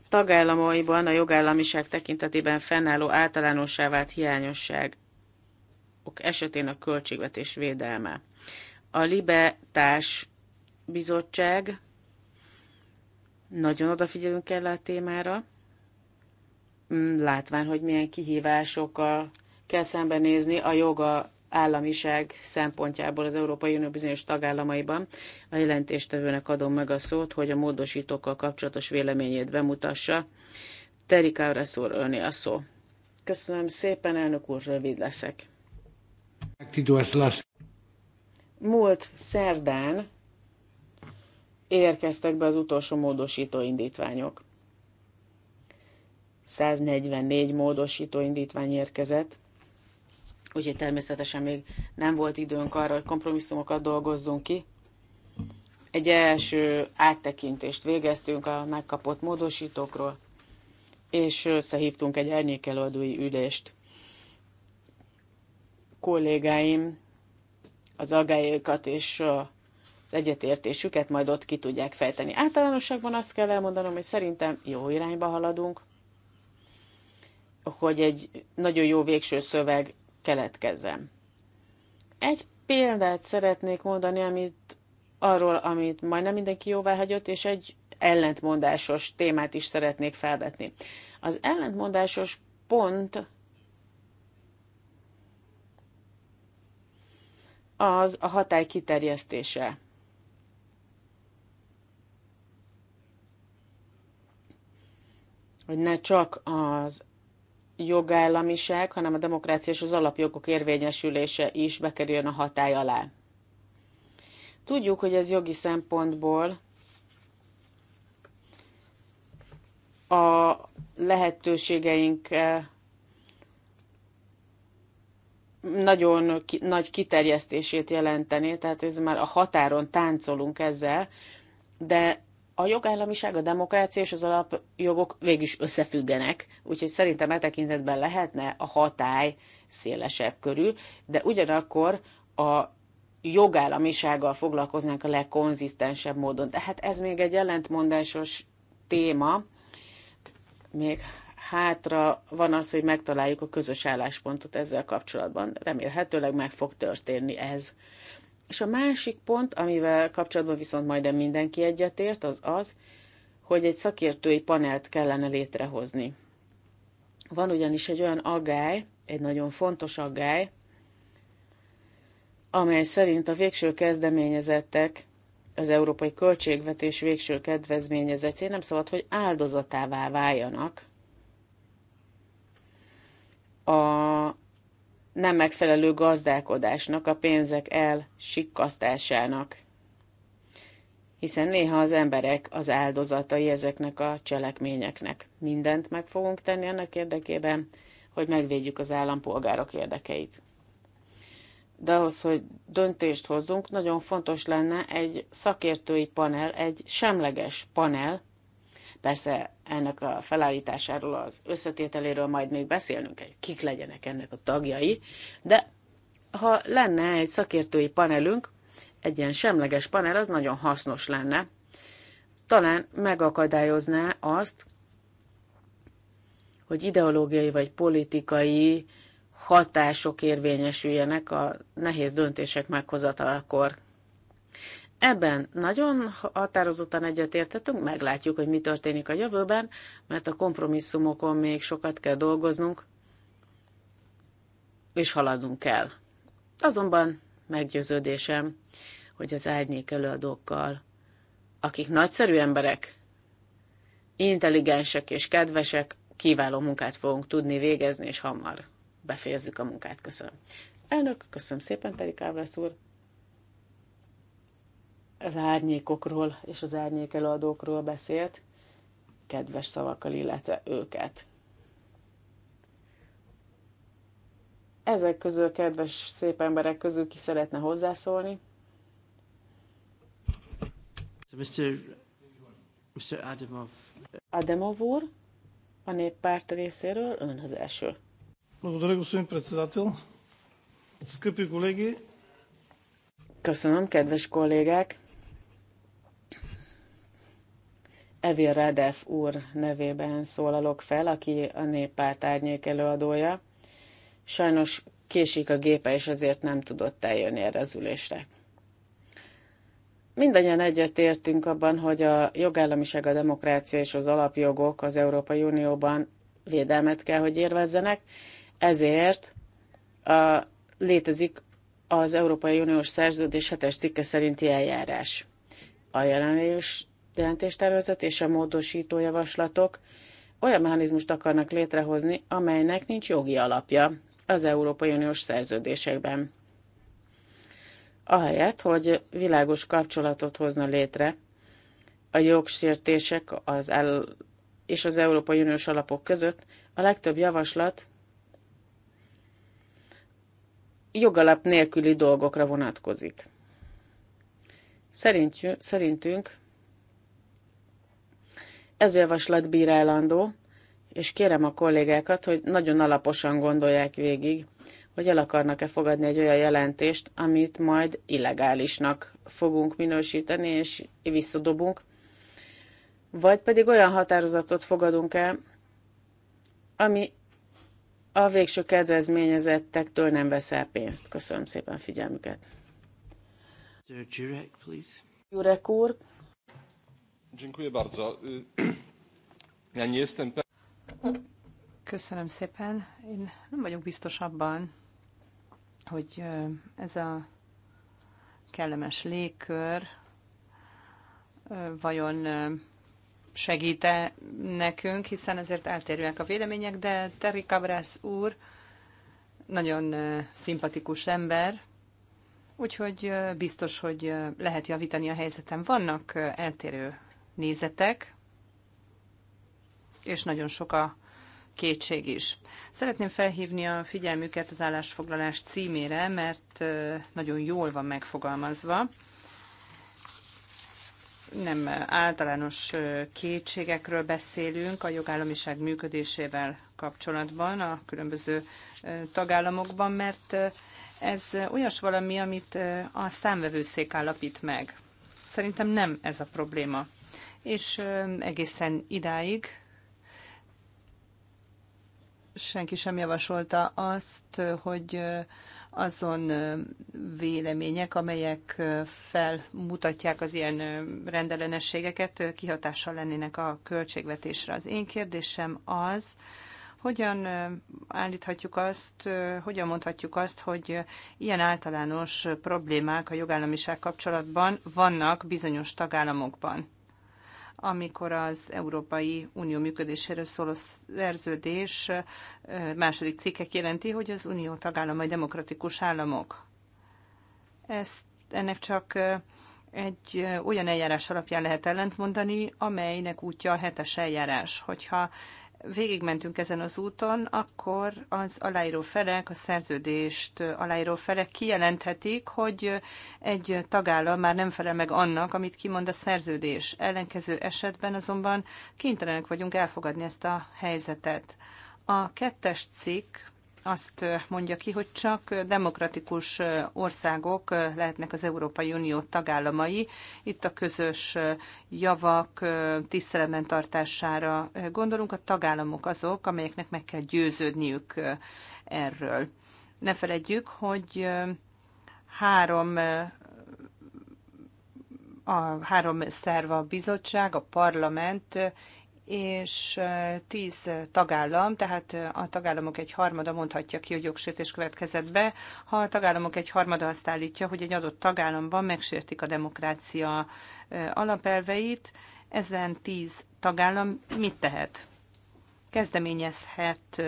tagállamaiban a jogállamiság tekintetében fennálló általánossá vált hiányosságok esetén a költségvetés védelme. A Libe Társ Bizottság nagyon odafigyelünk kell a témára, Mm, látván, hogy milyen kihívásokkal kell szembenézni a joga államiság szempontjából az Európai Unió bizonyos tagállamaiban. A jelentéstevőnek adom meg a szót, hogy a módosítókkal kapcsolatos véleményét bemutassa. Terik szól ölni a szó. Köszönöm szépen, elnök úr, rövid leszek. Múlt szerdán érkeztek be az utolsó módosító indítványok. 144 módosító indítvány érkezett, úgyhogy természetesen még nem volt időnk arra, hogy kompromisszumokat dolgozzunk ki. Egy első áttekintést végeztünk a megkapott módosítókról, és összehívtunk egy árnyékelőadói ülést. Kollégáim az agályokat és az egyetértésüket majd ott ki tudják fejteni. Általánosságban azt kell elmondanom, hogy szerintem jó irányba haladunk, hogy egy nagyon jó végső szöveg keletkezzen. Egy példát szeretnék mondani, amit arról, amit majdnem mindenki jóvá hagyott, és egy ellentmondásos témát is szeretnék felvetni. Az ellentmondásos pont az a hatály kiterjesztése. Hogy ne csak az jogállamiság, hanem a demokrácia és az alapjogok érvényesülése is bekerüljön a hatály alá. Tudjuk, hogy ez jogi szempontból a lehetőségeink eh, nagyon ki, nagy kiterjesztését jelenteni, tehát ez már a határon táncolunk ezzel, de a jogállamiság, a demokrácia és az alapjogok végig is összefüggenek, úgyhogy szerintem e tekintetben lehetne a hatály szélesebb körül, de ugyanakkor a jogállamisággal foglalkoznánk a legkonzisztensebb módon. Tehát ez még egy ellentmondásos téma, még hátra van az, hogy megtaláljuk a közös álláspontot ezzel kapcsolatban. Remélhetőleg meg fog történni ez. És a másik pont, amivel kapcsolatban viszont majdnem mindenki egyetért, az az, hogy egy szakértői panelt kellene létrehozni. Van ugyanis egy olyan aggály, egy nagyon fontos aggály, amely szerint a végső kezdeményezettek, az európai költségvetés végső kedvezményezetjé nem szabad, hogy áldozatává váljanak a nem megfelelő gazdálkodásnak, a pénzek el sikkasztásának. Hiszen néha az emberek az áldozatai ezeknek a cselekményeknek. Mindent meg fogunk tenni annak érdekében, hogy megvédjük az állampolgárok érdekeit. De ahhoz, hogy döntést hozzunk, nagyon fontos lenne egy szakértői panel, egy semleges panel, persze ennek a felállításáról, az összetételéről majd még beszélnünk, hogy kik legyenek ennek a tagjai, de ha lenne egy szakértői panelünk, egy ilyen semleges panel, az nagyon hasznos lenne. Talán megakadályozná azt, hogy ideológiai vagy politikai hatások érvényesüljenek a nehéz döntések meghozatalakor. Ebben nagyon határozottan egyetértettünk, meglátjuk, hogy mi történik a jövőben, mert a kompromisszumokon még sokat kell dolgoznunk, és haladnunk kell. Azonban meggyőződésem, hogy az árnyék előadókkal, akik nagyszerű emberek, intelligensek és kedvesek, kiváló munkát fogunk tudni végezni, és hamar befejezzük a munkát. Köszönöm. Elnök, köszönöm szépen, Terik Ábrász úr az árnyékokról és az árnyék előadókról beszélt, kedves szavakkal illetve őket. Ezek közül, kedves szép emberek közül ki szeretne hozzászólni? So Mr. Mr. Adamov. Adamov úr, a néppárt részéről ön az első. Köszönöm, kedves kollégák! Evil Radev úr nevében szólalok fel, aki a néppárt árnyék előadója. Sajnos késik a gépe, és ezért nem tudott eljönni erre az ülésre. Mindannyian egyetértünk abban, hogy a jogállamiság, a demokrácia és az alapjogok az Európai Unióban védelmet kell, hogy érvezzenek, ezért a, létezik az Európai Uniós Szerződés 7-es cikke szerinti eljárás. A jelenlés jelentéstervezet és a módosító javaslatok olyan mechanizmust akarnak létrehozni, amelynek nincs jogi alapja az Európai Uniós szerződésekben. Ahelyett, hogy világos kapcsolatot hozna létre a jogsértések az el és az Európai Uniós alapok között, a legtöbb javaslat jogalap nélküli dolgokra vonatkozik. Szerintünk ez javaslat bírálandó, és kérem a kollégákat, hogy nagyon alaposan gondolják végig, hogy el akarnak-e fogadni egy olyan jelentést, amit majd illegálisnak fogunk minősíteni és visszadobunk, vagy pedig olyan határozatot fogadunk el, ami a végső kedvezményezettektől nem vesz el pénzt. Köszönöm szépen figyelmüket. Jurek úr, <clears throat> Köszönöm szépen. Én nem vagyok biztos abban, hogy ez a kellemes légkör vajon segíte nekünk, hiszen azért eltérőek a vélemények, de Terry Cabrász úr nagyon szimpatikus ember, úgyhogy biztos, hogy lehet javítani a helyzetem. Vannak eltérő nézetek, és nagyon sok a kétség is. Szeretném felhívni a figyelmüket az állásfoglalás címére, mert nagyon jól van megfogalmazva. Nem általános kétségekről beszélünk a jogállamiság működésével kapcsolatban a különböző tagállamokban, mert ez olyas valami, amit a számvevőszék állapít meg. Szerintem nem ez a probléma és egészen idáig senki sem javasolta azt, hogy azon vélemények, amelyek felmutatják az ilyen rendellenességeket, kihatással lennének a költségvetésre. Az én kérdésem az, hogyan állíthatjuk azt, hogyan mondhatjuk azt, hogy ilyen általános problémák a jogállamiság kapcsolatban vannak bizonyos tagállamokban? amikor az Európai Unió működéséről szóló szerződés második cikkek jelenti, hogy az Unió tagállamai demokratikus államok. Ezt ennek csak egy olyan eljárás alapján lehet ellentmondani, amelynek útja a hetes eljárás. Hogyha végigmentünk ezen az úton, akkor az aláíró felek, a szerződést aláíró felek kijelenthetik, hogy egy tagállam már nem felel meg annak, amit kimond a szerződés. Ellenkező esetben azonban kénytelenek vagyunk elfogadni ezt a helyzetet. A kettes cikk azt mondja ki, hogy csak demokratikus országok lehetnek az Európai Unió tagállamai. Itt a közös javak tiszteletben tartására gondolunk. A tagállamok azok, amelyeknek meg kell győződniük erről. Ne feledjük, hogy három a három szerva a bizottság, a parlament és tíz tagállam, tehát a tagállamok egy harmada mondhatja ki, hogy jogsértés következett be, ha a tagállamok egy harmada azt állítja, hogy egy adott tagállamban megsértik a demokrácia alapelveit, ezen tíz tagállam mit tehet? Kezdeményezhet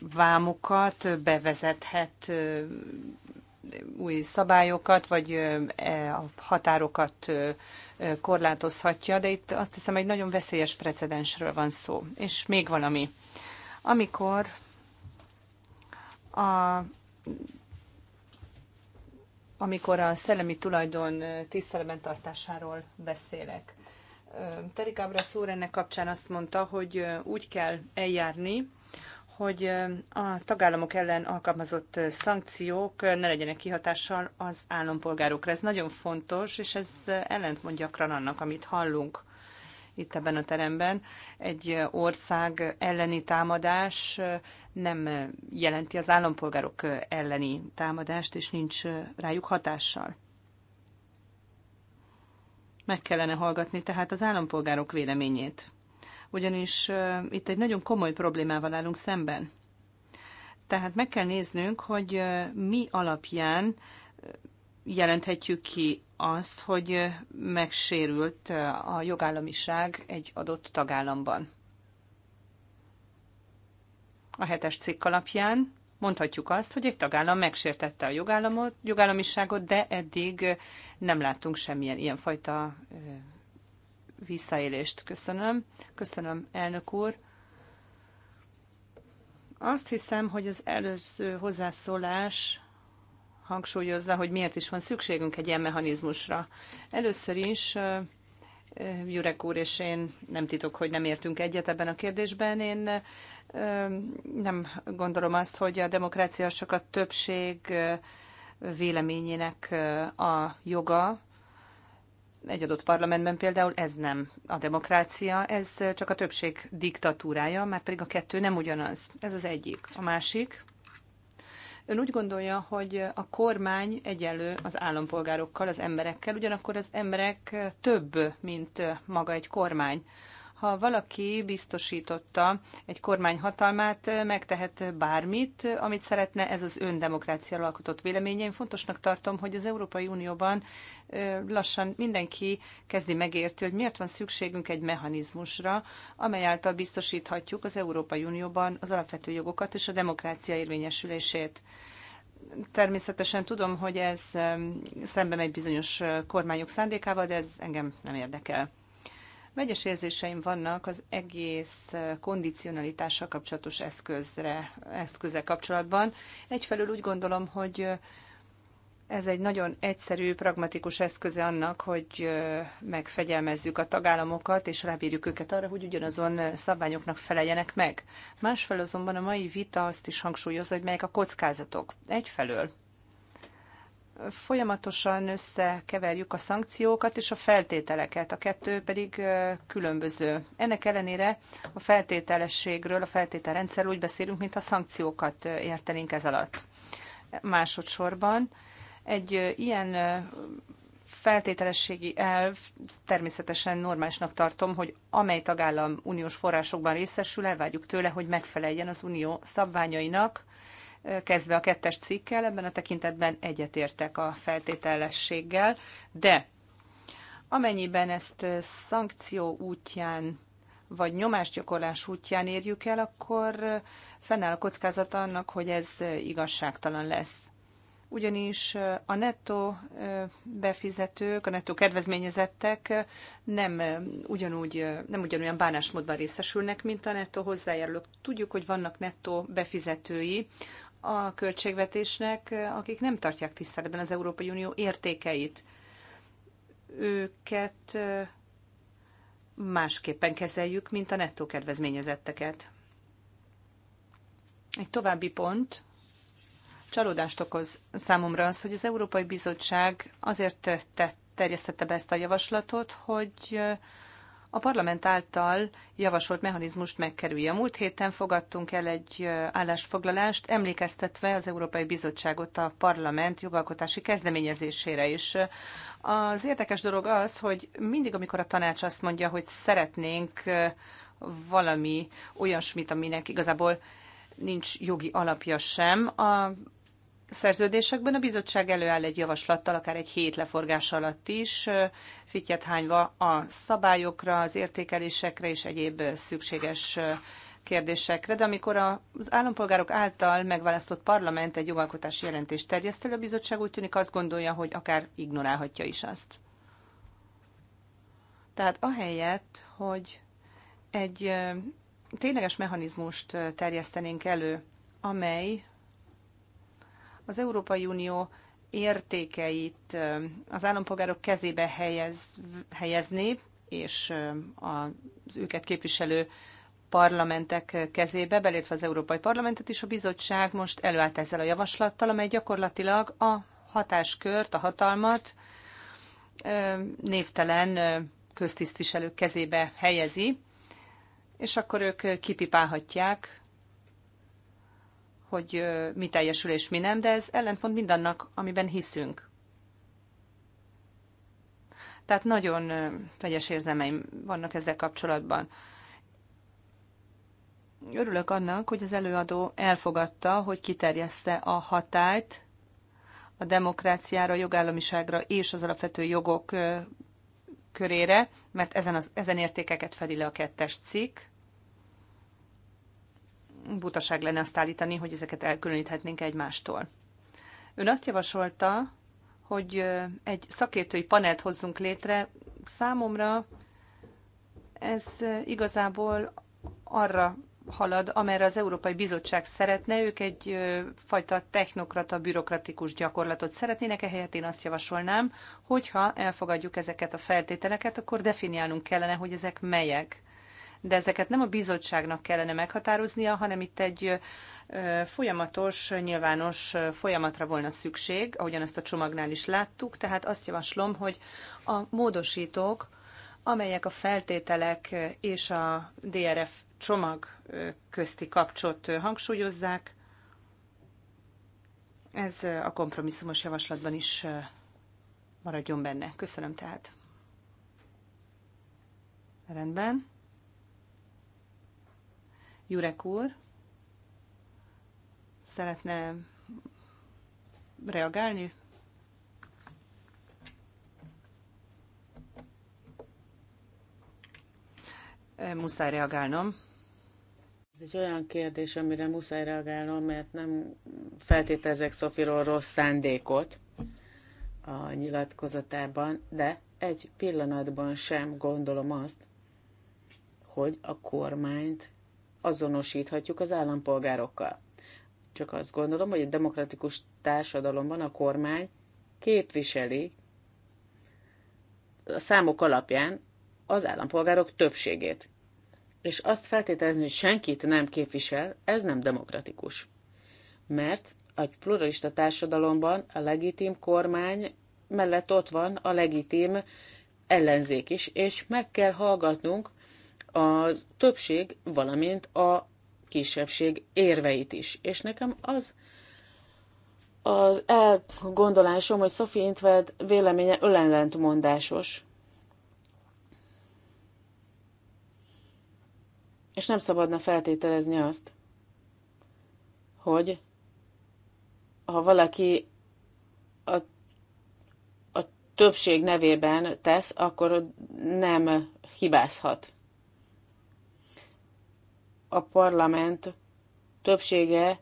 vámokat, bevezethet új szabályokat, vagy e, a határokat korlátozhatja, de itt azt hiszem egy nagyon veszélyes precedensről van szó. És még valami. Amikor a amikor a szellemi tulajdon tiszteletben tartásáról beszélek. Terikábra Ábrász ennek kapcsán azt mondta, hogy úgy kell eljárni, hogy a tagállamok ellen alkalmazott szankciók ne legyenek kihatással az állampolgárokra. Ez nagyon fontos, és ez ellentmond gyakran annak, amit hallunk itt ebben a teremben. Egy ország elleni támadás nem jelenti az állampolgárok elleni támadást, és nincs rájuk hatással. Meg kellene hallgatni tehát az állampolgárok véleményét ugyanis itt egy nagyon komoly problémával állunk szemben. Tehát meg kell néznünk, hogy mi alapján jelenthetjük ki azt, hogy megsérült a jogállamiság egy adott tagállamban. A hetes cikk alapján mondhatjuk azt, hogy egy tagállam megsértette a jogállamot, jogállamiságot, de eddig nem láttunk semmilyen ilyenfajta visszaélést. Köszönöm. Köszönöm, elnök úr. Azt hiszem, hogy az előző hozzászólás hangsúlyozza, hogy miért is van szükségünk egy ilyen mechanizmusra. Először is Jurek úr és én nem titok, hogy nem értünk egyet ebben a kérdésben. Én nem gondolom azt, hogy a demokrácia csak a többség véleményének a joga, egy adott parlamentben például ez nem a demokrácia, ez csak a többség diktatúrája, mert pedig a kettő nem ugyanaz. Ez az egyik. A másik, ön úgy gondolja, hogy a kormány egyenlő az állampolgárokkal, az emberekkel, ugyanakkor az emberek több, mint maga egy kormány ha valaki biztosította egy kormány hatalmát, megtehet bármit, amit szeretne, ez az öndemokráciára alkotott véleménye. Én fontosnak tartom, hogy az Európai Unióban lassan mindenki kezdi megérti, hogy miért van szükségünk egy mechanizmusra, amely által biztosíthatjuk az Európai Unióban az alapvető jogokat és a demokrácia érvényesülését. Természetesen tudom, hogy ez szembe megy bizonyos kormányok szándékával, de ez engem nem érdekel. Vegyes érzéseim vannak az egész kondicionalitással kapcsolatos eszközre, eszköze kapcsolatban. Egyfelől úgy gondolom, hogy ez egy nagyon egyszerű, pragmatikus eszköze annak, hogy megfegyelmezzük a tagállamokat, és rábírjuk őket arra, hogy ugyanazon szabványoknak feleljenek meg. Másfelől azonban a mai vita azt is hangsúlyozza, hogy melyek a kockázatok. Egyfelől folyamatosan összekeverjük a szankciókat és a feltételeket, a kettő pedig különböző. Ennek ellenére a feltételességről, a feltételrendszerről úgy beszélünk, mint a szankciókat értenénk ez alatt. Másodszorban egy ilyen feltételességi elv természetesen normálisnak tartom, hogy amely tagállam uniós forrásokban részesül, elvárjuk tőle, hogy megfeleljen az unió szabványainak, kezdve a kettes cikkel, ebben a tekintetben egyetértek a feltételességgel, de amennyiben ezt szankció útján vagy nyomásgyakorlás útján érjük el, akkor fennáll a kockázata annak, hogy ez igazságtalan lesz. Ugyanis a nettó befizetők, a nettó kedvezményezettek nem, ugyanúgy, nem ugyanolyan bánásmódban részesülnek, mint a nettó hozzájárulók. Tudjuk, hogy vannak nettó befizetői a költségvetésnek, akik nem tartják tiszteletben az Európai Unió értékeit. Őket másképpen kezeljük, mint a nettó kedvezményezetteket. Egy további pont, csalódást okoz számomra az, hogy az Európai Bizottság azért tett, terjesztette be ezt a javaslatot, hogy a parlament által javasolt mechanizmust megkerülje. A múlt héten fogadtunk el egy állásfoglalást, emlékeztetve az Európai Bizottságot a parlament jogalkotási kezdeményezésére is. Az érdekes dolog az, hogy mindig, amikor a tanács azt mondja, hogy szeretnénk valami olyasmit, aminek igazából nincs jogi alapja sem, a szerződésekben a bizottság előáll egy javaslattal, akár egy hét leforgás alatt is, fityet hányva a szabályokra, az értékelésekre és egyéb szükséges kérdésekre, de amikor az állampolgárok által megválasztott parlament egy jogalkotási jelentést terjeszt el, a bizottság úgy tűnik azt gondolja, hogy akár ignorálhatja is azt. Tehát ahelyett, hogy egy tényleges mechanizmust terjesztenénk elő, amely az Európai Unió értékeit az állampolgárok kezébe helyez, helyezni, és az őket képviselő parlamentek kezébe, belépve az Európai Parlamentet is, a bizottság most előállt ezzel a javaslattal, amely gyakorlatilag a hatáskört, a hatalmat névtelen köztisztviselők kezébe helyezi, és akkor ők kipipálhatják hogy mi teljesül és mi nem, de ez ellentmond mindannak, amiben hiszünk. Tehát nagyon vegyes érzelmeim vannak ezzel kapcsolatban. Örülök annak, hogy az előadó elfogadta, hogy kiterjeszte a hatályt a demokráciára, a jogállamiságra és az alapvető jogok körére, mert ezen, az, ezen értékeket fedi le a kettes cikk butaság lenne azt állítani, hogy ezeket elkülöníthetnénk egymástól. Ön azt javasolta, hogy egy szakértői panelt hozzunk létre. Számomra ez igazából arra halad, amerre az Európai Bizottság szeretne. Ők egy fajta technokrata, bürokratikus gyakorlatot szeretnének, ehelyett én azt javasolnám, hogyha elfogadjuk ezeket a feltételeket, akkor definiálnunk kellene, hogy ezek melyek de ezeket nem a bizottságnak kellene meghatároznia, hanem itt egy folyamatos, nyilvános folyamatra volna szükség, ahogyan ezt a csomagnál is láttuk, tehát azt javaslom, hogy a módosítók, amelyek a feltételek és a DRF csomag közti kapcsot hangsúlyozzák, ez a kompromisszumos javaslatban is maradjon benne. Köszönöm tehát. Rendben. Jurek úr szeretne reagálni? E, muszáj reagálnom. Ez egy olyan kérdés, amire muszáj reagálnom, mert nem feltételezek Szofiról rossz szándékot a nyilatkozatában, de egy pillanatban sem gondolom azt, hogy a kormányt azonosíthatjuk az állampolgárokkal. Csak azt gondolom, hogy a demokratikus társadalomban a kormány képviseli a számok alapján az állampolgárok többségét. És azt feltételezni, hogy senkit nem képvisel, ez nem demokratikus. Mert a pluralista társadalomban a legitim kormány mellett ott van a legitim ellenzék is, és meg kell hallgatnunk a többség, valamint a kisebbség érveit is. És nekem az az elgondolásom, hogy Sophie Intveld véleménye önellentmondásos. És nem szabadna feltételezni azt, hogy ha valaki a, a többség nevében tesz, akkor nem hibázhat a parlament többsége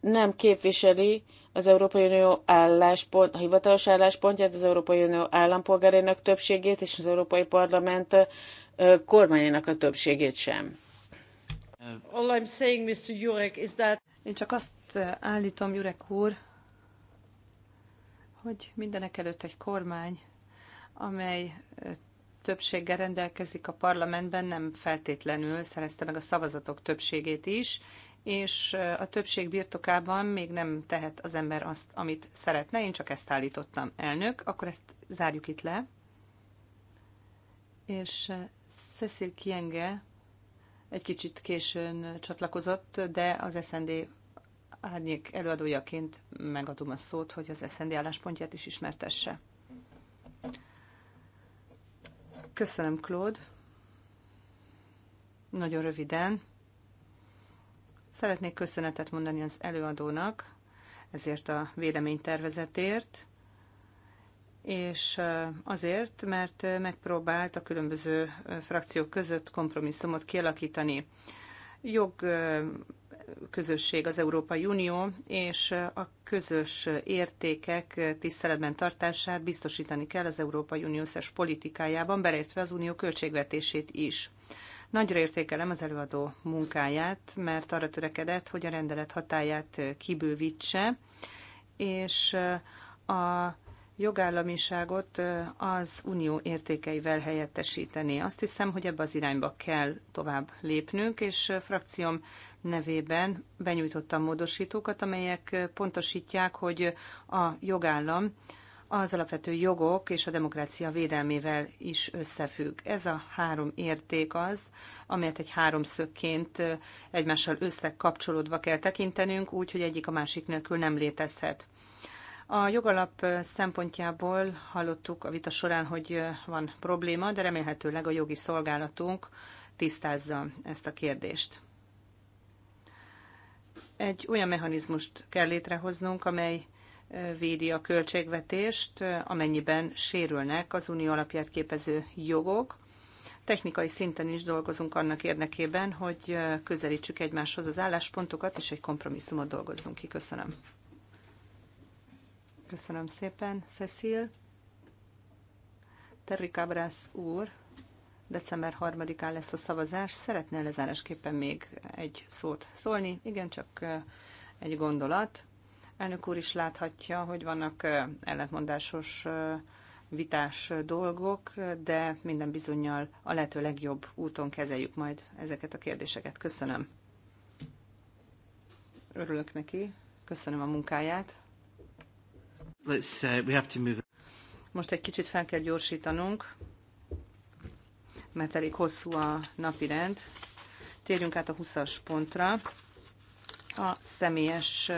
nem képviseli az Európai Unió álláspont, a hivatalos álláspontját, az Európai Unió állampolgárainak többségét és az Európai Parlament kormányának a többségét sem. All I'm saying, Mr. Jurek, is that... Én csak azt állítom, Jurek úr, hogy mindenek előtt egy kormány, amely többséggel rendelkezik a parlamentben, nem feltétlenül szerezte meg a szavazatok többségét is, és a többség birtokában még nem tehet az ember azt, amit szeretne. Én csak ezt állítottam, elnök. Akkor ezt zárjuk itt le. És Cecil Kienge egy kicsit későn csatlakozott, de az SND árnyék előadójaként megadom a szót, hogy az SND álláspontját is ismertesse. Köszönöm, Claude. Nagyon röviden. Szeretnék köszönetet mondani az előadónak ezért a véleménytervezetért, és azért, mert megpróbált a különböző frakciók között kompromisszumot kialakítani. Jog közösség, az Európai Unió, és a közös értékek tiszteletben tartását biztosítani kell az Európai Unió összes politikájában, beleértve az unió költségvetését is. Nagyra értékelem az előadó munkáját, mert arra törekedett, hogy a rendelet hatáját kibővítse, és a jogállamiságot az unió értékeivel helyettesíteni. Azt hiszem, hogy ebbe az irányba kell tovább lépnünk, és frakcióm nevében benyújtottam módosítókat, amelyek pontosítják, hogy a jogállam az alapvető jogok és a demokrácia védelmével is összefügg. Ez a három érték az, amelyet egy háromszögként egymással összekapcsolódva kell tekintenünk, úgy, hogy egyik a másik nélkül nem létezhet. A jogalap szempontjából hallottuk a vita során, hogy van probléma, de remélhetőleg a jogi szolgálatunk tisztázza ezt a kérdést. Egy olyan mechanizmust kell létrehoznunk, amely védi a költségvetést, amennyiben sérülnek az unió alapját képező jogok. Technikai szinten is dolgozunk annak érdekében, hogy közelítsük egymáshoz az álláspontokat, és egy kompromisszumot dolgozzunk ki. Köszönöm. Köszönöm szépen, Cecil. Terry Cabras úr, december 3-án lesz a szavazás. Szeretnél lezárásképpen még egy szót szólni? Igen, csak egy gondolat. Elnök úr is láthatja, hogy vannak ellentmondásos vitás dolgok, de minden bizonyal a lehető legjobb úton kezeljük majd ezeket a kérdéseket. Köszönöm. Örülök neki, köszönöm a munkáját. Let's, uh, we have to move. Most egy kicsit fel kell gyorsítanunk, mert elég hosszú a napi rend. Térjünk át a 20-as pontra. A személyes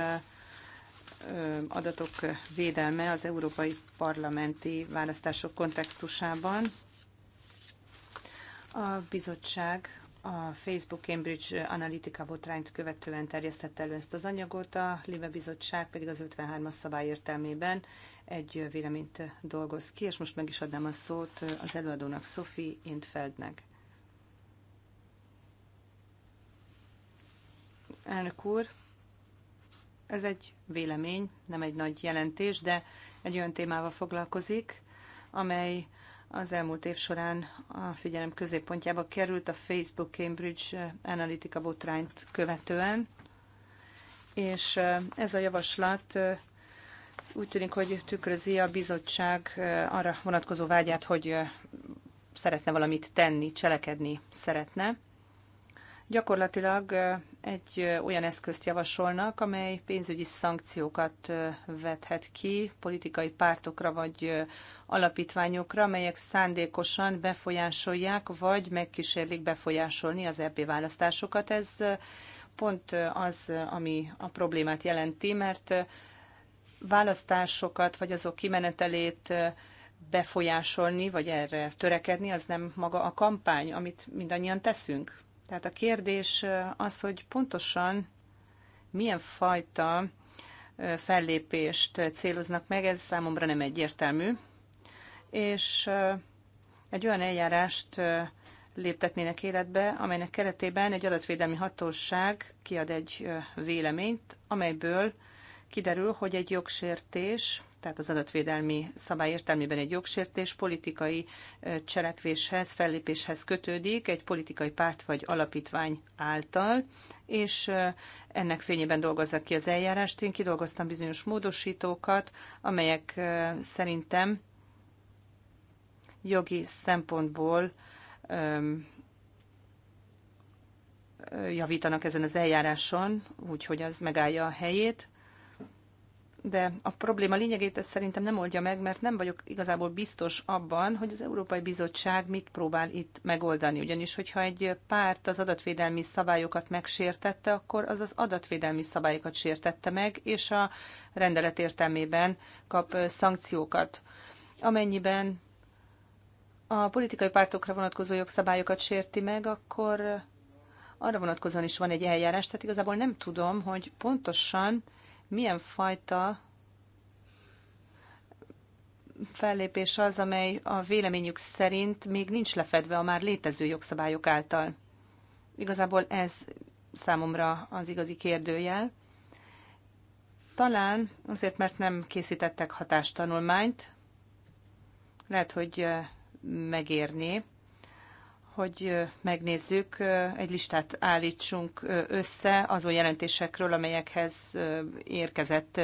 adatok védelme az európai parlamenti választások kontextusában. A bizottság a Facebook Cambridge Analytica botrányt követően terjesztette elő ezt az anyagot, a Libe Bizottság pedig az 53-as szabály értelmében egy véleményt dolgoz ki, és most meg is adnám a szót az előadónak, Sophie Intfeldnek. Elnök úr, ez egy vélemény, nem egy nagy jelentés, de egy olyan témával foglalkozik, amely az elmúlt év során a figyelem középpontjába került a Facebook Cambridge Analytica botrányt követően, és ez a javaslat úgy tűnik, hogy tükrözi a bizottság arra vonatkozó vágyát, hogy szeretne valamit tenni, cselekedni szeretne. Gyakorlatilag egy olyan eszközt javasolnak, amely pénzügyi szankciókat vethet ki politikai pártokra vagy alapítványokra, amelyek szándékosan befolyásolják vagy megkísérlik befolyásolni az EP választásokat. Ez pont az, ami a problémát jelenti, mert választásokat vagy azok kimenetelét befolyásolni, vagy erre törekedni, az nem maga a kampány, amit mindannyian teszünk. Tehát a kérdés az, hogy pontosan milyen fajta fellépést céloznak meg, ez számomra nem egyértelmű. És egy olyan eljárást léptetnének életbe, amelynek keretében egy adatvédelmi hatóság kiad egy véleményt, amelyből kiderül, hogy egy jogsértés tehát az adatvédelmi szabály értelmében egy jogsértés politikai cselekvéshez, fellépéshez kötődik egy politikai párt vagy alapítvány által, és ennek fényében dolgozza ki az eljárást. Én kidolgoztam bizonyos módosítókat, amelyek szerintem jogi szempontból javítanak ezen az eljáráson, úgyhogy az megállja a helyét de a probléma lényegét ez szerintem nem oldja meg, mert nem vagyok igazából biztos abban, hogy az Európai Bizottság mit próbál itt megoldani. Ugyanis, hogyha egy párt az adatvédelmi szabályokat megsértette, akkor az az adatvédelmi szabályokat sértette meg, és a rendelet értelmében kap szankciókat. Amennyiben a politikai pártokra vonatkozó jogszabályokat sérti meg, akkor arra vonatkozóan is van egy eljárás, tehát igazából nem tudom, hogy pontosan milyen fajta fellépés az, amely a véleményük szerint még nincs lefedve a már létező jogszabályok által. Igazából ez számomra az igazi kérdőjel. Talán azért, mert nem készítettek hatástanulmányt, lehet, hogy megérné hogy megnézzük, egy listát állítsunk össze azon jelentésekről, amelyekhez érkezett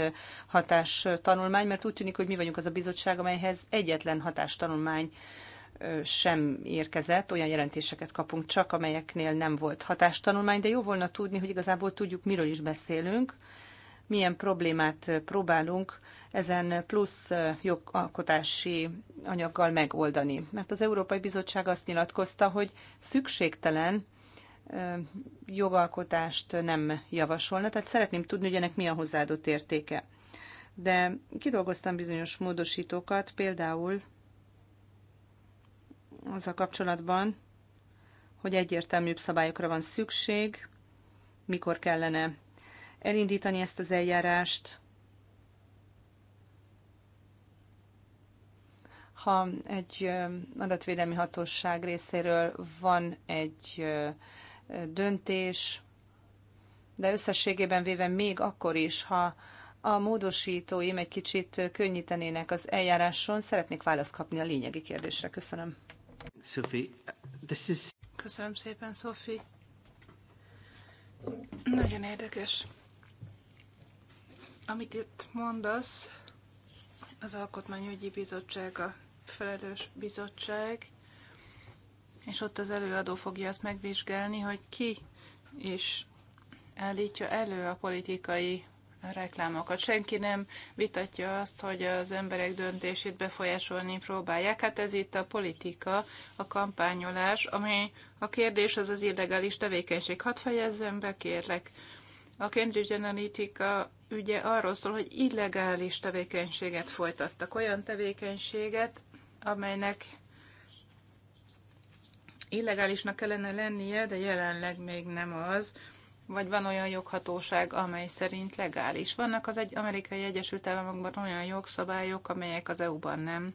hatástanulmány, mert úgy tűnik, hogy mi vagyunk az a bizottság, amelyhez egyetlen hatástanulmány sem érkezett, olyan jelentéseket kapunk csak, amelyeknél nem volt hatástanulmány, de jó volna tudni, hogy igazából tudjuk, miről is beszélünk, milyen problémát próbálunk ezen plusz jogalkotási anyaggal megoldani. Mert az Európai Bizottság azt nyilatkozta, hogy szükségtelen jogalkotást nem javasolna, tehát szeretném tudni, hogy ennek mi a hozzáadott értéke. De kidolgoztam bizonyos módosítókat, például az a kapcsolatban, hogy egyértelműbb szabályokra van szükség, mikor kellene elindítani ezt az eljárást, ha egy adatvédelmi hatóság részéről van egy döntés, de összességében véve még akkor is, ha a módosítóim egy kicsit könnyítenének az eljáráson, szeretnék választ kapni a lényegi kérdésre. Köszönöm. Sophie, this is... Köszönöm szépen, Sophie. Nagyon érdekes. Amit itt mondasz, az Alkotmányügyi Bizottsága felelős bizottság, és ott az előadó fogja azt megvizsgálni, hogy ki is állítja elő a politikai reklámokat. Senki nem vitatja azt, hogy az emberek döntését befolyásolni próbálják. Hát ez itt a politika, a kampányolás, ami a kérdés az az illegális tevékenység. Hadd fejezzem be, kérlek. A Cambridge Analytica ügye arról szól, hogy illegális tevékenységet folytattak, olyan tevékenységet, amelynek illegálisnak kellene lennie, de jelenleg még nem az, vagy van olyan joghatóság, amely szerint legális. Vannak az egy amerikai Egyesült Államokban olyan jogszabályok, amelyek az EU-ban nem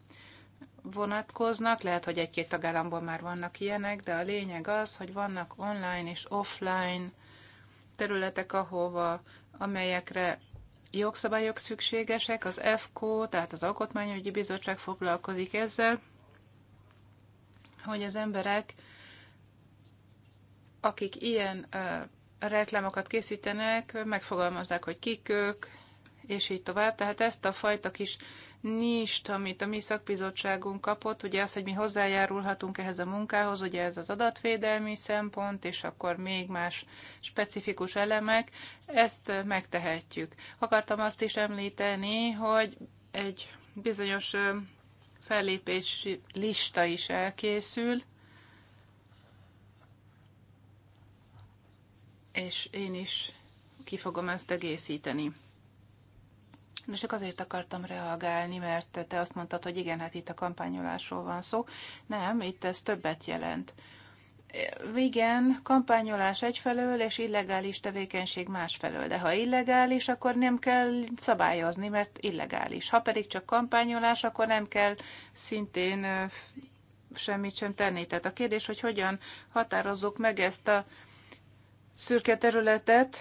vonatkoznak, lehet, hogy egy-két tagállamban már vannak ilyenek, de a lényeg az, hogy vannak online és offline területek, ahova, amelyekre jogszabályok szükségesek, az EFKO, tehát az Alkotmányügyi Bizottság foglalkozik ezzel, hogy az emberek, akik ilyen reklámokat készítenek, megfogalmazzák, hogy kik ők, és így tovább. Tehát ezt a fajta kis nincs, amit a mi szakbizottságunk kapott, ugye az, hogy mi hozzájárulhatunk ehhez a munkához, ugye ez az adatvédelmi szempont, és akkor még más specifikus elemek, ezt megtehetjük. Akartam azt is említeni, hogy egy bizonyos fellépési lista is elkészül, és én is ki fogom ezt egészíteni. No, csak azért akartam reagálni, mert te azt mondtad, hogy igen, hát itt a kampányolásról van szó. Nem, itt ez többet jelent. Igen, kampányolás egyfelől, és illegális tevékenység másfelől. De ha illegális, akkor nem kell szabályozni, mert illegális. Ha pedig csak kampányolás, akkor nem kell szintén semmit sem tenni. Tehát a kérdés, hogy hogyan határozzuk meg ezt a szürke területet,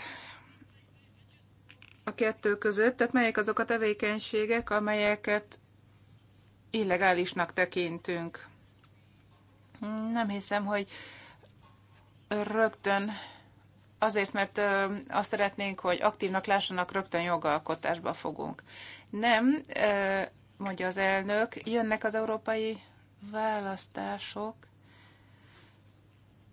a kettő között, tehát melyek azok a tevékenységek, amelyeket illegálisnak tekintünk. Nem hiszem, hogy rögtön azért, mert azt szeretnénk, hogy aktívnak lássanak, rögtön jogalkotásba fogunk. Nem, mondja az elnök, jönnek az európai választások,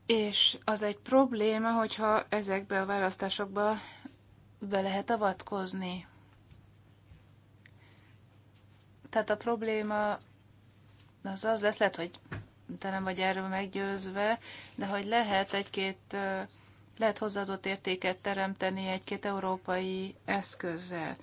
és az egy probléma, hogyha ezekbe a választásokba be lehet avatkozni. Tehát a probléma az az lesz, lehet, hogy te nem vagy erről meggyőzve, de hogy lehet egy-két, lehet hozzáadott értéket teremteni egy-két európai eszközzel.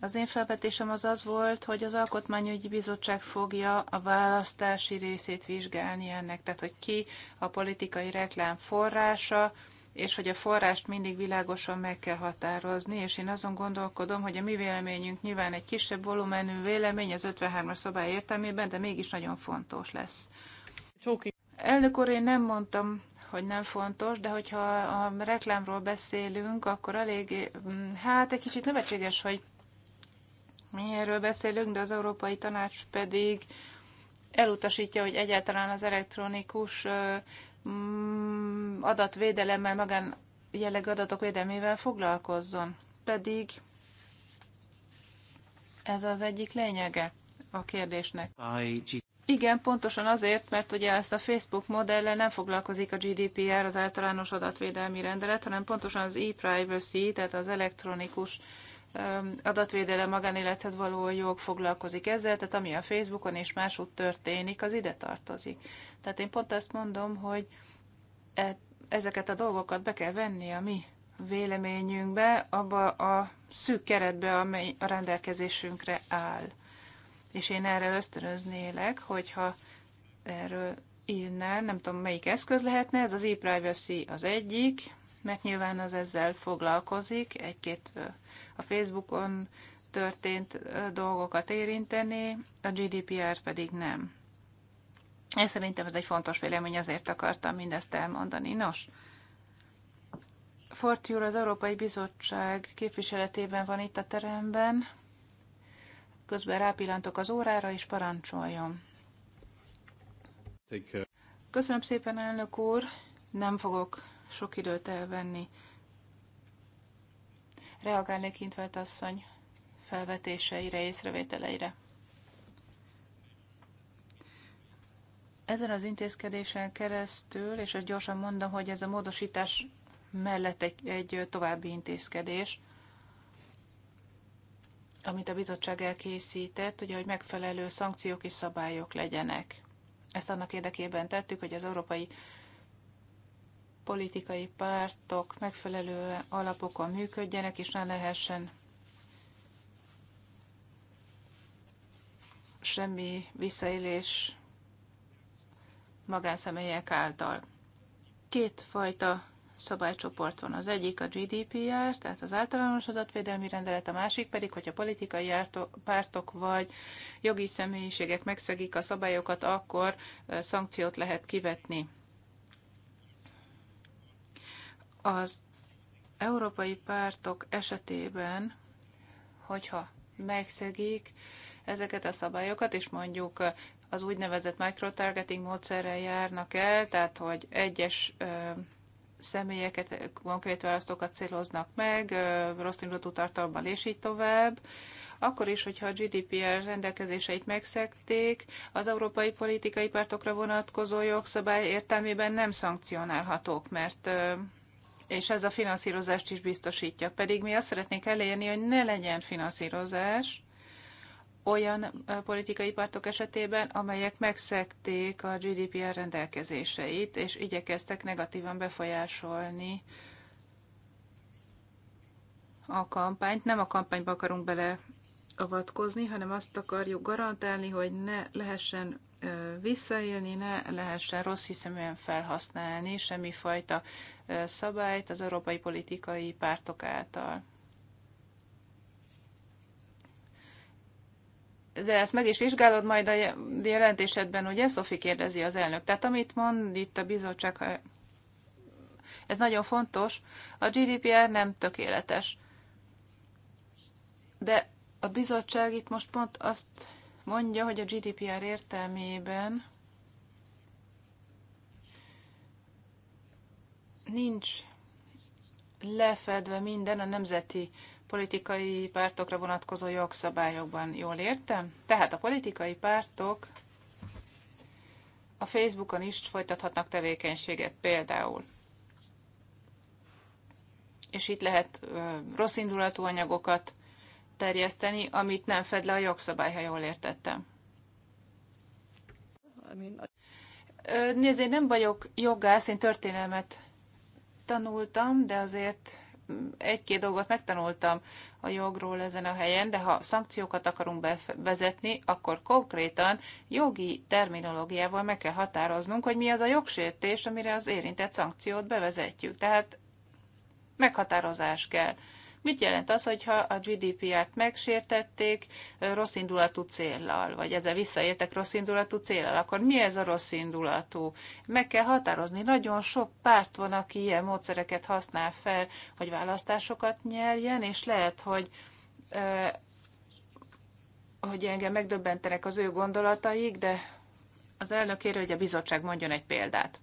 Az én felvetésem az az volt, hogy az Alkotmányügyi Bizottság fogja a választási részét vizsgálni ennek, tehát hogy ki a politikai reklám forrása, és hogy a forrást mindig világosan meg kell határozni, és én azon gondolkodom, hogy a mi véleményünk nyilván egy kisebb volumenű vélemény az 53-as szabály értelmében, de mégis nagyon fontos lesz. Csóki. Elnök úr, én nem mondtam, hogy nem fontos, de hogyha a reklámról beszélünk, akkor elég, mm, hát egy kicsit nevetséges, hogy mi erről beszélünk, de az Európai Tanács pedig elutasítja, hogy egyáltalán az elektronikus Mm, adatvédelemmel, magán jellegű adatok védelmével foglalkozzon. Pedig ez az egyik lényege a kérdésnek. Igen, pontosan azért, mert ugye ezt a Facebook modellel nem foglalkozik a GDPR, az általános adatvédelmi rendelet, hanem pontosan az e-privacy, tehát az elektronikus adatvédelem magánélethez való jog foglalkozik ezzel, tehát ami a Facebookon és máshogy történik, az ide tartozik. Tehát én pont azt mondom, hogy e, ezeket a dolgokat be kell venni a mi véleményünkbe, abba a szűk keretbe, amely a rendelkezésünkre áll. És én erre ösztönöznélek, hogyha erről írnál, nem tudom melyik eszköz lehetne, ez az e-privacy az egyik, mert nyilván az ezzel foglalkozik, egy-két a Facebookon történt dolgokat érinteni, a GDPR pedig nem. Én szerintem ez egy fontos vélemény, azért akartam mindezt elmondani. Nos, Fortiúr az Európai Bizottság képviseletében van itt a teremben. Közben rápillantok az órára, és parancsoljon. Köszönöm szépen, elnök úr. Nem fogok sok időt elvenni. Reagálnék Intvelt asszony felvetéseire, észrevételeire. Ezen az intézkedésen keresztül, és ezt gyorsan mondom, hogy ez a módosítás mellett egy, egy további intézkedés, amit a bizottság elkészített, ugye, hogy megfelelő szankciók és szabályok legyenek. Ezt annak érdekében tettük, hogy az európai politikai pártok megfelelő alapokon működjenek, és ne lehessen semmi visszaélés magánszemélyek által. Két fajta szabálycsoport van. Az egyik a GDPR, tehát az általános adatvédelmi rendelet, a másik pedig, hogyha politikai pártok vagy jogi személyiségek megszegik a szabályokat, akkor szankciót lehet kivetni. Az európai pártok esetében, hogyha megszegik ezeket a szabályokat, és mondjuk az úgynevezett microtargeting módszerrel járnak el, tehát hogy egyes személyeket, konkrét választókat céloznak meg, rossz indulatú tartalommal és így tovább. Akkor is, hogyha a GDPR rendelkezéseit megszekték, az európai politikai pártokra vonatkozó jogszabály értelmében nem szankcionálhatók, mert és ez a finanszírozást is biztosítja. Pedig mi azt szeretnénk elérni, hogy ne legyen finanszírozás, olyan politikai pártok esetében, amelyek megszekték a GDPR rendelkezéseit, és igyekeztek negatívan befolyásolni a kampányt. Nem a kampányba akarunk beleavatkozni, hanem azt akarjuk garantálni, hogy ne lehessen visszaélni, ne lehessen rossz hiszeműen felhasználni semmifajta szabályt az európai politikai pártok által. de ezt meg is vizsgálod majd a jelentésedben, ugye? Szofi kérdezi az elnök. Tehát amit mond itt a bizottság, ez nagyon fontos, a GDPR nem tökéletes. De a bizottság itt most pont azt mondja, hogy a GDPR értelmében nincs lefedve minden a nemzeti politikai pártokra vonatkozó jogszabályokban. Jól értem? Tehát a politikai pártok a Facebookon is folytathatnak tevékenységet például. És itt lehet rosszindulatú anyagokat terjeszteni, amit nem fed le a jogszabály, ha jól értettem. Nézd, én nem vagyok jogász, én történelmet tanultam, de azért egy-két dolgot megtanultam a jogról ezen a helyen, de ha szankciókat akarunk bevezetni, akkor konkrétan jogi terminológiával meg kell határoznunk, hogy mi az a jogsértés, amire az érintett szankciót bevezetjük. Tehát meghatározás kell. Mit jelent az, hogyha a GDPR-t megsértették rosszindulatú céllal, vagy ezzel visszaértek rosszindulatú céllal, akkor mi ez a rosszindulatú? Meg kell határozni. Nagyon sok párt van, aki ilyen módszereket használ fel, hogy választásokat nyerjen, és lehet, hogy hogy engem megdöbbentenek az ő gondolataik, de az elnök ér, hogy a bizottság mondjon egy példát.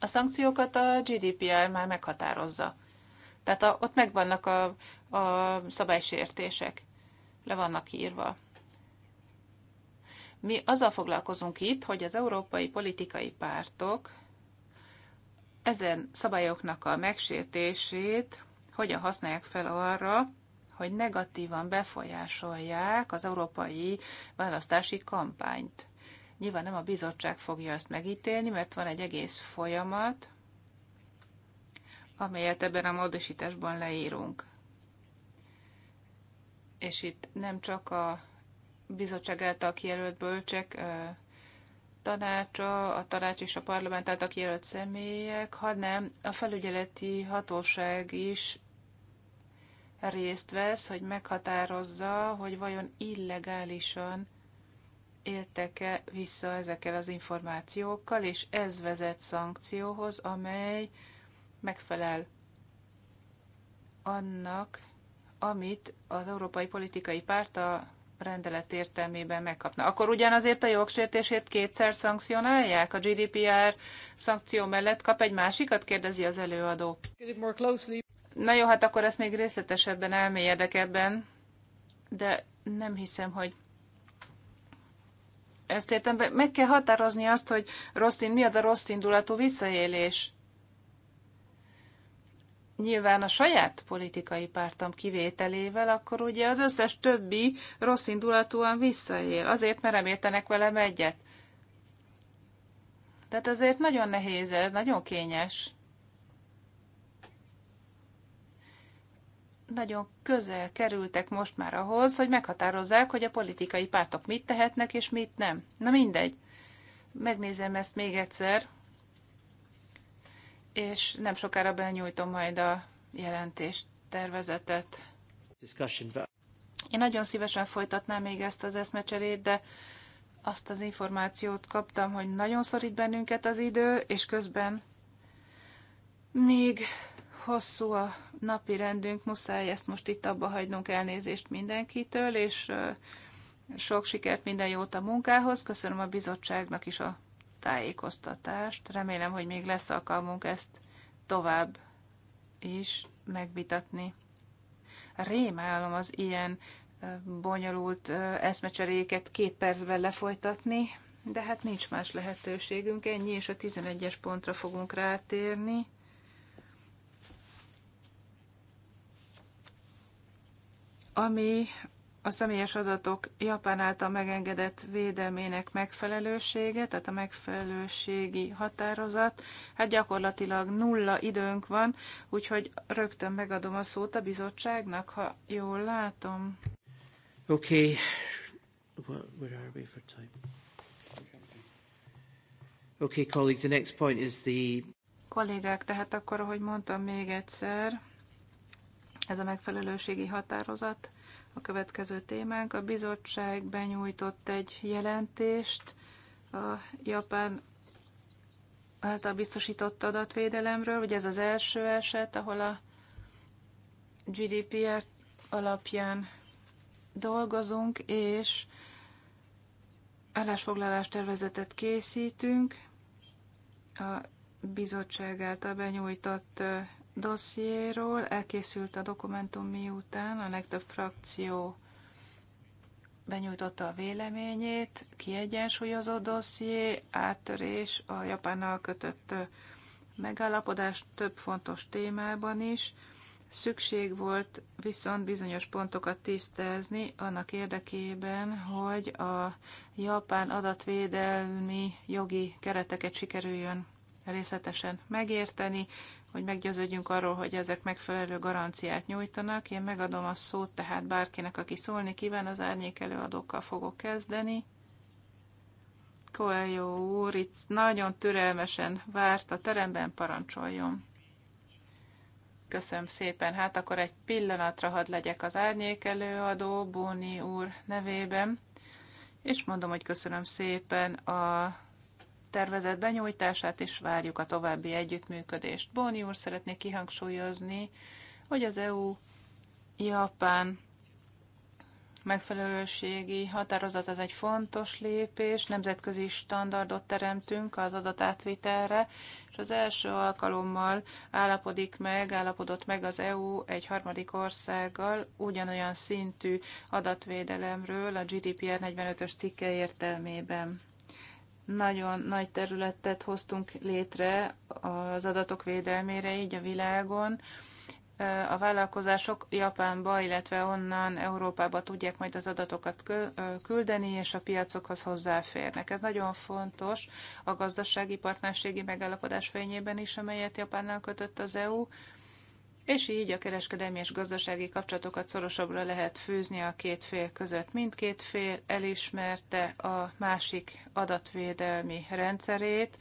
A szankciókat a GDPR már meghatározza. Tehát a, ott megvannak a, a szabálysértések, le vannak írva. Mi azzal foglalkozunk itt, hogy az európai politikai pártok ezen szabályoknak a megsértését hogyan használják fel arra, hogy negatívan befolyásolják az európai választási kampányt. Nyilván nem a bizottság fogja ezt megítélni, mert van egy egész folyamat, amelyet ebben a módosításban leírunk. És itt nem csak a bizottság által kijelölt bölcsek tanácsa, a tanács és a parlament által kijelölt személyek, hanem a felügyeleti hatóság is részt vesz, hogy meghatározza, hogy vajon illegálisan éltek-e vissza ezekkel az információkkal, és ez vezet szankcióhoz, amely megfelel annak, amit az európai politikai párt a rendelet értelmében megkapna. Akkor ugyanazért a jogsértését kétszer szankcionálják? A GDPR szankció mellett kap egy másikat? Kérdezi az előadó. Na jó, hát akkor ezt még részletesebben elmélyedek ebben, de nem hiszem, hogy ezt értem, meg kell határozni azt, hogy rossz, mi az a rossz indulatú visszaélés nyilván a saját politikai pártam kivételével, akkor ugye az összes többi rossz indulatúan visszaél, azért, mert nem értenek velem egyet. Tehát azért nagyon nehéz ez, nagyon kényes. Nagyon közel kerültek most már ahhoz, hogy meghatározzák, hogy a politikai pártok mit tehetnek és mit nem. Na mindegy. Megnézem ezt még egyszer és nem sokára benyújtom majd a jelentést, tervezetet. Én nagyon szívesen folytatnám még ezt az eszmecserét, de azt az információt kaptam, hogy nagyon szorít bennünket az idő, és közben még hosszú a napi rendünk, muszáj ezt most itt abba hagynunk elnézést mindenkitől, és sok sikert, minden jót a munkához. Köszönöm a bizottságnak is a tájékoztatást. Remélem, hogy még lesz alkalmunk ezt tovább is megvitatni. Rémálom az ilyen bonyolult eszmecseréket két percben lefolytatni, de hát nincs más lehetőségünk, ennyi, és a 11-es pontra fogunk rátérni. Ami a személyes adatok Japán által megengedett védelmének megfelelősége, tehát a megfelelőségi határozat. Hát gyakorlatilag nulla időnk van, úgyhogy rögtön megadom a szót a bizottságnak, ha jól látom. Okay, what, where are we for time? Okay, colleagues, the next point is the... Kollégák, tehát akkor, ahogy mondtam még egyszer, ez a megfelelőségi határozat a következő témánk a bizottság benyújtott egy jelentést a japán által biztosított adatvédelemről, ugye ez az első eset, ahol a GDPR alapján dolgozunk, és állásfoglalás tervezetet készítünk a bizottság által benyújtott dossziéról. Elkészült a dokumentum miután a legtöbb frakció benyújtotta a véleményét, kiegyensúlyozott dosszié, áttörés a Japánnal kötött megállapodás több fontos témában is. Szükség volt viszont bizonyos pontokat tisztázni annak érdekében, hogy a japán adatvédelmi jogi kereteket sikerüljön részletesen megérteni, hogy meggyőződjünk arról, hogy ezek megfelelő garanciát nyújtanak. Én megadom a szót tehát bárkinek, aki szólni kíván, az árnyék előadókkal fogok kezdeni. Koeljó úr itt nagyon türelmesen várt a teremben, parancsoljon. Köszönöm szépen. Hát akkor egy pillanatra hadd legyek az árnyék előadó Bóni úr nevében, és mondom, hogy köszönöm szépen a tervezett benyújtását, és várjuk a további együttműködést. Bóni úr szeretné kihangsúlyozni, hogy az EU-Japán megfelelőségi határozat az egy fontos lépés, nemzetközi standardot teremtünk az adatátvitelre, és az első alkalommal állapodik meg, állapodott meg az EU egy harmadik országgal ugyanolyan szintű adatvédelemről a GDPR 45-ös cikke értelmében nagyon nagy területet hoztunk létre az adatok védelmére így a világon. A vállalkozások Japánba, illetve onnan Európába tudják majd az adatokat küldeni, és a piacokhoz hozzáférnek. Ez nagyon fontos a gazdasági partnerségi megállapodás fényében is, amelyet Japánnal kötött az EU, és így a kereskedelmi és gazdasági kapcsolatokat szorosabbra lehet fűzni a két fél között. Mindkét fél elismerte a másik adatvédelmi rendszerét,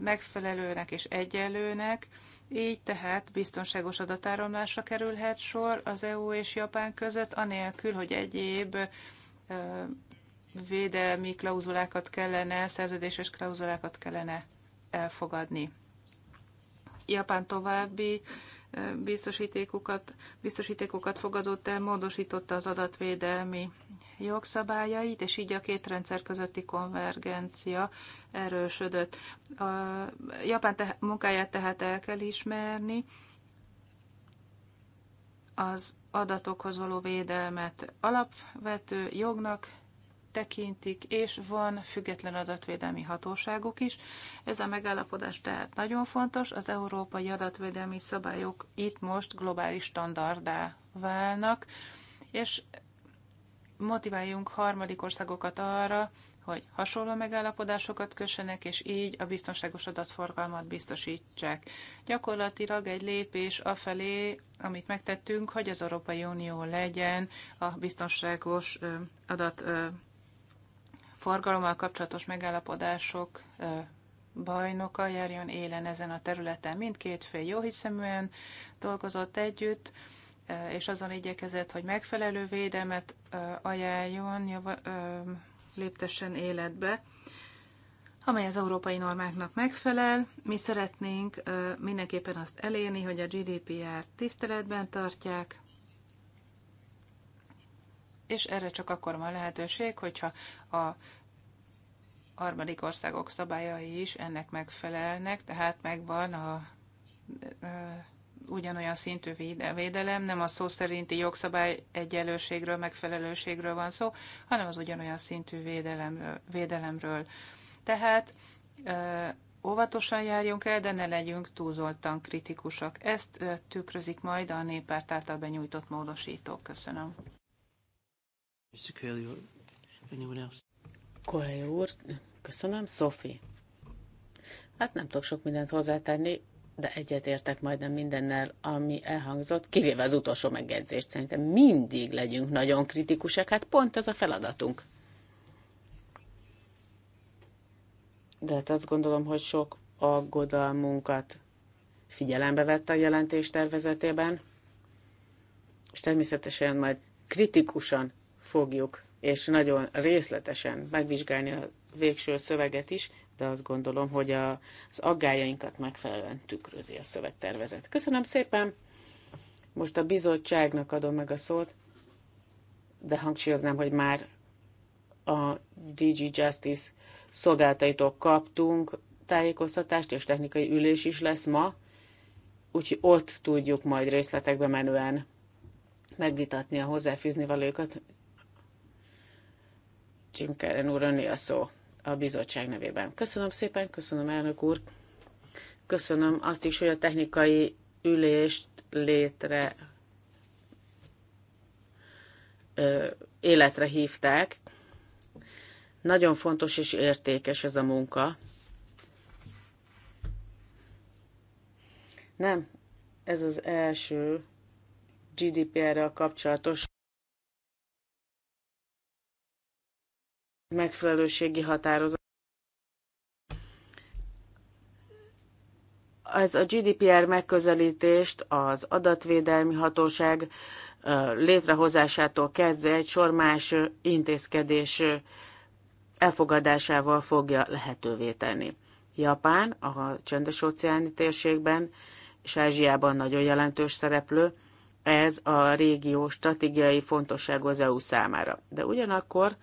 megfelelőnek és egyenlőnek, így tehát biztonságos adatáramlásra kerülhet sor az EU és Japán között, anélkül, hogy egyéb védelmi klauzulákat kellene, szerződéses klauzulákat kellene elfogadni. Japán további biztosítékokat, biztosítékokat fogadott el, módosította az adatvédelmi jogszabályait, és így a két rendszer közötti konvergencia erősödött. A Japán te- munkáját tehát el kell ismerni, az adatokhoz való védelmet alapvető jognak tekintik, és van független adatvédelmi hatóságuk is. Ez a megállapodás tehát nagyon fontos. Az európai adatvédelmi szabályok itt most globális standardá válnak, és motiváljunk harmadik országokat arra, hogy hasonló megállapodásokat kössenek, és így a biztonságos adatforgalmat biztosítsák. Gyakorlatilag egy lépés afelé, amit megtettünk, hogy az Európai Unió legyen a biztonságos adat forgalommal kapcsolatos megállapodások bajnoka járjon élen ezen a területen. Mindkét fél jó hiszeműen dolgozott együtt, és azon igyekezett, hogy megfelelő védelmet ajánljon, léptessen életbe, amely az európai normáknak megfelel. Mi szeretnénk mindenképpen azt elérni, hogy a GDPR tiszteletben tartják, és erre csak akkor van lehetőség, hogyha a harmadik országok szabályai is ennek megfelelnek, tehát megvan a ugyanolyan szintű védelem, nem a szó szerinti jogszabály egyenlőségről, megfelelőségről van szó, hanem az ugyanolyan szintű védelemről. védelemről. Tehát óvatosan járjunk el, de ne legyünk túlzoltan kritikusak. Ezt tükrözik majd a néppárt által benyújtott módosítók. Köszönöm. Mr. anyone else? úr, Köszönöm, Szofi. Hát nem tudok sok mindent hozzátenni, de egyet értek majdnem mindennel, ami elhangzott, kivéve az utolsó megjegyzést. Szerintem mindig legyünk nagyon kritikusak, hát pont ez a feladatunk. De hát azt gondolom, hogy sok aggodalmunkat figyelembe vette a jelentés tervezetében, és természetesen majd kritikusan fogjuk és nagyon részletesen megvizsgálni a végső szöveget is, de azt gondolom, hogy a az aggájainkat megfelelően tükrözi a szövegtervezet. Köszönöm szépen! Most a bizottságnak adom meg a szót, de hangsúlyoznám, hogy már a DG Justice szolgáltaitól kaptunk tájékoztatást, és technikai ülés is lesz ma, úgyhogy ott tudjuk majd részletekbe menően megvitatni a hozzáfűzni valókat. Jim Karen úr, a szó a bizottság nevében. Köszönöm szépen, köszönöm elnök úr, köszönöm azt is, hogy a technikai ülést létre ö, életre hívták. Nagyon fontos és értékes ez a munka. Nem, ez az első GDPR-rel kapcsolatos megfelelőségi határozat. Ez a GDPR megközelítést az adatvédelmi hatóság létrehozásától kezdve egy sor más intézkedés elfogadásával fogja lehetővé tenni. Japán, a csendes-óceáni térségben és Ázsiában nagyon jelentős szereplő, ez a régió stratégiai fontosságú az EU számára. De ugyanakkor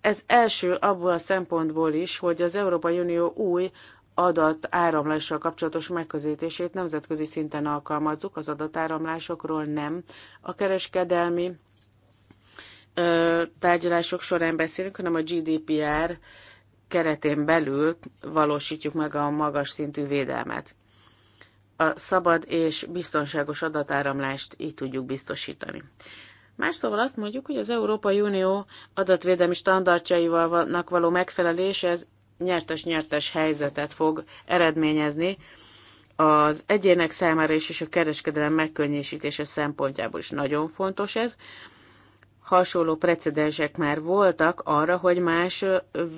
ez első abból a szempontból is, hogy az Európai Unió új adat áramlással kapcsolatos megközelítését nemzetközi szinten alkalmazzuk, az adatáramlásokról nem. A kereskedelmi ö, tárgyalások során beszélünk, hanem a GDPR keretén belül valósítjuk meg a magas szintű védelmet. A szabad és biztonságos adatáramlást így tudjuk biztosítani. Más szóval azt mondjuk, hogy az Európai Unió adatvédelmi standardjaival vannak való megfelelés, ez nyertes-nyertes helyzetet fog eredményezni az egyének számára is, és a kereskedelem megkönnyítése szempontjából is nagyon fontos ez. Hasonló precedensek már voltak arra, hogy más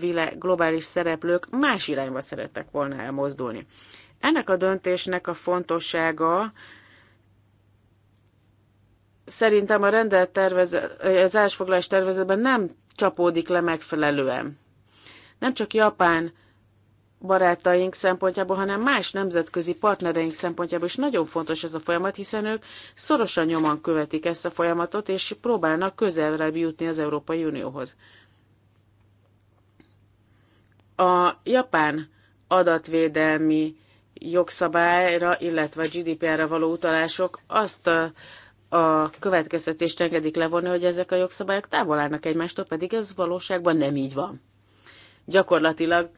világ, globális szereplők más irányba szerettek volna elmozdulni. Ennek a döntésnek a fontossága szerintem a rendelt tervezet, az ásfoglalás tervezetben nem csapódik le megfelelően. Nem csak Japán barátaink szempontjából, hanem más nemzetközi partnereink szempontjából is nagyon fontos ez a folyamat, hiszen ők szorosan nyoman követik ezt a folyamatot, és próbálnak közelebb jutni az Európai Unióhoz. A japán adatvédelmi jogszabályra, illetve a GDPR-ra való utalások azt a következtetést engedik levonni, hogy ezek a jogszabályok távol állnak egymástól, pedig ez valóságban nem így van. Gyakorlatilag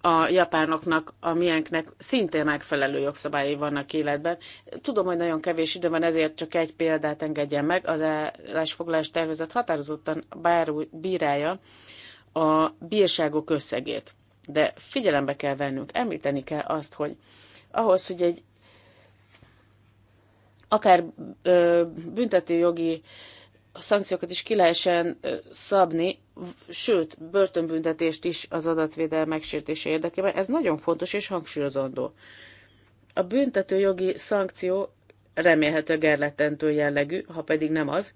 a japánoknak, a miénknek szintén megfelelő jogszabályai vannak életben. Tudom, hogy nagyon kevés idő van, ezért csak egy példát engedjen meg. Az állásfoglalás tervezet határozottan bárú bírálja a bírságok összegét. De figyelembe kell vennünk, említeni kell azt, hogy ahhoz, hogy egy akár büntetőjogi szankciókat is ki lehessen szabni, sőt, börtönbüntetést is az adatvédelem megsértése érdekében. Ez nagyon fontos és hangsúlyozandó. A büntetőjogi szankció remélhetőleg ellettentő jellegű, ha pedig nem az,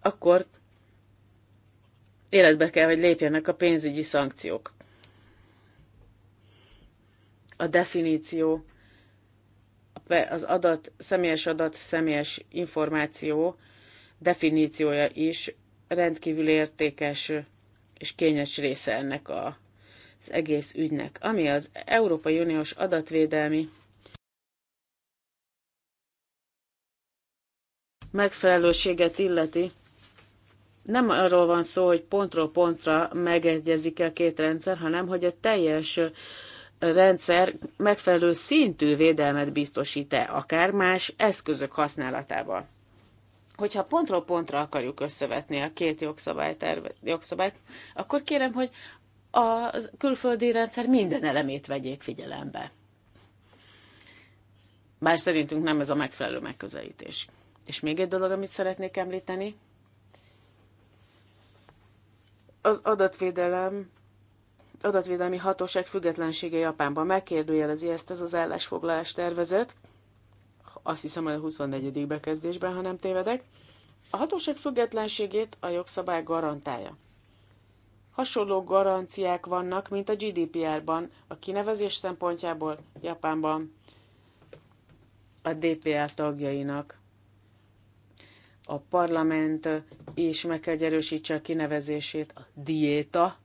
akkor életbe kell, hogy lépjenek a pénzügyi szankciók. A definíció az adat, személyes adat, személyes információ definíciója is rendkívül értékes és kényes része ennek a, az egész ügynek, ami az Európai Uniós adatvédelmi megfelelőséget illeti. Nem arról van szó, hogy pontról pontra megegyezik -e a két rendszer, hanem hogy a teljes rendszer megfelelő szintű védelmet biztosít-e akár más eszközök használatával. Hogyha pontról pontra akarjuk összevetni a két jogszabályt, jogszabályt, akkor kérem, hogy a külföldi rendszer minden elemét vegyék figyelembe. Bár szerintünk nem ez a megfelelő megközelítés. És még egy dolog, amit szeretnék említeni. Az adatvédelem adatvédelmi hatóság függetlensége Japánban megkérdőjelezi ezt, ez az állásfoglalás tervezet, azt hiszem a 24. bekezdésben, ha nem tévedek. A hatóság függetlenségét a jogszabály garantálja. Hasonló garanciák vannak, mint a GDPR-ban, a kinevezés szempontjából Japánban a DPA tagjainak. A parlament is meg kell erősítse a kinevezését, a diéta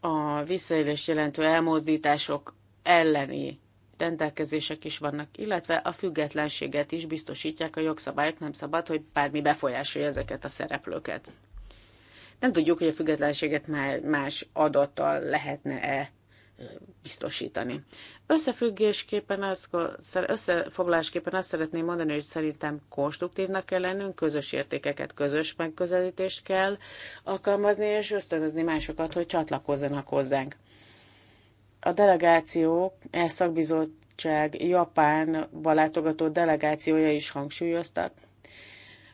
a visszaélés jelentő elmozdítások elleni rendelkezések is vannak, illetve a függetlenséget is biztosítják a jogszabályok, nem szabad, hogy bármi befolyásolja ezeket a szereplőket. Nem tudjuk, hogy a függetlenséget már más adattal lehetne-e biztosítani. Összefüggésképpen az, összefoglásképpen azt szeretném mondani, hogy szerintem konstruktívnak kell lennünk, közös értékeket, közös megközelítést kell alkalmazni, és ösztönözni másokat, hogy csatlakozzanak hozzánk. A delegációk, e szakbizottság Japán balátogató delegációja is hangsúlyoztak,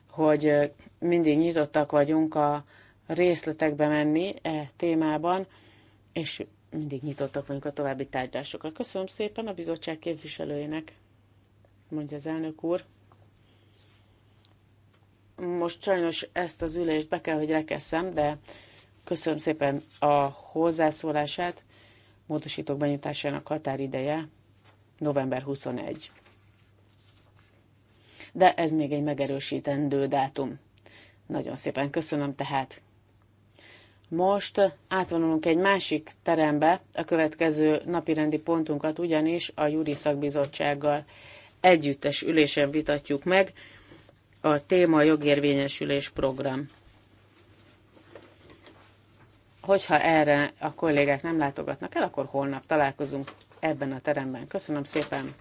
hogy mindig nyitottak vagyunk a részletekbe menni e témában, és mindig nyitottak vagyunk a további tárgyalásokra. Köszönöm szépen a bizottság képviselőjének, mondja az elnök úr. Most sajnos ezt az ülést be kell, hogy rekesszem, de köszönöm szépen a hozzászólását. Módosítók benyújtásának határideje november 21. De ez még egy megerősítendő dátum. Nagyon szépen köszönöm tehát most átvonulunk egy másik terembe, a következő napirendi pontunkat ugyanis a Júri Szakbizottsággal együttes ülésen vitatjuk meg. A téma jogérvényesülés program. Hogyha erre a kollégák nem látogatnak el, akkor holnap találkozunk ebben a teremben. Köszönöm szépen!